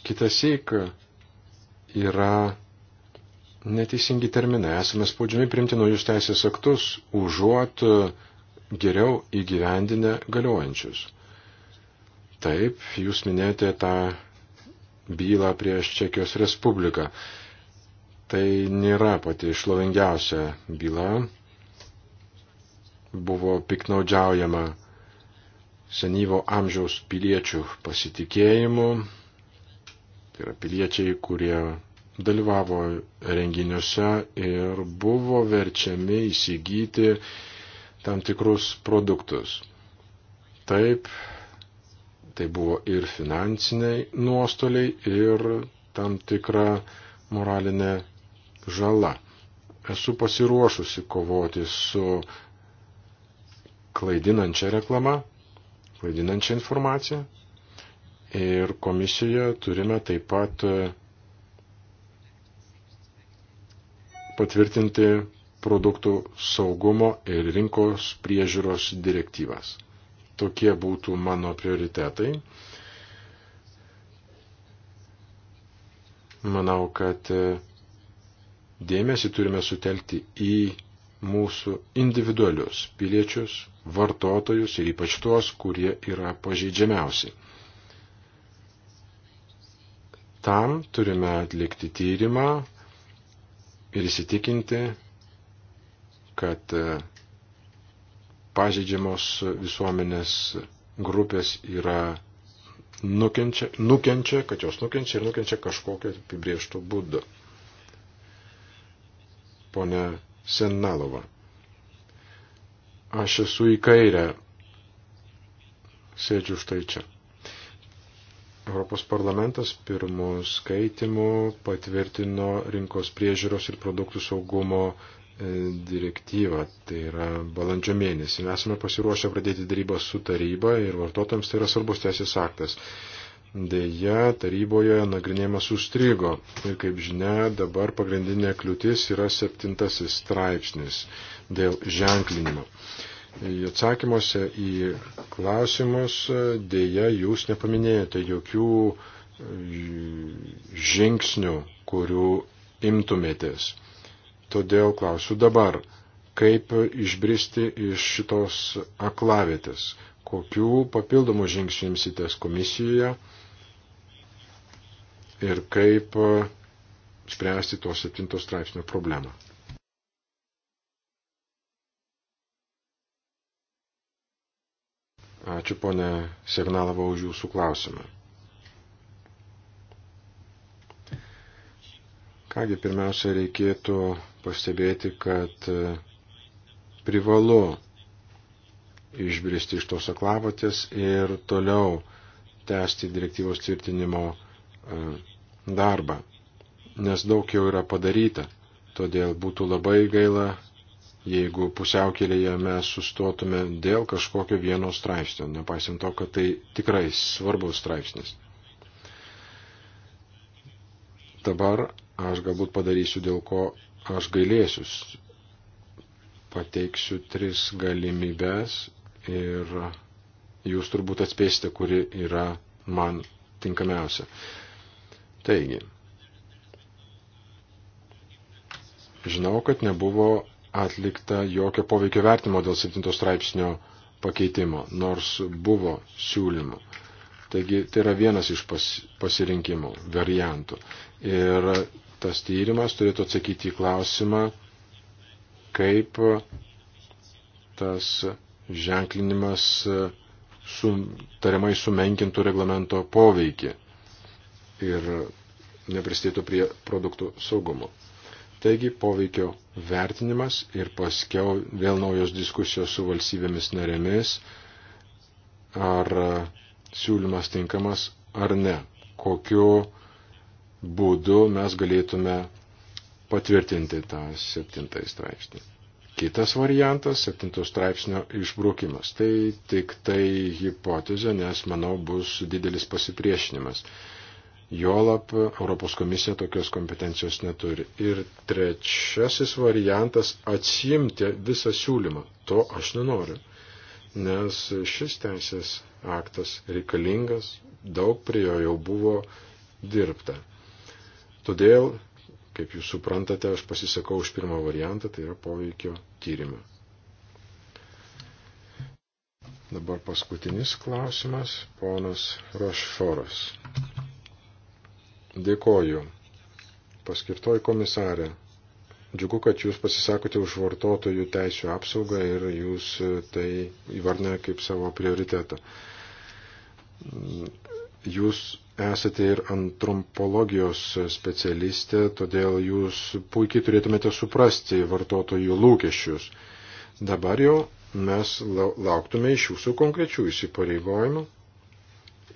Kitas sėk yra neteisingi terminai. Esame spaudžiami priimti naujus teisės aktus, užuot geriau įgyvendinę galiojančius. Taip, jūs minėjote tą bylą prieš Čekijos Respubliką. Tai nėra pati išlovingiausia byla. Buvo piknaudžiaujama senyvo amžiaus piliečių pasitikėjimu. Tai yra piliečiai, kurie dalyvavo renginiuose ir buvo verčiami įsigyti tam tikrus produktus. Taip, tai buvo ir finansiniai nuostoliai, ir tam tikra moralinė žala. Esu pasiruošusi kovoti su klaidinančia reklama, klaidinančia informacija. Ir komisijoje turime taip pat patvirtinti produktų saugumo ir rinkos priežiūros direktyvas. Tokie būtų mano prioritetai. Manau, kad e, dėmesį turime sutelkti į mūsų individualius piliečius, vartotojus ir ypač tuos, kurie yra pažeidžiamiausi. Tam turime atlikti tyrimą ir įsitikinti, kad e, pažeidžiamos visuomenės grupės yra nukenčia, nukenčia, kad jos nukenčia ir nukenčia kažkokio apibrieštų būdu. Pone Senalova, aš esu į kairę, sėdžiu štai čia. Europos parlamentas pirmų skaitimų patvirtino rinkos priežiūros ir produktų saugumo E, direktyvą, tai yra balandžio mėnesį. Mes esame pasiruošę pradėti darybą su taryba ir vartotojams tai yra svarbus teisės aktas. Deja, taryboje nagrinėjimas užstrigo ir, kaip žinia, dabar pagrindinė kliūtis yra septintasis straipsnis dėl ženklinimo. E, atsakymuose į klausimus e, dėja jūs nepaminėjote jokių žingsnių, kurių imtumėtės Todėl klausiu dabar, kaip išbristi iš šitos aklavietės, kokių papildomų žingsnių imsitės komisijoje ir kaip e, spręsti to septinto straipsnio problemą. Ačiū ponė Signalava už jūsų klausimą. Kągi pirmiausia reikėtų pastebėti, kad e, privalu išbristi iš tos aklavotės ir toliau tęsti direktyvos tvirtinimo e, darbą, nes daug jau yra padaryta. Todėl būtų labai gaila, jeigu pusiaukelėje mes sustotume dėl kažkokio vieno straipsnio, nepaisant to, kad tai tikrai svarbus straipsnis. Dabar aš galbūt padarysiu, dėl ko aš gailėsius. Pateiksiu tris galimybės ir jūs turbūt atspėsite, kuri yra man tinkamiausia. Taigi, žinau, kad nebuvo atlikta jokio poveikio vertimo dėl 7 straipsnio pakeitimo, nors buvo siūlymų. Taigi tai yra vienas iš pas, pasirinkimų, variantų. Ir tas tyrimas turėtų atsakyti į klausimą, kaip tas ženklinimas su, tariamai sumenkintų reglamento poveikį ir nepristėtų prie produktų saugumo. Taigi poveikio vertinimas ir paskiau vėl naujos diskusijos su valstybėmis narėmis, ar siūlymas tinkamas ar ne, kokiu būdu mes galėtume patvirtinti tą septintąjį straipsnį. Kitas variantas - septinto straipsnio išbraukimas. Tai tik tai hipotezė, nes, manau, bus didelis pasipriešinimas. Jolap Europos komisija tokios kompetencijos neturi. Ir trečiasis variantas - atsimti visą siūlymą. To aš nenoriu, nes šis teisės aktas reikalingas, daug prie jo jau buvo dirbta. Todėl, kaip jūs suprantate, aš pasisakau už pirmą variantą, tai yra poveikio tyrimą. Dabar paskutinis klausimas, ponas Rošforas. Dėkoju. Paskirtoji komisarė. Džiugu, kad jūs pasisakote už vartotojų teisų apsaugą ir jūs tai įvardinate kaip savo prioritetą. Jūs esate ir antropologijos specialistė, todėl jūs puikiai turėtumėte suprasti vartotojų lūkesčius. Dabar jau mes lauktume iš jūsų konkrečių įsipareigojimų.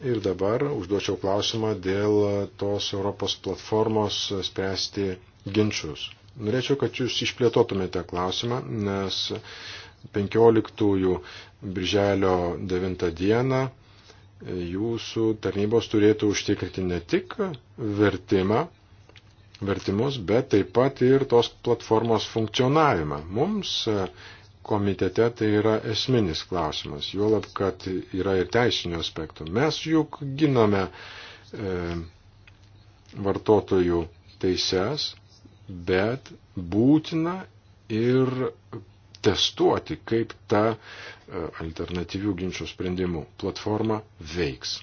Ir dabar užduočiau klausimą dėl tos Europos platformos spręsti ginčius. Norėčiau, kad jūs išplėtotumėte klausimą, nes 15 birželio 9 dieną jūsų tarnybos turėtų užtikrinti ne tik vertimą, vertimus, bet taip pat ir tos platformos funkcionavimą. Mums e, komitete tai yra esminis klausimas, juolab, kad yra ir teisinių aspektų. Mes juk giname e, vartotojų teises, bet būtina ir testuoti, kaip ta e, alternatyvių ginčių sprendimų platforma veiks.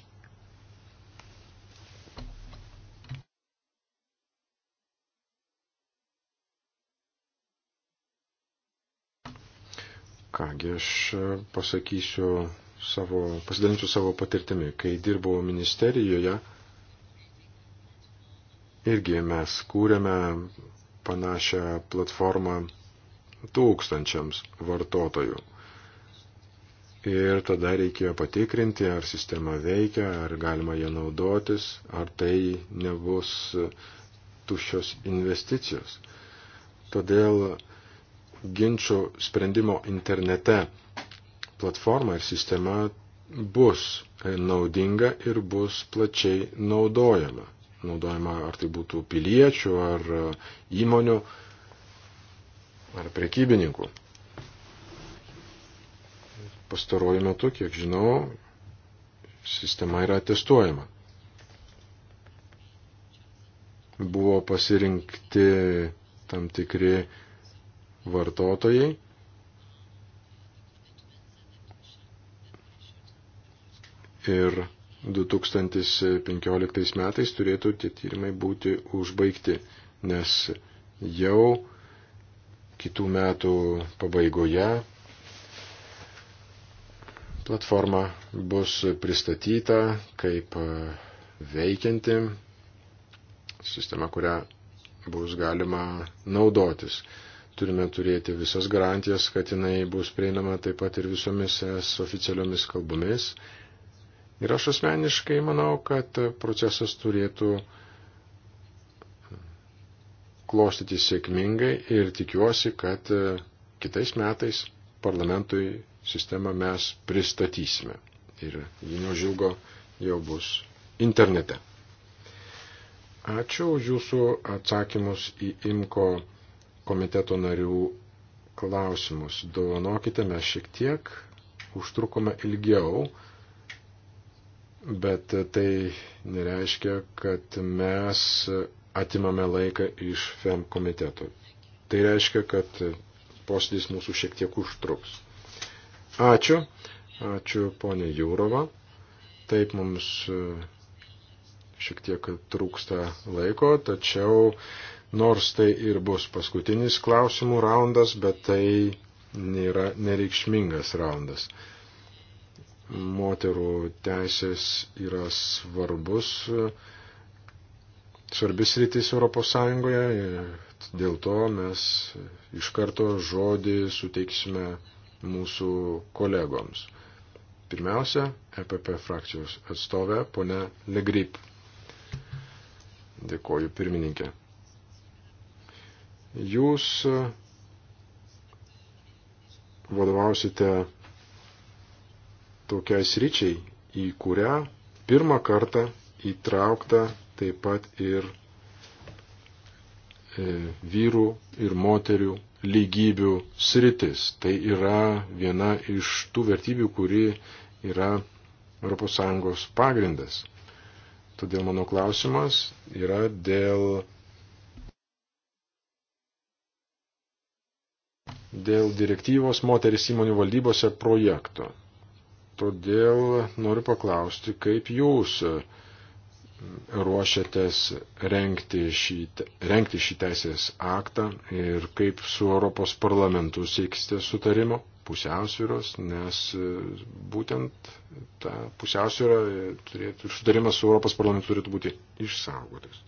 Kągi, aš e, pasakysiu savo, pasidalinsiu savo patirtimi. Kai dirbau ministerijoje, irgi mes kūrėme panašią platformą tūkstančiams vartotojų. Ir tada reikėjo patikrinti, ar sistema veikia, ar galima ją naudotis, ar tai nebus tuščios investicijos. Todėl ginčių sprendimo internete platforma ir sistema bus naudinga ir bus plačiai naudojama. Naudojama ar tai būtų piliečių, ar e, įmonių ar prekybininkų. Pastaruoju metu, kiek žinau, sistema yra testuojama. Buvo pasirinkti tam tikri vartotojai. Ir 2015 metais turėtų tie tyrimai būti užbaigti, nes jau kitų metų pabaigoje platforma bus pristatyta kaip e, veikianti sistema, kurią bus galima naudotis. Turime turėti visas garantijas, kad jinai bus prieinama taip pat ir visomis es oficialiomis kalbomis. Ir aš asmeniškai manau, kad procesas turėtų klostyti sėkmingai ir tikiuosi, kad e, kitais metais parlamentui sistemą mes pristatysime. Ir ji neužilgo jau bus internete. Ačiū už jūsų atsakymus į IMKO komiteto narių klausimus. Dovanokite, mes šiek tiek užtrukome ilgiau, bet tai nereiškia, kad mes atimame laiką iš FEM komiteto. Tai reiškia, kad posėdis mūsų šiek tiek užtruks. Ačiū, ačiū ponė Jūrova. Taip mums e, šiek tiek trūksta laiko, tačiau nors tai ir bus paskutinis klausimų raundas, bet tai nėra nereikšmingas raundas. Moterų teisės yra svarbus svarbis rytis Europos Sąjungoje, dėl to mes iš karto žodį suteiksime mūsų kolegoms. Pirmiausia, EPP frakcijos atstovė, ponė Legrip. Dėkoju pirmininkė. Jūs vadovausite tokiai sričiai, į kurią pirmą kartą įtraukta taip pat ir e, vyrų ir moterių lygybių sritis. Tai yra viena iš tų vertybių, kuri yra ES pagrindas. Todėl mano klausimas yra dėl, dėl direktyvos moteris įmonių valdybose projekto. Todėl noriu paklausti, kaip jūs ruošiatės rengti šį, rengti šį teisės aktą ir kaip su Europos parlamentu sieksite sutarimo pusiausvyros, nes e, būtent ta pusiausvyra e, turėtų, sutarimas su Europos parlamentu turėtų būti išsaugotas.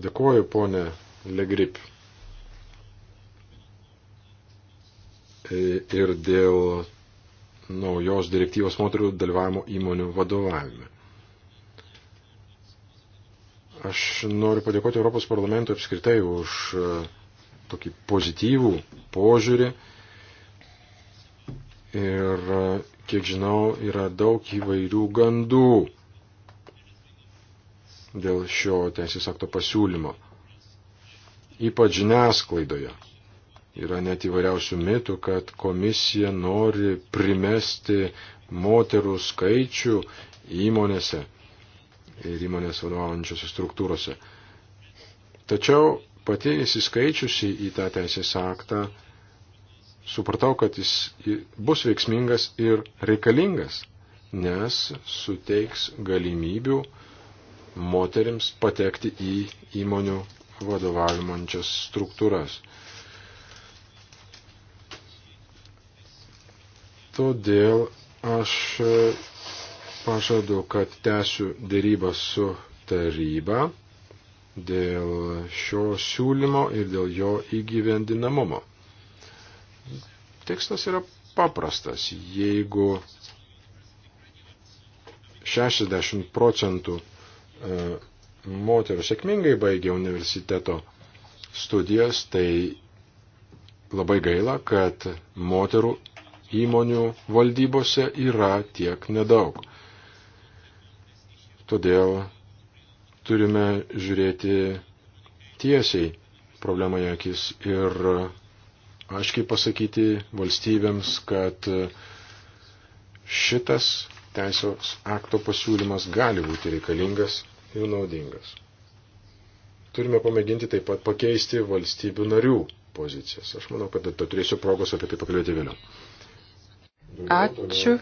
Dėkuoju, ponė Legrip. E, ir dėl naujos direktyvos moterų dalyvavimo įmonių vadovavime. Aš noriu padėkoti Europos parlamentui apskritai už e, tokį pozityvų požiūrį. Ir e, kiek žinau, yra daug įvairių gandų dėl šio teisės akto pasiūlymo. Ypač žiniasklaidoje. Yra net įvairiausių mitų, kad komisija nori primesti moterų skaičių įmonėse ir įmonės vadovaujančiose struktūrose. Tačiau pati įsiskaičiusi į tą teisės aktą, supratau, kad jis bus veiksmingas ir reikalingas, nes suteiks galimybių moterims patekti į įmonių vadovaujančias struktūras. Todėl aš e, pažadu, kad tęsiu dėrybą su taryba dėl šio siūlymo ir dėl jo įgyvendinamumo. Tekstas yra paprastas. Jeigu 60 procentų e, moterų sėkmingai baigia universiteto studijas, tai labai gaila, kad moterų įmonių valdybose yra tiek nedaug. Todėl turime žiūrėti tiesiai problemai akis ir aiškiai pasakyti valstybėms, kad šitas teisės akto pasiūlymas gali būti reikalingas ir naudingas. Turime pamėginti taip pat pakeisti valstybių narių pozicijas. Aš manau, kad turėsiu progos apie tai pakalbėti vėliau. Ačiū.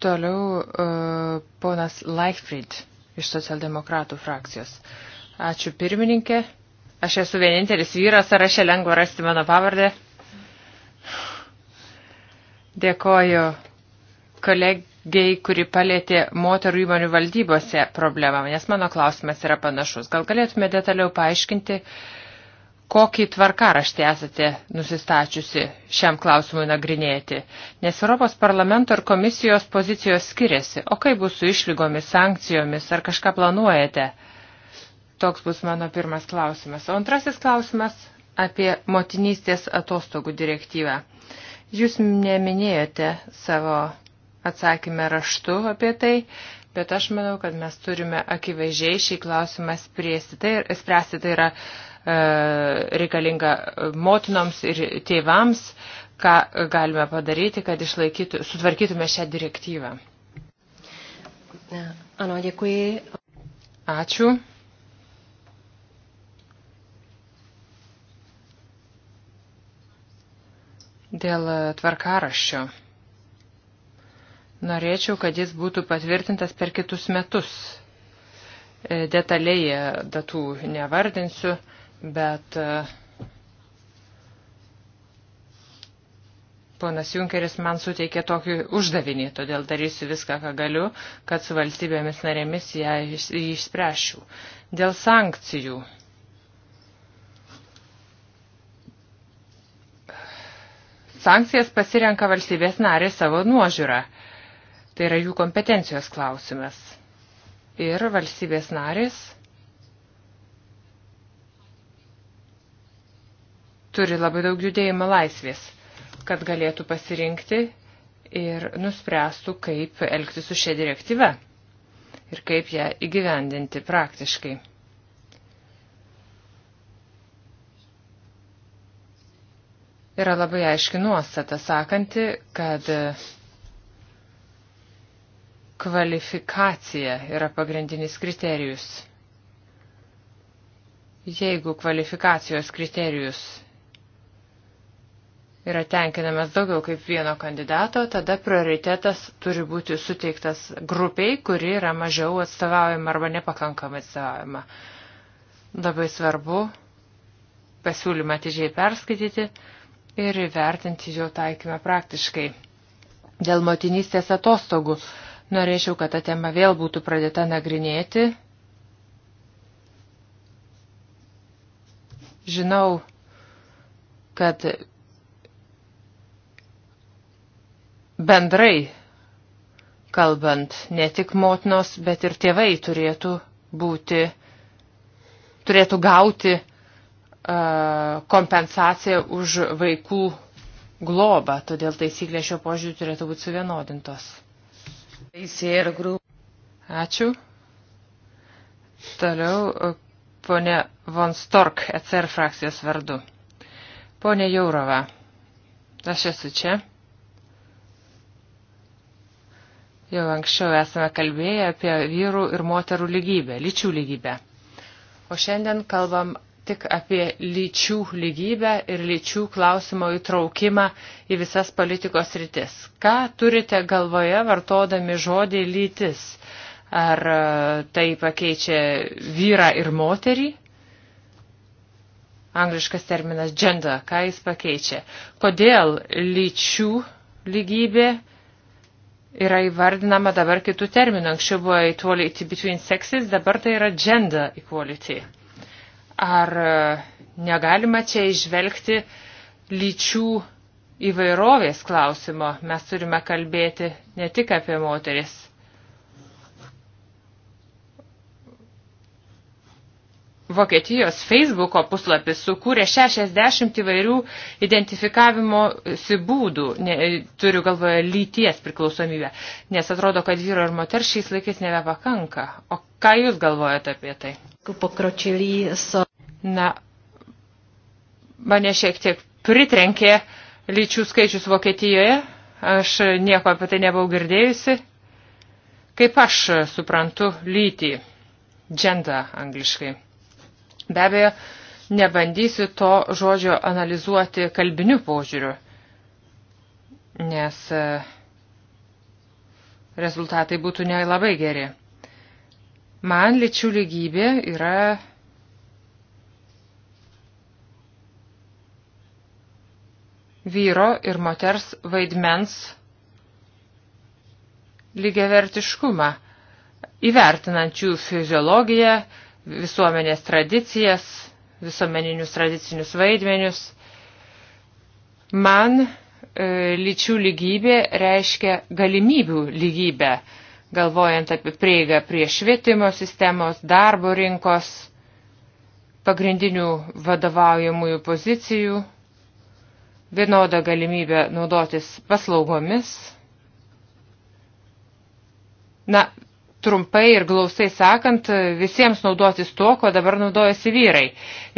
Toliau uh, ponas Leichfried iš socialdemokratų frakcijos. Ačiū pirmininkė. Aš esu vienintelis vyras, ar aš čia lengva rasti mano pavardę. Dėkoju kolegiai, kuri palėtė moterų įmonių valdybose problemą, nes mano klausimas yra panašus. Gal galėtume detaliau paaiškinti, uh, kokį tvarkaraštį esate nusistačiusi šiam klausimui nagrinėti, nes Europos parlamento ir komisijos pozicijos skiriasi, o kaip bus su išlygomis, sankcijomis, ar kažką planuojate? Toks bus mano pirmas klausimas. O antrasis klausimas apie motinystės atostogų direktyvą. Jūs neminėjote savo atsakymę raštu apie tai, bet aš manau, kad mes turime akivaizdžiai šį klausimą spręsti. Tai, spręsti, tai yra uh, E, reikalinga motinoms ir tėvams, ką galime padaryti, kad išlaikytų, sutvarkytume šią direktyvą. E, ano, dėkui. Ačiū. Dėl tvarkaraščio. Norėčiau, kad jis būtų patvirtintas per kitus metus. E, detaliai datų nevardinsiu, bet e, ponas Junkeris man suteikė tokį uždavinį, todėl darysiu viską, ką galiu, kad su valstybėmis narėmis ją išspręšiu. Dėl sankcijų. Sankcijas pasirenka valstybės narė savo nuožiūrą. Tai yra jų kompetencijos klausimas. Ir valstybės narės turi labai daug judėjimo laisvės, kad galėtų pasirinkti ir nuspręstų, kaip elgti su šia direktyve ir kaip ją įgyvendinti praktiškai. Yra labai aiški nuostata sakanti, kad kvalifikacija yra pagrindinis kriterijus. Jeigu kvalifikacijos kriterijus yra tenkinamas daugiau kaip vieno kandidato, tada prioritetas turi būti suteiktas grupiai, kuri yra mažiau atstovaujama arba nepakankamai atstovaujama. Labai svarbu pasiūlymą atidžiai perskaityti ir įvertinti jo taikymą praktiškai. Dėl motinystės atostogų norėčiau, kad ta tema vėl būtų pradėta nagrinėti. Žinau, kad bendrai kalbant, ne tik motinos, bet ir tėvai turėtų būti, turėtų gauti uh, kompensaciją už vaikų globą, todėl taisyklės šio požiūriu turėtų būti suvienodintos. Ačiū. Toliau ponė Von Stork, ECR frakcijos vardu. Ponė Jaurova, aš esu čia. Jau anksčiau esame kalbėję apie vyrų ir moterų lygybę, lyčių lygybę. O šiandien kalbam tik apie lyčių lygybę ir lyčių klausimo įtraukimą į visas politikos rytis. Ką turite galvoje vartodami žodį lytis? Ar e, tai pakeičia vyrą ir moterį? Angliškas terminas gender, ką jis pakeičia? Kodėl lyčių lygybė yra įvardinama dabar kitų terminų. Anksčiau buvo equality between sexes, dabar tai yra gender equality. Ar e, negalima čia išvelgti lyčių įvairovės klausimo? Mes turime kalbėti ne tik apie moteris. Vokietijos Facebooko puslapis sukūrė 60 įvairių identifikavimo būdų, ne, turiu galvoje lyties priklausomybę, nes atrodo, kad vyro ir moter šiais laikais nebepakanka. O ką jūs galvojate apie tai? Na, mane šiek tiek pritrenkė lyčių skaičius Vokietijoje, aš nieko apie tai nebuvau girdėjusi. Kaip aš suprantu lytį, džendą angliškai. Be abejo, nebandysiu to žodžio analizuoti kalbiniu požiūriu, nes e, rezultatai būtų nelabai geri. Man lyčių lygybė yra vyro ir moters vaidmens lygiavertiškumą, įvertinant jų fiziologiją, visuomenės tradicijas, visuomeninius tradicinius vaidmenius. Man e, lyčių lygybė reiškia galimybių lygybę, galvojant apie prieigą prie švietimo sistemos, darbo rinkos, pagrindinių vadovaujamųjų pozicijų, vienodą galimybę naudotis paslaugomis. Na, trumpai ir glaustai sakant, visiems naudotis to, ko dabar naudojasi vyrai.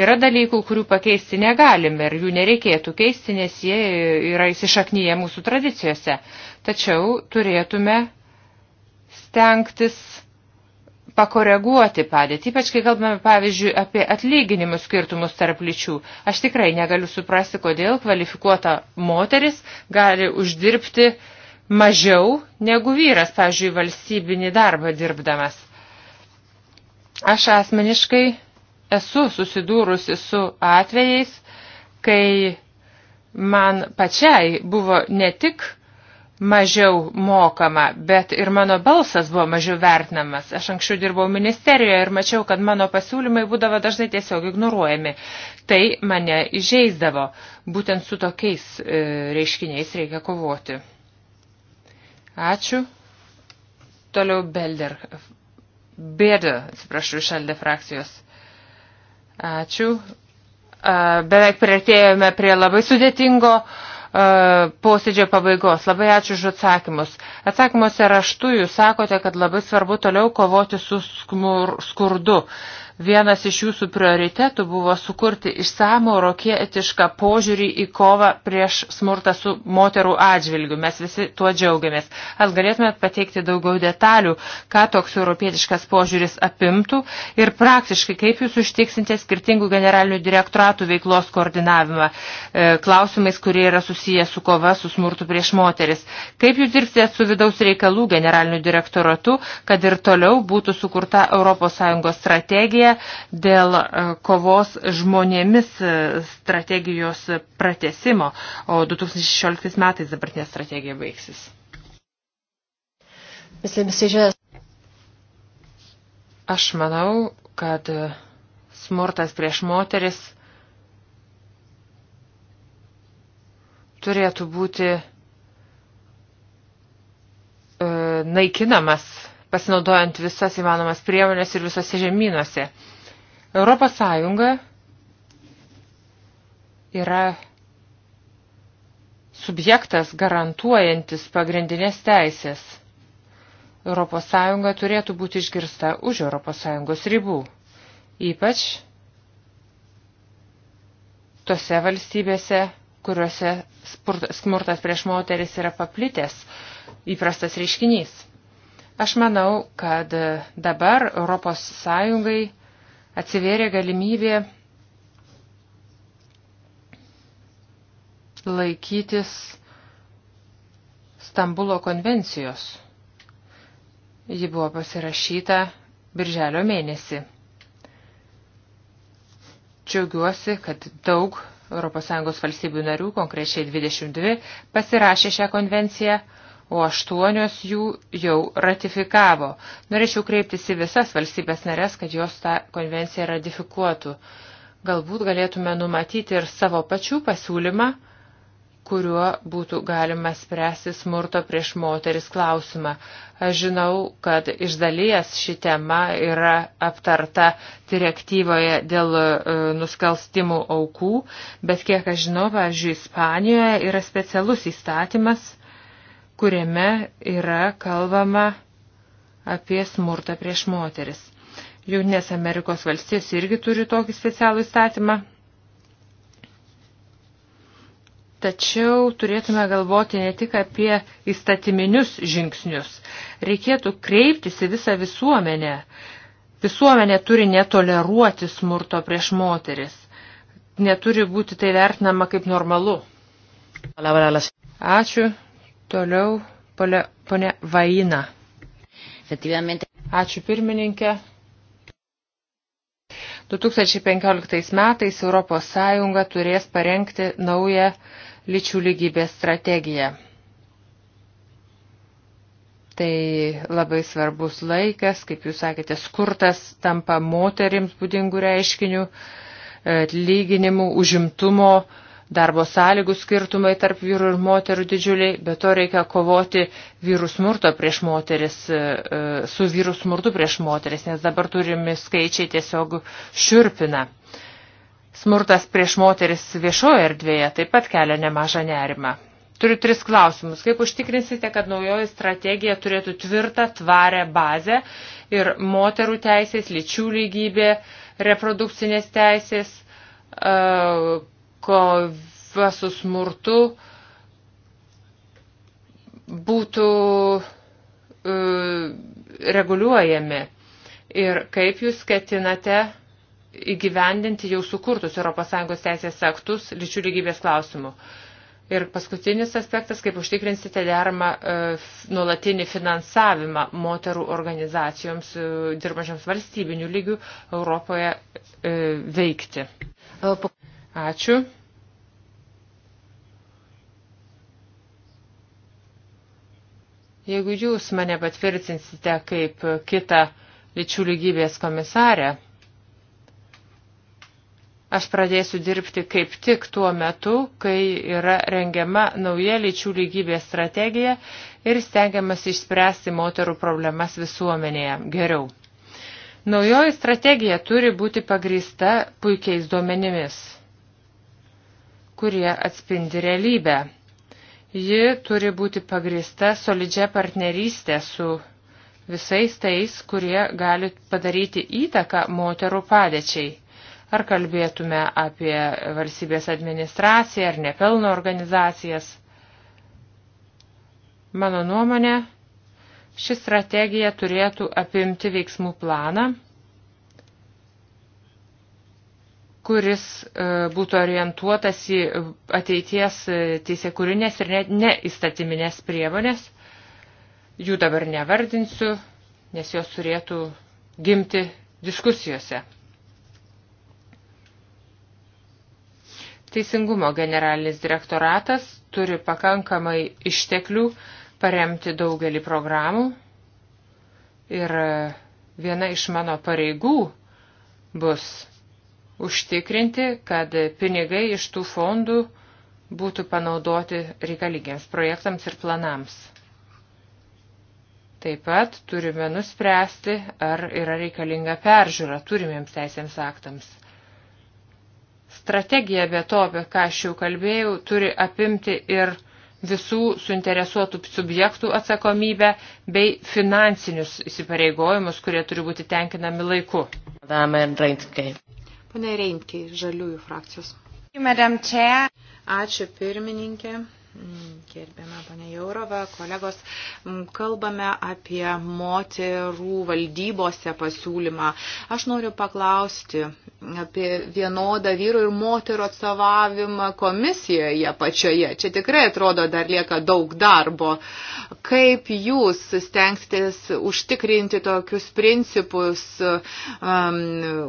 Yra dalykų, kurių pakeisti negalime ir jų nereikėtų keisti, nes jie yra įsišaknyje mūsų tradicijose. Tačiau turėtume stengtis pakoreguoti padėtį, ypač kai kalbame, pavyzdžiui, apie atlyginimų skirtumus tarp lyčių. Aš tikrai negaliu suprasti, kodėl kvalifikuota moteris gali uždirbti uh, mažiau negu vyras, pavyzdžiui, valstybinį darbą dirbdamas. Aš asmeniškai esu susidūrusi su atvejais, kai man pačiai buvo ne tik mažiau mokama, bet ir mano balsas buvo mažiau vertinamas. Aš anksčiau dirbau ministerijoje ir mačiau, kad mano pasiūlymai būdavo dažnai tiesiog ignoruojami. Tai mane įžeisdavo. Būtent su tokiais e, reiškiniais reikia kovoti. Ačiū. Toliau Belder. Bėda, atsiprašau, išaldė frakcijos. Ačiū. Beveik prieartėjome prie labai sudėtingo posėdžio pabaigos. Labai ačiū už atsakymus. Atsakymuose raštu jūs sakote, kad labai svarbu toliau kovoti su skurdu. Vienas iš jūsų prioritetų buvo sukurti išsamų rokietišką požiūrį į kovą prieš smurtą su moterų atžvilgiu. Mes visi tuo džiaugiamės. Ar galėtumėt pateikti daugiau detalių, ką toks europietiškas požiūris apimtų ir praktiškai kaip jūs užtiksinte skirtingų generalinių direktoratų veiklos koordinavimą e, klausimais, kurie yra susiję su kova su smurtu prieš moteris. Kaip jūs dirbsite su vidaus reikalų generaliniu direktoratu, kad ir toliau būtų sukurta ES strategija rezoliuciją dėl e, kovos žmonėmis e, strategijos pratesimo, o 2016 metais dabartinė strategija baigsis. Aš manau, kad e, smurtas prieš moteris turėtų būti naikinamas pasinaudojant visas įmanomas priemonės ir visose žemynuose. Europos Sąjunga yra subjektas garantuojantis pagrindinės teisės. Europos Sąjunga turėtų būti išgirsta už Europos Sąjungos ribų, ypač tose valstybėse, kuriuose smurtas prieš moteris yra paplitęs įprastas reiškinys. Aš manau, kad dabar Europos Sąjungai atsivėrė galimybė laikytis Stambulo konvencijos. Ji buvo pasirašyta birželio mėnesį. Džiaugiuosi, kad daug ES valstybių narių, konkrečiai 22, pasirašė šią konvenciją o aštuonios jų jau ratifikavo. Norėčiau kreiptis į visas valstybės narės, kad jos tą konvenciją ratifikuotų. Galbūt galėtume numatyti ir savo pačių pasiūlymą, kuriuo būtų galima spręsti smurto prieš moteris klausimą. Aš žinau, kad iš dalies ši tema yra aptarta direktyvoje dėl e, nusikalstimų aukų, bet kiek aš žinau, pavyzdžiui, Ispanijoje yra specialus įstatymas, kuriame yra kalbama apie smurtą prieš moteris. Jungtinės Amerikos valstijos irgi turi tokį specialų įstatymą. Tačiau turėtume galvoti ne tik apie įstatyminius žingsnius. Reikėtų kreiptis į visą visuomenę. Visuomenė turi netoleruoti smurto prieš moteris. Neturi būti tai vertinama kaip normalu. Ačiū. Toliau pole, pone Vaina. Ačiū pirmininkė. 2015 metais Europos Sąjunga turės parengti naują lyčių lygybės strategiją. Tai labai svarbus laikas, kaip jūs sakėte, skurtas tampa moterims būdingų reiškinių, e, atlyginimų, užimtumo, darbo sąlygų skirtumai tarp vyrų ir moterų didžiuliai, bet to reikia kovoti vyrų smurto prieš moteris, e, e, su vyrų smurtu prieš moteris, nes dabar turimi skaičiai tiesiog šiurpina. Smurtas prieš moteris viešoje erdvėje taip pat kelia nemažą nerimą. Turiu tris klausimus. Kaip užtikrinsite, kad naujoji strategija turėtų tvirtą, tvarę bazę ir moterų teisės, lyčių lygybė, reprodukcinės teisės, e, kova su smurtu būtų e, reguliuojami ir kaip jūs ketinate įgyvendinti jau sukurtus ES teisės aktus lyčių lygybės klausimų. Ir paskutinis aspektas, kaip užtikrinsite deramą e, nuolatinį finansavimą moterų organizacijoms e, dirbančiams valstybinių lygių Europoje e, veikti. E, Ačiū. Jeigu jūs mane patvirtinsite kaip kitą lyčių lygybės komisarę, aš pradėsiu dirbti kaip tik tuo metu, kai yra rengiama nauja lyčių lygybės strategija ir stengiamas išspręsti moterų problemas visuomenėje geriau. Naujoji strategija turi būti pagrįsta puikiais duomenimis kurie atspindi realybę. Ji turi būti pagrista solidžia partnerystė su visais tais, kurie gali padaryti įtaką moterų padėčiai. Ar kalbėtume apie valstybės administraciją ar nepelno organizacijas. Mano nuomonė, ši strategija turėtų apimti veiksmų planą kuris e, būtų orientuotas į ateities e, teisėkūrinės ir net neįstatyminės priemonės. Jų dabar nevardinsiu, nes jos turėtų gimti diskusijose. Teisingumo generalinis direktoratas turi pakankamai išteklių paremti daugelį programų ir e, viena iš mano pareigų bus užtikrinti, kad pinigai iš tų fondų būtų panaudoti reikalingiems projektams ir planams. Taip pat turime nuspręsti, ar yra reikalinga peržiūra turimiems teisėms aktams. Strategija be to, apie ką aš jau kalbėjau, turi apimti ir visų suinteresuotų subjektų atsakomybę bei finansinius įsipareigojimus, kurie turi būti tenkinami laiku. Pane Reimkiai, Žaliųjų frakcijos. Ačiū pirmininkė. Gerbėme ponė Jaurova, kolegos, kalbame apie moterų valdybose pasiūlymą. Aš noriu paklausti apie vienodą vyrų ir moterų atstovavimą komisijoje pačioje. Čia tikrai atrodo dar lieka daug darbo. Kaip jūs stengsitės užtikrinti tokius principus um,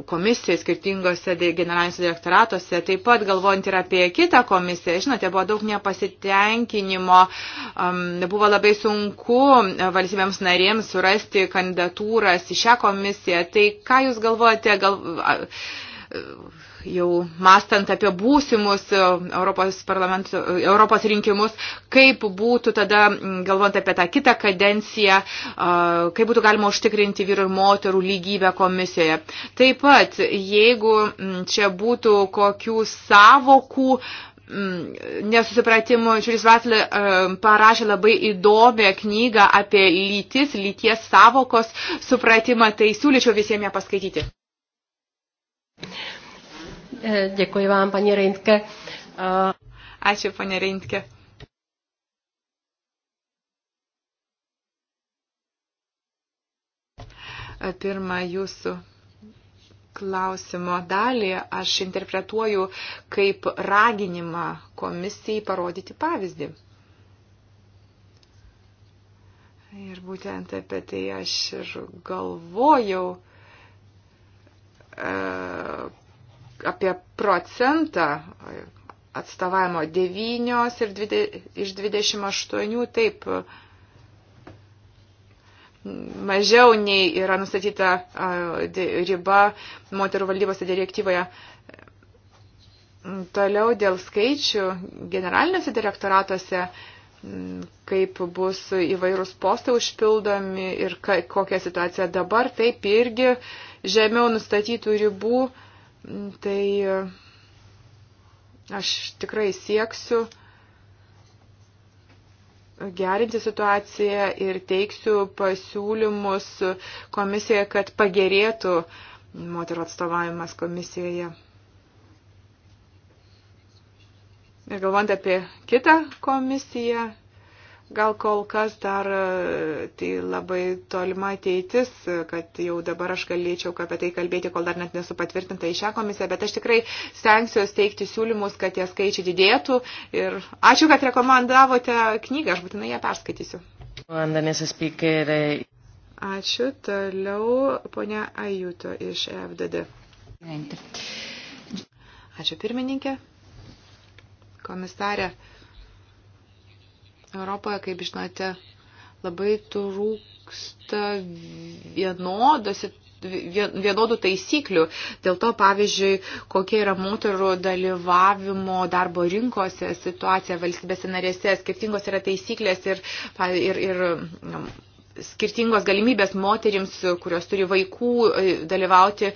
komisijai skirtingose generalinėse direktoratuose, taip pat galvojant ir apie kitą komisiją. Žinote, buvo daug nepasitė pasitenkinimo. Um, buvo labai sunku um, valstybėms narėms surasti kandidatūras į šią komisiją. Tai ką Jūs galvojate, gal, jau mastant apie būsimus um, Europos, Europos rinkimus, kaip būtų tada, galvojant apie tą kitą kadenciją, uh, kaip būtų galima užtikrinti vyrų ir moterų lygybę komisijoje. Taip pat, jeigu čia būtų kokių savokų, Mm, nesusipratimu, Čiuris Vatlė mm, parašė labai įdomią knygą apie lytis, lyties savokos supratimą, tai siūlyčiau visiems ją paskaityti. E, Dėkui vam, panė Reintke. E, Ačiū, panė Reintke. Pirma, jūsų klausimo dalį aš interpretuoju kaip raginimą komisijai parodyti pavyzdį. Ir būtent apie tai aš ir galvojau e, apie procentą atstovavimo 9 ir 20, iš 28, taip, mažiau nei yra nustatyta riba moterų valdybose direktyvoje. Toliau dėl skaičių generaliniuose direktoratuose, kaip bus įvairūs postai užpildomi ir kokia situacija dabar, taip irgi žemiau nustatytų ribų. Tai aš tikrai sieksiu gerinti situaciją ir teiksiu pasiūlymus komisijoje, kad pagerėtų moterų atstovavimas komisijoje. Ir galvant apie kitą komisiją, Gal kol kas dar e, tai labai tolima ateitis, kad jau dabar aš galėčiau apie tai kalbėti, kol dar net nesu patvirtinta į šią komisiją, bet aš tikrai stengsiuosi teikti siūlymus, kad tie skaičiai didėtų. Ir ačiū, kad rekomendavote knygą, aš būtinai ją perskaitysiu. Ačiū. Toliau ponia Ajuto iš FDD. Ačiū pirmininkė. Komisarė. Europoje, kaip žinote, labai trūksta vienodos ir vienodų taisyklių. Dėl to, pavyzdžiui, kokia yra moterų dalyvavimo darbo rinkose situacija valstybėse narėse, skirtingos yra taisyklės ir, ir, ir skirtingos galimybės moterims, kurios turi vaikų, e, dalyvauti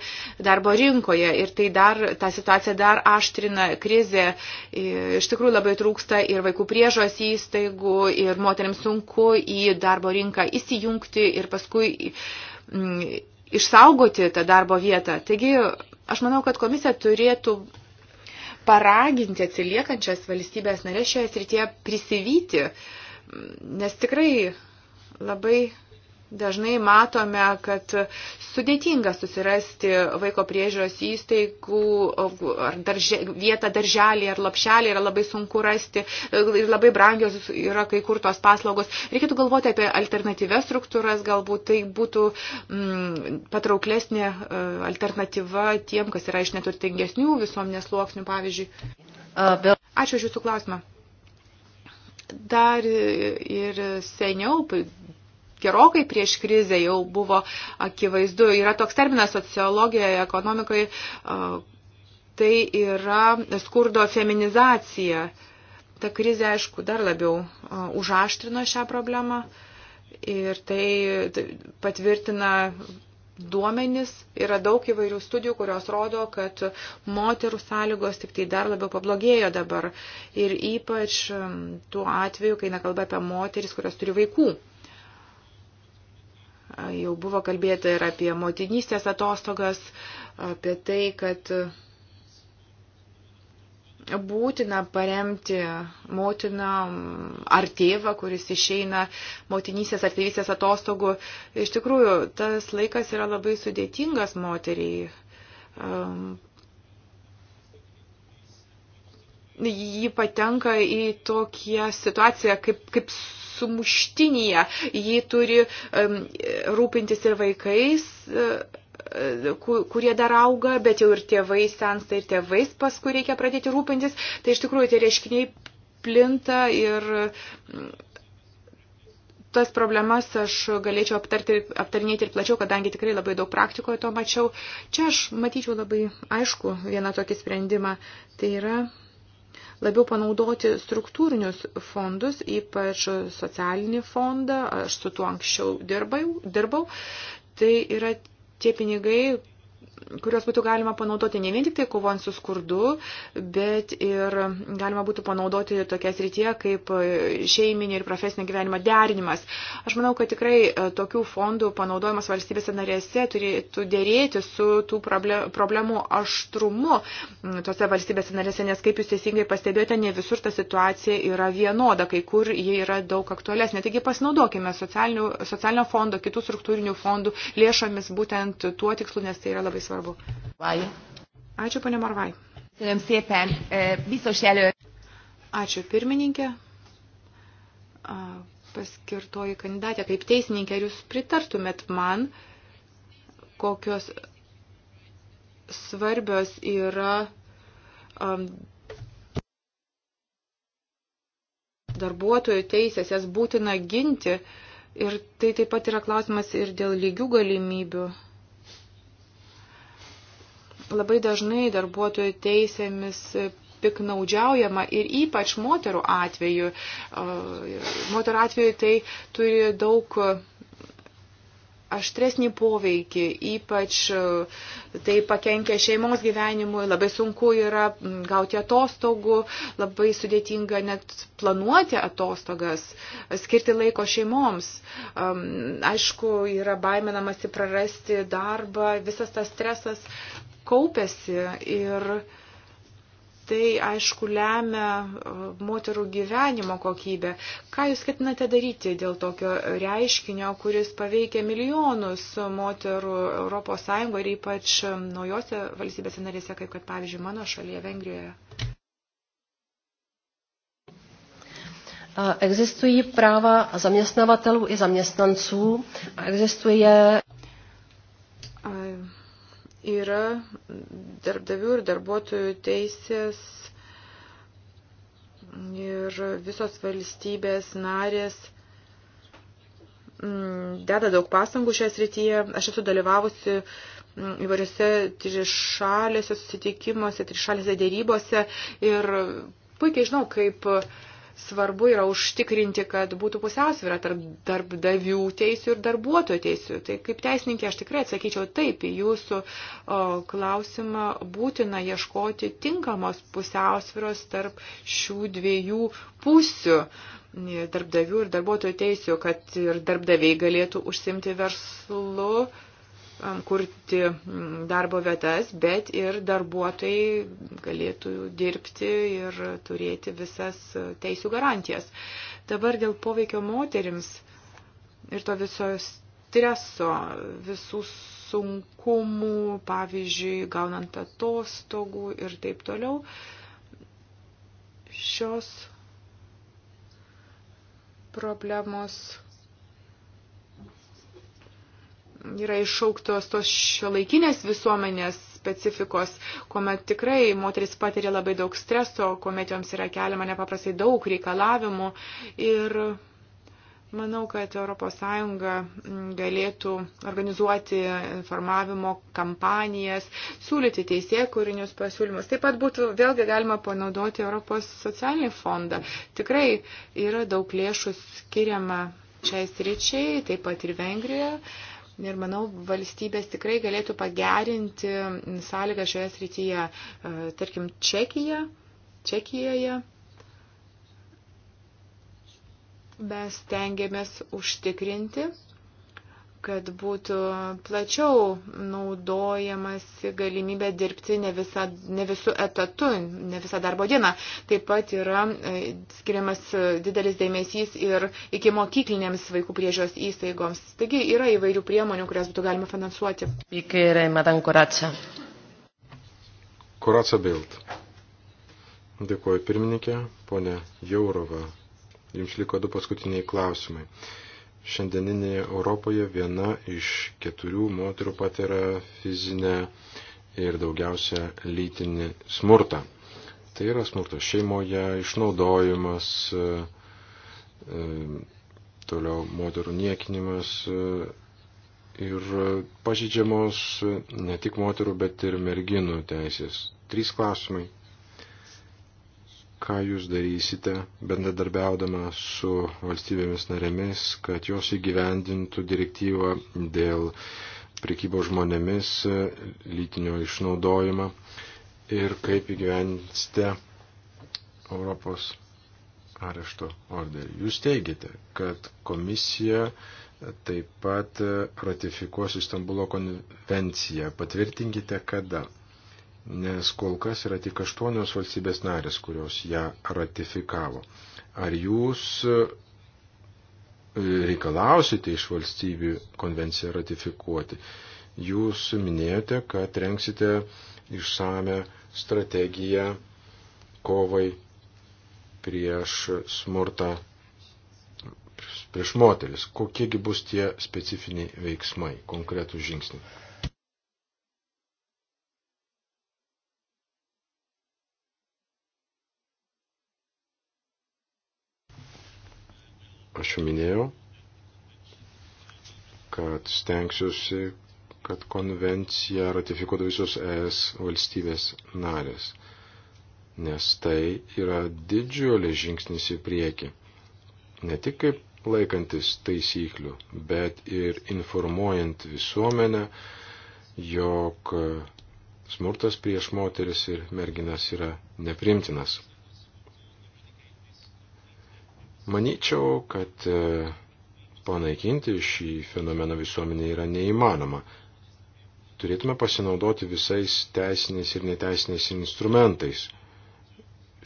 darbo rinkoje. Ir tai dar, ta situacija dar aštrina krizė. E, iš tikrųjų labai trūksta ir vaikų priežos įstaigų, ir moteriams sunku į darbo rinką įsijungti ir paskui išsaugoti tą darbo vietą. Taigi, aš manau, kad komisija turėtų paraginti atsiliekančias valstybės narės šioje srityje prisivyti, nes tikrai Labai dažnai matome, kad sudėtinga susirasti vaiko priežiūros įstaigų ar darže, vietą darželį ar lapšelį yra labai sunku rasti ir labai brangios yra kai kur tos paslaugos. Reikėtų galvoti apie alternatyves struktūras, galbūt tai būtų mm, patrauklesnė e, alternatyva tiem, kas yra iš neturtingesnių visuomenės sluoksnių, pavyzdžiui. Ačiū už Jūsų klausimą dar ir seniau gerokai prieš krizę jau buvo akivaizdu. Yra toks terminas sociologijoje, ekonomikoje, tai yra skurdo feminizacija. Ta krizė, aišku, dar labiau užaštrino šią problemą ir tai patvirtina duomenys, yra daug įvairių studijų, kurios rodo, kad moterų sąlygos tik tai dar labiau pablogėjo dabar. Ir ypač tuo atveju, kai nekalba apie moteris, kurios turi vaikų. Jau buvo kalbėta ir apie motinystės atostogas, apie tai, kad būtina paremti motiną ar tėvą, kuris išeina motinysės ar tėvysės atostogų. Iš tikrųjų, tas laikas yra labai sudėtingas moteriai. Um, Ji patenka į tokią situaciją kaip, kaip sumuštinyje. Ji turi rūpintis ir vaikais e, e, kurie dar auga, bet jau ir tėvai sensta ir tėvais, paskui reikia pradėti rūpintis. Tai iš tikrųjų tie reiškiniai plinta ir mm, tas problemas aš galėčiau aptarti, aptarinėti ir plačiau, kadangi tikrai labai daug praktikoje to mačiau. Čia aš matyčiau labai aišku vieną tokį sprendimą. Tai yra labiau panaudoti struktūrinius fondus, ypač socialinį fondą, aš su tuo anksčiau dirbau, dirbau. tai yra tie pinigai, kurios būtų galima panaudoti ne vien tik tai kovant su skurdu, bet ir galima būtų panaudoti tokias rytie kaip šeiminį ir profesinį gyvenimą derinimas. Aš manau, kad tikrai e, tokių fondų panaudojimas valstybėse narėse turėtų dėrėti su tų problemų aštrumu tose valstybėse narėse, nes kaip jūs teisingai pastebėjote, ne visur ta situacija yra vienoda, kai kur jie yra daug aktualesnė. Taigi pasinaudokime socialinio fondo, kitų struktūrinių fondų lėšomis būtent tuo tikslu, nes tai yra labai svarbu svarbu. Vai. Ačiū, ponė Marvai. Ačiū, pirmininkė. Paskirtoji kandidatė, kaip teisininkė, ar jūs pritartumėt man, kokios svarbios yra um, darbuotojų teisės, jas būtina ginti. Ir tai taip pat yra klausimas ir dėl lygių galimybių labai dažnai darbuotojų teisėmis piknaudžiaujama ir ypač moterų atveju. Moterų atveju tai turi daug aštresnį poveikį, ypač tai pakenkia šeimos gyvenimui, labai sunku yra gauti atostogų, labai sudėtinga net planuoti atostogas, skirti laiko šeimoms. Aišku, yra baiminamasi prarasti darbą, visas tas stresas kaupėsi ir tai, aišku, lemia e, moterų gyvenimo kokybę. Ką jūs ketinate daryti dėl tokio reiškinio, kuris paveikia milijonus moterų ES ir ypač e, naujose valstybėse narėse, kaip kad, pavyzdžiui, mano šalyje, Vengrijoje? Existují práva zaměstnavatelů i zaměstnanců a existuje yra darbdavių ir darbuotojų teisės ir visos valstybės narės mm, deda daug pastangų šioje srityje. Aš esu dalyvavusi mm, įvairiose trišalėse susitikimuose, trišalėse dėrybose ir puikiai žinau, kaip uh, svarbu yra užtikrinti, kad būtų pusiausvyrą tarp darbdavių teisių ir darbuotojų teisių. Tai kaip teisininkė aš tikrai atsakyčiau taip į jūsų o, klausimą būtina ieškoti tinkamos pusiausvyros tarp šių dviejų pusių darbdavių ir darbuotojų teisių, kad ir darbdaviai galėtų užsimti verslu kurti mm, darbo vietas, bet ir darbuotojai galėtų dirbti ir turėti visas e, teisų garantijas. Dabar dėl poveikio moterims ir to viso streso, visų sunkumų, pavyzdžiui, gaunant atostogų ir taip toliau, šios problemos yra iššauktos tos šiolaikinės visuomenės specifikos, kuomet tikrai moteris patiria labai daug streso, kuomet joms yra keliama nepaprastai daug reikalavimų. Ir manau, kad ES galėtų organizuoti informavimo kampanijas, siūlyti teisėkūrinius pasiūlymus. Taip pat būtų vėlgi galima panaudoti Europos socialinį fondą. Tikrai yra daug lėšų skiriama šiais ryčiai, taip pat ir Vengrijoje Ir manau, valstybės tikrai galėtų pagerinti sąlygą šioje srityje. E, tarkim, Čekija, Čekijoje mes tengiamės užtikrinti, kad būtų plačiau naudojamas galimybė dirbti ne, visa, ne visų etatų, ne visą darbo dieną. Taip pat yra e, skiriamas didelis dėmesys ir iki mokyklinėms vaikų priežios įstaigoms. Taigi yra įvairių priemonių, kurias būtų galima finansuoti. Koraca Bild. Dėkuoju pirmininkė, ponė Jaurova. Jums liko du paskutiniai klausimai šiandieninėje Europoje viena iš keturių moterų patiria fizinę ir daugiausia lytinį smurtą. Tai yra smurtas šeimoje, išnaudojimas, e, toliau moterų niekinimas e, ir pažydžiamos ne tik moterų, bet ir merginų teisės. Trys klausimai ką jūs darysite, bendradarbiaudama su valstybėmis narėmis, kad jos įgyvendintų direktyvą dėl priekybo žmonėmis, lytinio išnaudojimo ir kaip įgyvendinsite Europos arešto orderį. Jūs teigiate, kad komisija taip pat ratifikuos Istanbulo konvenciją. Patvirtinkite, kada nes kol kas yra tik aštuonios valstybės narės, kurios ją ratifikavo. Ar jūs e, reikalausite iš valstybių konvenciją ratifikuoti? Jūs minėjote, kad renksite išsame strategiją kovai prieš smurtą prieš moteris. Kokiegi bus tie specifiniai veiksmai, konkretų žingsniai? Aš jau minėjau, kad stengsiuosi, kad konvenciją ratifikuotų visos ES valstybės narės, nes tai yra didžiulis žingsnis į priekį. Ne tik kaip laikantis taisyklių, bet ir informuojant visuomenę, jog smurtas prieš moteris ir merginas yra neprimtinas. Manyčiau, kad e, panaikinti šį fenomeną visuomenė yra neįmanoma. Turėtume pasinaudoti visais teisiniais ir neteisiniais instrumentais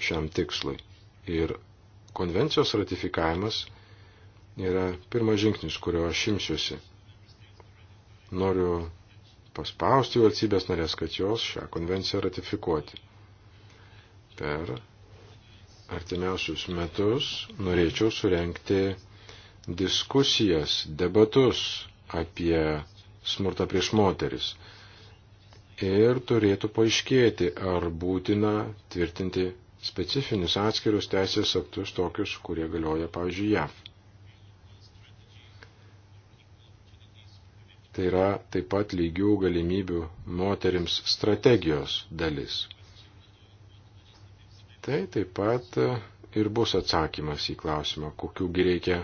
šiam tikslui. Ir konvencijos ratifikavimas yra pirmas žingsnis, kurio aš imsiuosi. Noriu paspausti valstybės narės, kad jos šią konvenciją ratifikuoti. Per artimiausius metus norėčiau surenkti diskusijas, debatus apie smurtą prieš moteris. Ir turėtų paaiškėti, ar būtina tvirtinti specifinius atskirius teisės aktus tokius, kurie galioja, pavyzdžiui, JAV. Tai yra taip pat lygių galimybių moterims strategijos dalis. Tai taip pat e, ir bus atsakymas į klausimą, kokiųgi reikia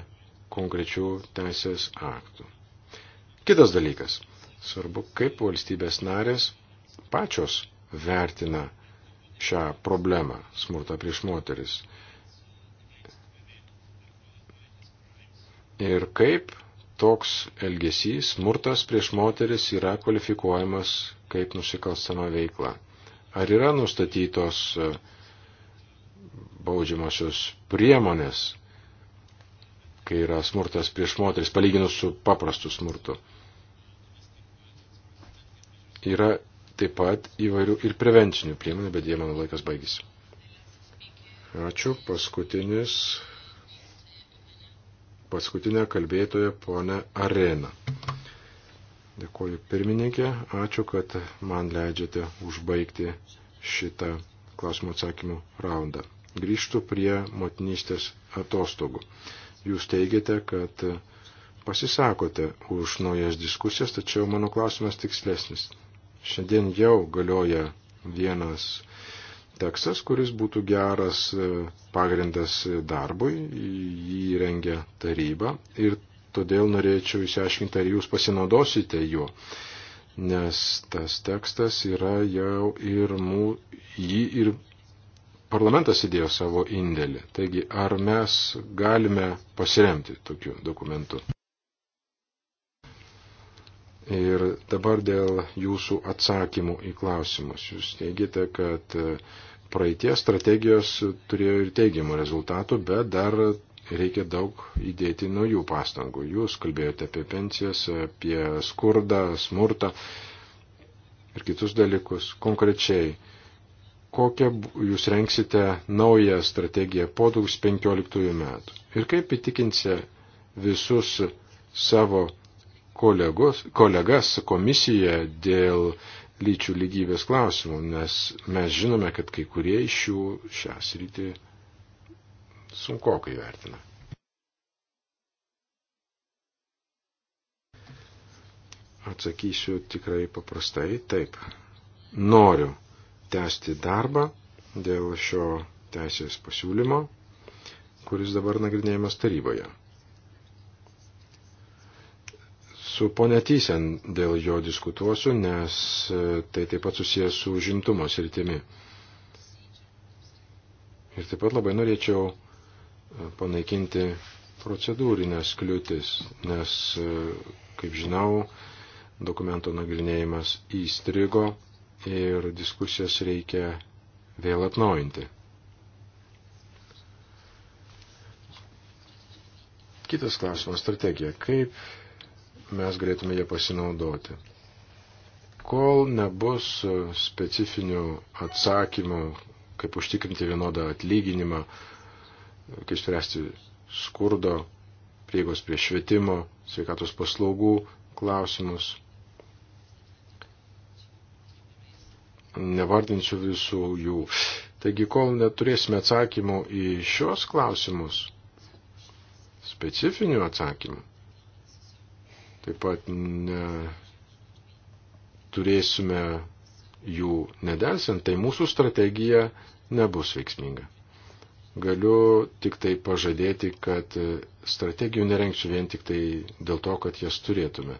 konkrečių teisės aktų. Kitas dalykas. Svarbu, kaip valstybės narės pačios vertina šią problemą smurtą prieš moteris. Ir kaip toks elgesys, smurtas prieš moteris yra kvalifikuojamas kaip nusikalstama veikla. Ar yra nustatytos uh, baudžiamosios priemonės, kai yra smurtas prieš moteris, palyginus su paprastu smurtu. Yra taip pat įvairių ir prevencinių priemonių, bet jie mano laikas baigėsi. Ačiū. Paskutinis. Paskutinė kalbėtoja ponė Arena. Dėkuoju pirmininkė, ačiū, kad man leidžiate užbaigti šitą klausimų atsakymų raundą grįžtų prie motinystės atostogų. Jūs teigiate, kad pasisakote už naujas diskusijas, tačiau mano klausimas tikslesnis. Šiandien jau galioja vienas tekstas, kuris būtų geras e, pagrindas darbui, jį rengia taryba ir todėl norėčiau išsiaiškinti, ar jūs pasinaudosite juo, nes tas tekstas yra jau ir mū, jį ir parlamentas įdėjo savo indėlį. Taigi, ar mes galime pasiremti tokiu dokumentu? Ir dabar dėl jūsų atsakymų į klausimus. Jūs teigite, kad e, praeitie strategijos turėjo ir teigiamų rezultatų, bet dar reikia daug įdėti naujų pastangų. Jūs kalbėjote apie pensijas, apie skurdą, smurtą ir kitus dalykus konkrečiai kokią jūs renksite naują strategiją po 2015 metų ir kaip įtikinsite visus savo kolegos, kolegas komisiją dėl lyčių lygybės klausimų, nes mes žinome, kad kai kurie iš jų šią sritį sunkokai vertina. Atsakysiu tikrai paprastai, taip. Noriu tęsti darbą dėl šio teisės pasiūlymo, kuris dabar nagrinėjamas taryboje. Su ponia Tysen dėl jo diskutuosiu, nes e, tai taip pat susijęs su žimtumo sritimi. Ir taip pat labai norėčiau e, panaikinti procedūrinės kliūtis, nes, e, kaip žinau, dokumento nagrinėjimas įstrigo ir diskusijas reikia vėl atnaujinti. Kitas klausimas - strategija. Kaip mes galėtume ją pasinaudoti? Kol nebus specifinių atsakymų, kaip užtikrinti vienodą atlyginimą, kaip spręsti skurdo, prieigos prie švietimo, sveikatos paslaugų klausimus, nevardinsiu visų jų. Taigi, kol neturėsime atsakymų į šios klausimus, specifinių atsakymų, taip pat neturėsime jų nedelsiant, tai mūsų strategija nebus veiksminga. Galiu tik tai pažadėti, kad strategijų nerengsiu vien tik tai dėl to, kad jas turėtume.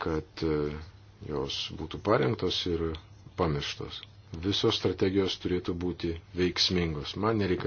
Kad jos būtų parengtos ir pamirštos. Visos strategijos turėtų būti veiksmingos. Man nereikia